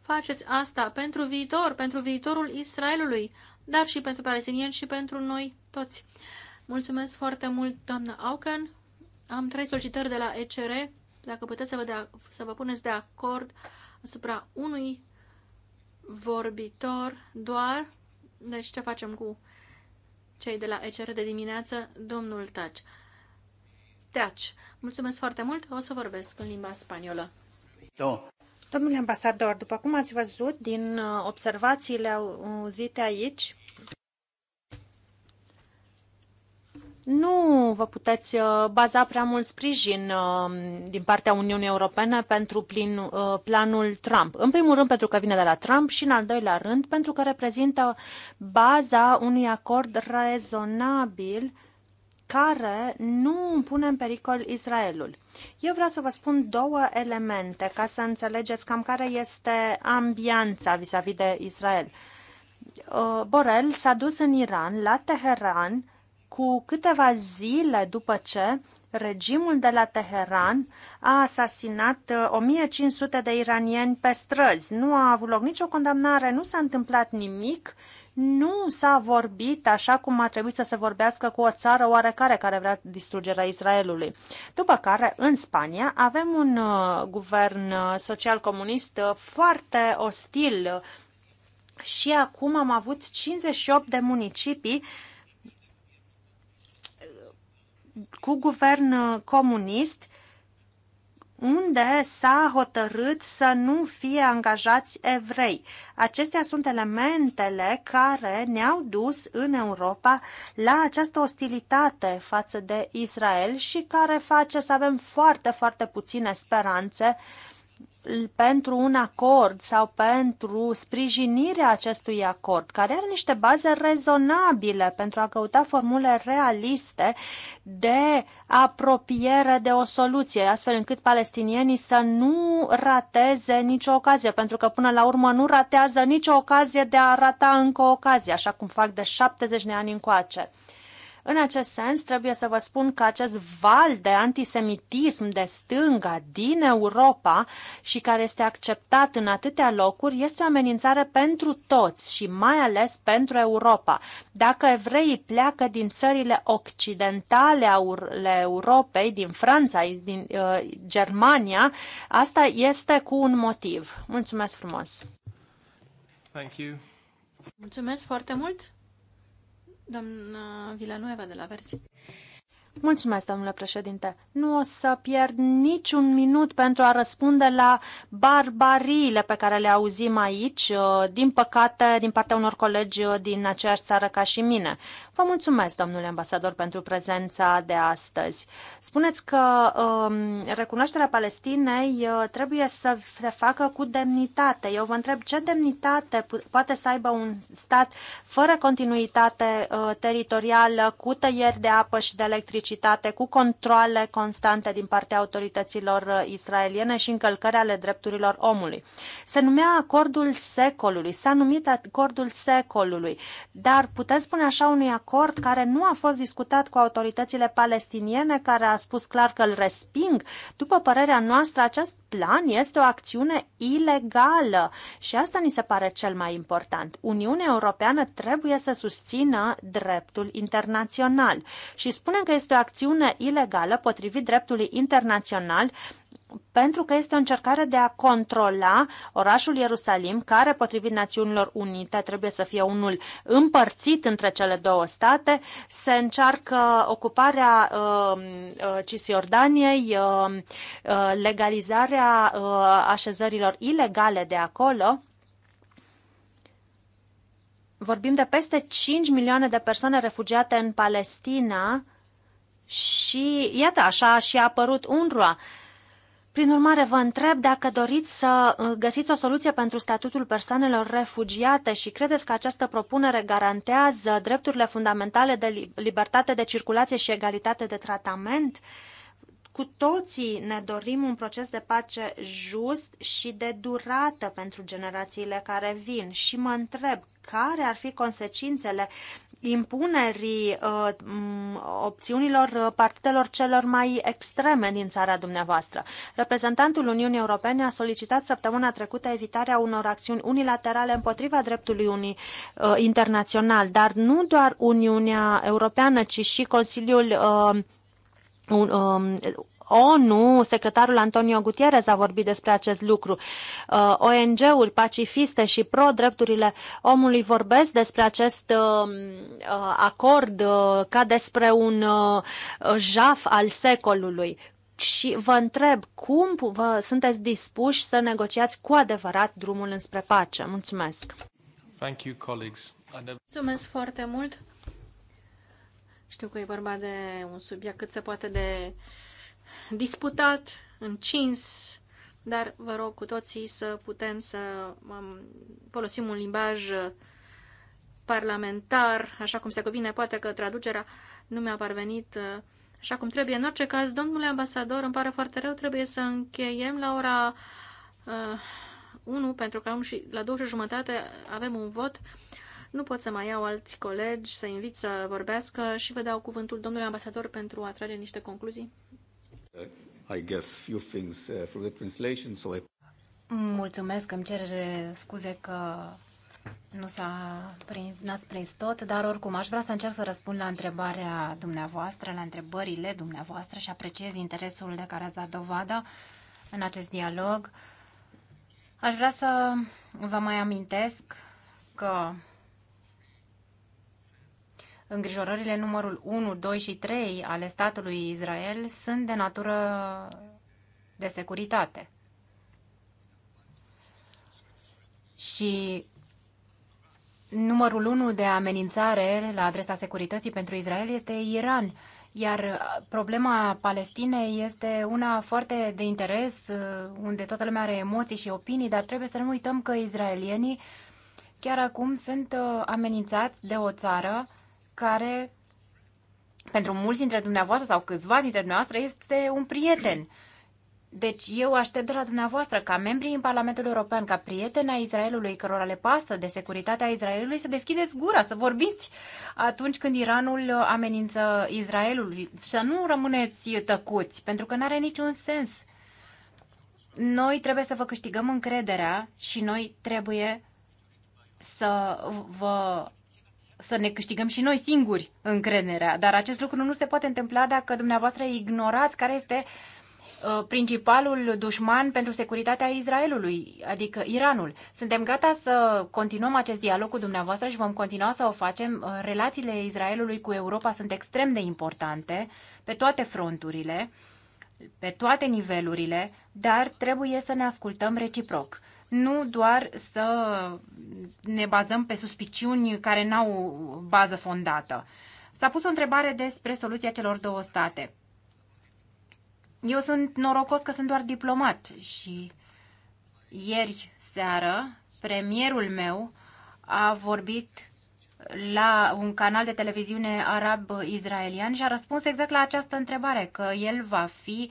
faceți asta pentru viitor, pentru viitorul Israelului, dar și pentru palestinieni și pentru noi toți? Mulțumesc foarte mult, doamnă Auken. Am trei solicitări de la ECR. Dacă puteți să vă, de, să vă puneți de acord asupra unui vorbitor doar deci ce facem cu cei de la ECR de dimineață? Domnul Taci. Taci, mulțumesc foarte mult, o să vorbesc în limba spaniolă. Do. Da. Domnule ambasador, după cum ați văzut din uh, observațiile auzite aici, nu vă puteți uh, baza prea mult sprijin uh, din partea Uniunii Europene pentru plin, uh, planul Trump. În primul rând pentru că vine de la Trump și în al doilea rând pentru că reprezintă baza unui acord rezonabil care nu pune în pericol Israelul. Eu vreau să vă spun două elemente ca să înțelegeți cam care este ambianța vis-a-vis -vis de Israel. Borel s-a dus în Iran, la Teheran, cu câteva zile după ce regimul de la Teheran a asasinat 1500 uh, de iranieni pe străzi. Nu a avut loc nicio condamnare, nu s-a întâmplat nimic, nu s-a vorbit așa cum a trebuit să se vorbească cu o țară oarecare care vrea distrugerea Israelului. După care, în Spania, avem un uh, guvern uh, social-comunist foarte ostil și acum am avut 58 de municipii uh, cu guvern uh, comunist unde s-a hotărât să nu fie angajați evrei. Acestea sunt elementele care ne-au dus în Europa la această ostilitate față de Israel și care face să avem foarte, foarte puține speranțe uh, pentru un acord sau pentru sprijinirea acestui acord, care are niște baze rezonabile pentru a căuta formule realiste de apropiere de o soluție, astfel încât palestinienii să nu rateze nicio ocazie, pentru că până la urmă nu ratează nicio ocazie de a rata încă o ocazie, așa cum fac de 70 de ani încoace. În acest sens, trebuie să vă spun că acest val de antisemitism de stânga din Europa și care este acceptat în atâtea locuri este o amenințare pentru toți și mai ales pentru Europa. Dacă evreii pleacă din țările occidentale ale Europei, din Franța, din uh, Germania, asta este cu un motiv. Mulțumesc frumos! Thank you. Mulțumesc foarte mult! Doamna Villanueva de la Versi. Mulțumesc, domnule președinte. Nu o să pierd niciun minut pentru a răspunde la barbariile pe care le auzim aici, uh, din păcate, din partea unor colegi uh, din aceeași țară ca și mine. Vă mulțumesc, domnule ambasador, pentru prezența de astăzi. Spuneți că um, recunoașterea Palestinei uh, trebuie să se facă cu demnitate. Eu vă întreb ce demnitate poate să aibă un stat fără continuitate uh, teritorială, cu tăieri de apă și de electricitate publicitate, cu controle constante din partea autorităților uh, israeliene și încălcări ale drepturilor omului. Se numea acordul secolului, s-a numit acordul secolului, dar puteți spune așa unui acord care nu a fost discutat cu autoritățile palestiniene, care a spus clar că îl resping? După părerea noastră, acest plan este o acțiune ilegală și asta ni se pare cel mai important. Uniunea Europeană trebuie să susțină dreptul internațional și spunem că este este o acțiune ilegală potrivit dreptului internațional pentru că este o încercare de a controla orașul Ierusalim, care, potrivit Națiunilor Unite, trebuie să fie unul împărțit între cele două state. Se încearcă ocuparea uh, uh Cisjordaniei, uh, uh, legalizarea uh, așezărilor ilegale de acolo. Vorbim de peste 5 milioane de persoane refugiate în Palestina, și iată, așa și a apărut UNRWA. Prin urmare, vă întreb dacă doriți să uh, găsiți o soluție pentru statutul persoanelor refugiate și credeți că această propunere garantează drepturile fundamentale de libertate de circulație și egalitate de tratament? Cu toții ne dorim un proces de pace just și de durată pentru generațiile care vin și mă întreb care ar fi consecințele impunerii uh, opțiunilor uh, partidelor celor mai extreme din țara dumneavoastră. Reprezentantul Uniunii Europene a solicitat săptămâna trecută evitarea unor acțiuni unilaterale împotriva dreptului unii, uh, internațional, dar nu doar Uniunea Europeană, ci și Consiliul uh, un, um, ONU, secretarul Antonio Gutierrez a vorbit despre acest lucru. Uh, ONG-uri pacifiste și pro-drepturile omului vorbesc despre acest uh, uh, acord ca despre un jaf al secolului. Și vă întreb, cum vă sunteți dispuși să negociați cu adevărat drumul înspre pace? Mulțumesc! Thank you, colleagues. Mulțumesc foarte mult! Știu că e vorba de un subiect cât se poate de uh, disputat, încins, dar vă rog cu toții să putem să um, folosim un limbaj parlamentar, așa cum se cuvine, poate că traducerea nu mi-a parvenit uh, așa cum trebuie. În orice caz, domnule ambasador, îmi pare foarte rău, trebuie să încheiem la ora uh, 1, pentru că am și la 2 și jumătate avem un vot. Nu pot să mai iau alți colegi să invit să vorbească și vă dau cuvântul domnului ambasador pentru a trage niște concluzii. I guess few things uh, the translation, so I... Mulțumesc, îmi cer scuze că nu s-a prins, n-ați prins tot, dar oricum aș vrea să încerc să răspund la întrebarea dumneavoastră, la întrebările dumneavoastră și apreciez interesul de care ați dat dovadă în acest dialog. Aș vrea să vă mai amintesc că îngrijorările numărul 1, 2 și 3 ale statului Israel sunt de natură de securitate. Și numărul 1 de amenințare la adresa securității pentru Israel este Iran. Iar problema Palestinei este una foarte de interes, unde toată lumea are emoții și opinii, dar trebuie să nu uităm că israelienii chiar acum sunt uh, amenințați de o țară care pentru mulți dintre dumneavoastră sau câțiva dintre dumneavoastră este un prieten. Deci eu aștept de la dumneavoastră ca membrii în Parlamentul European, ca prieteni a Israelului, cărora le pasă de securitatea Israelului, să deschideți gura, să vorbiți atunci când Iranul amenință Israelul. și Să nu rămâneți tăcuți, pentru că nu are niciun sens. Noi trebuie să vă câștigăm încrederea și noi trebuie să vă să ne câștigăm și noi singuri încrederea. Dar acest lucru nu se poate întâmpla dacă dumneavoastră ignorați care este uh, principalul dușman pentru securitatea Israelului, adică Iranul. Suntem gata să continuăm acest dialog cu dumneavoastră și vom continua să o facem. Uh, relațiile Israelului cu Europa sunt extrem de importante pe toate fronturile, pe toate nivelurile, dar trebuie să ne ascultăm reciproc nu doar să ne bazăm pe suspiciuni care n-au bază fondată. S-a pus o întrebare despre soluția celor două state. Eu sunt norocos că sunt doar diplomat și ieri seară premierul meu a vorbit la un canal de televiziune arab-izraelian și a răspuns exact la această întrebare, că el va fi uh,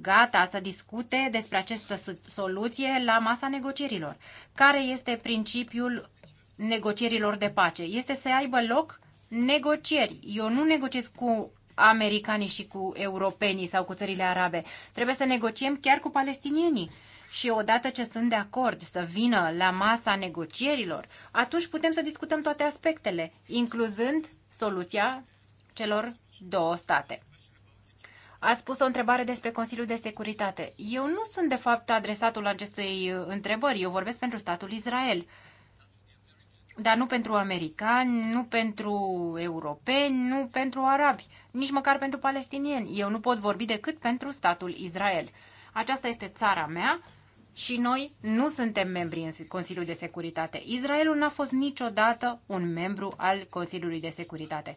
gata să discute despre această soluție la masa negocierilor. Care este principiul negocierilor de pace? Este să aibă loc negocieri. Eu nu negociez cu americanii și cu europenii sau cu țările arabe. Trebuie să negociem chiar cu palestinienii. Și odată ce sunt de acord să vină la masa negocierilor, atunci putem să discutăm toate aspectele, incluzând soluția celor două state. A spus o întrebare despre Consiliul de Securitate. Eu nu sunt, de fapt, adresatul acestei uh, întrebări. Eu vorbesc pentru statul Israel. Dar nu pentru americani, nu pentru europeni, nu pentru arabi, nici măcar pentru palestinieni. Eu nu pot vorbi decât pentru statul Israel. Aceasta este țara mea și noi nu suntem membri în Consiliul de Securitate. Israelul n-a fost niciodată un membru al Consiliului de Securitate.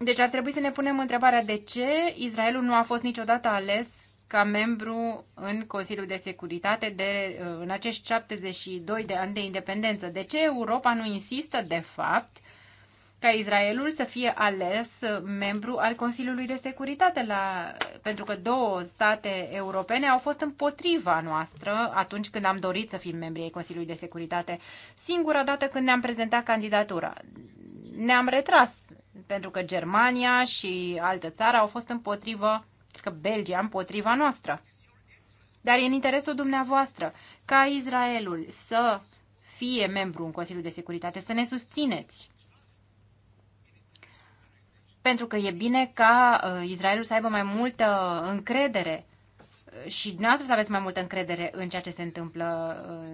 Deci ar trebui să ne punem întrebarea de ce Israelul nu a fost niciodată ales ca membru în Consiliul de Securitate de, uh, în acești 72 de ani de independență. De ce Europa nu insistă, de fapt, ca Israelul să fie ales membru al Consiliului de Securitate, la, pentru că două state europene au fost împotriva noastră atunci când am dorit să fim membri ai Consiliului de Securitate. Singura dată când ne-am prezentat candidatura. Ne-am retras pentru că Germania și altă țară au fost împotrivă, cred că Belgia împotriva noastră. Dar e în interesul dumneavoastră ca Israelul să fie membru în Consiliul de Securitate, să ne susțineți. Pentru că e bine ca uh, Israelul să aibă mai multă încredere și dumneavoastră să aveți mai multă încredere în ceea ce se întâmplă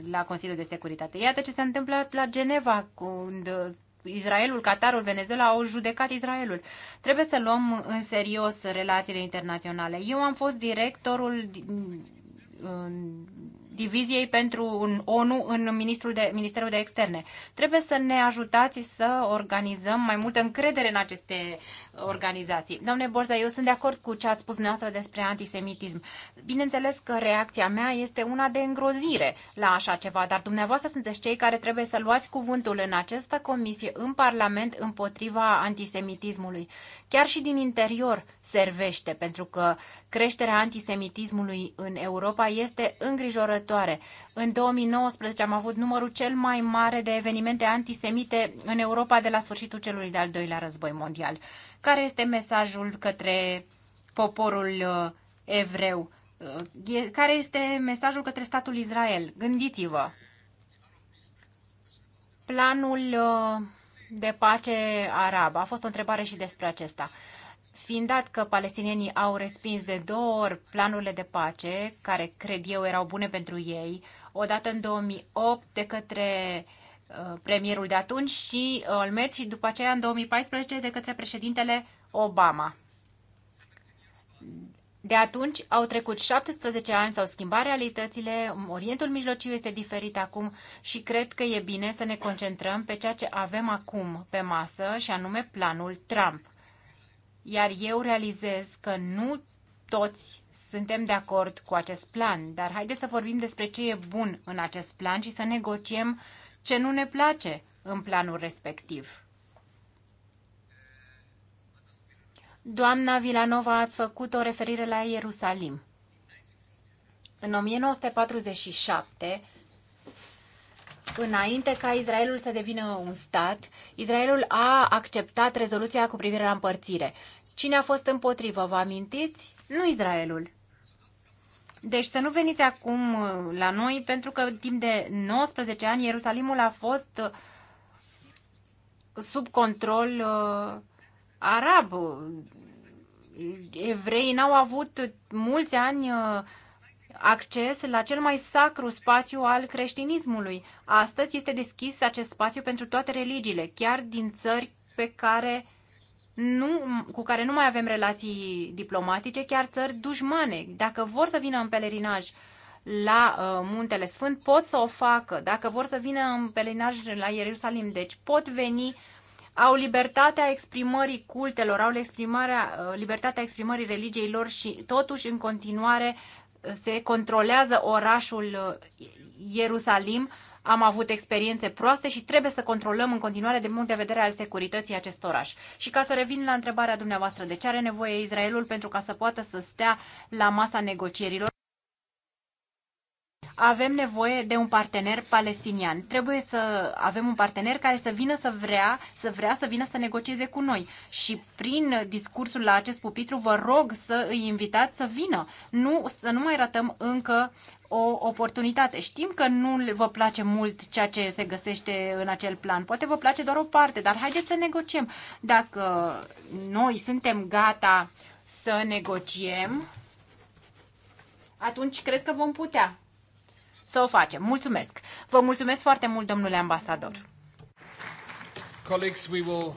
uh, la Consiliul de Securitate. Iată ce se întâmplă la Geneva când uh, Israelul, Qatarul, Venezuela au judecat Israelul. Trebuie să luăm în serios relațiile internaționale. Eu am fost directorul diviziei pentru un ONU în Ministrul de, Ministerul de Externe. Trebuie să ne ajutați să organizăm mai multă încredere în aceste organizații. Doamne Borza, eu sunt de acord cu ce ați spus dumneavoastră despre antisemitism. Bineînțeles că reacția mea este una de îngrozire la așa ceva, dar dumneavoastră sunteți cei care trebuie să luați cuvântul în această comisie, în Parlament, împotriva antisemitismului. Chiar și din interior servește, pentru că creșterea antisemitismului în Europa este îngrijorătoare. În 2019 am avut numărul cel mai mare de evenimente antisemite în Europa de la sfârșitul celui de-al doilea război mondial. Care este mesajul către poporul uh, evreu? Uh, care este mesajul către statul Israel? Gândiți-vă! Planul uh, de pace arab. A fost o întrebare și despre acesta. Fiind dat că palestinienii au respins de două ori planurile de pace, care cred eu erau bune pentru ei, odată în 2008 de către uh, premierul de atunci și uh, Olmert și după aceea în 2014 de către președintele Obama. De atunci au trecut 17 ani, s-au schimbat realitățile, Orientul Mijlociu este diferit acum și cred că e bine să ne concentrăm pe ceea ce avem acum pe masă și anume planul Trump. Iar eu realizez că nu toți suntem de acord cu acest plan, dar haideți să vorbim despre ce e bun în acest plan și să negociem ce nu ne place în planul respectiv. Doamna Vilanova, ați făcut o referire la Ierusalim. În 1947, înainte ca Israelul să devină un stat, Israelul a acceptat rezoluția cu privire la împărțire. Cine a fost împotrivă, vă amintiți? Nu Israelul. Deci să nu veniți acum uh, la noi, pentru că timp de 19 ani Ierusalimul a fost uh, sub control uh, arab. Evreii n-au avut mulți ani uh, acces la cel mai sacru spațiu al creștinismului. Astăzi este deschis acest spațiu pentru toate religiile, chiar din țări pe care nu, cu care nu mai avem relații diplomatice, chiar țări dușmane. Dacă vor să vină în pelerinaj la uh, Muntele Sfânt, pot să o facă. Dacă vor să vină în pelerinaj la Ierusalim, deci pot veni, au libertatea exprimării cultelor, au exprimarea, uh, libertatea exprimării religiei lor și totuși în continuare se controlează orașul uh, Ierusalim am avut experiențe proaste și trebuie să controlăm în continuare de punct de vedere al securității acest oraș. Și ca să revin la întrebarea dumneavoastră, de ce are nevoie Israelul pentru ca să poată să stea la masa negocierilor? avem nevoie de un partener palestinian. Trebuie să avem un partener care să vină să vrea, să vrea să vină să negocieze cu noi. Și prin discursul la acest pupitru vă rog să îi invitați să vină. Nu, să nu mai ratăm încă o oportunitate. Știm că nu vă place mult ceea ce se găsește în acel plan. Poate vă place doar o parte, dar haideți să negociem. Dacă noi suntem gata să negociem, atunci cred că vom putea să o facem. Mulțumesc! Vă mulțumesc foarte mult, domnule ambasador! Colleagues, we will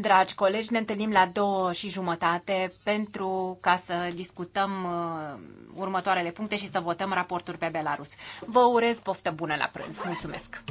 Dragi colegi, ne întâlnim la două și jumătate pentru ca să discutăm uh, următoarele puncte și să votăm raporturi pe Belarus. Vă urez poftă bună la prânz. Mulțumesc!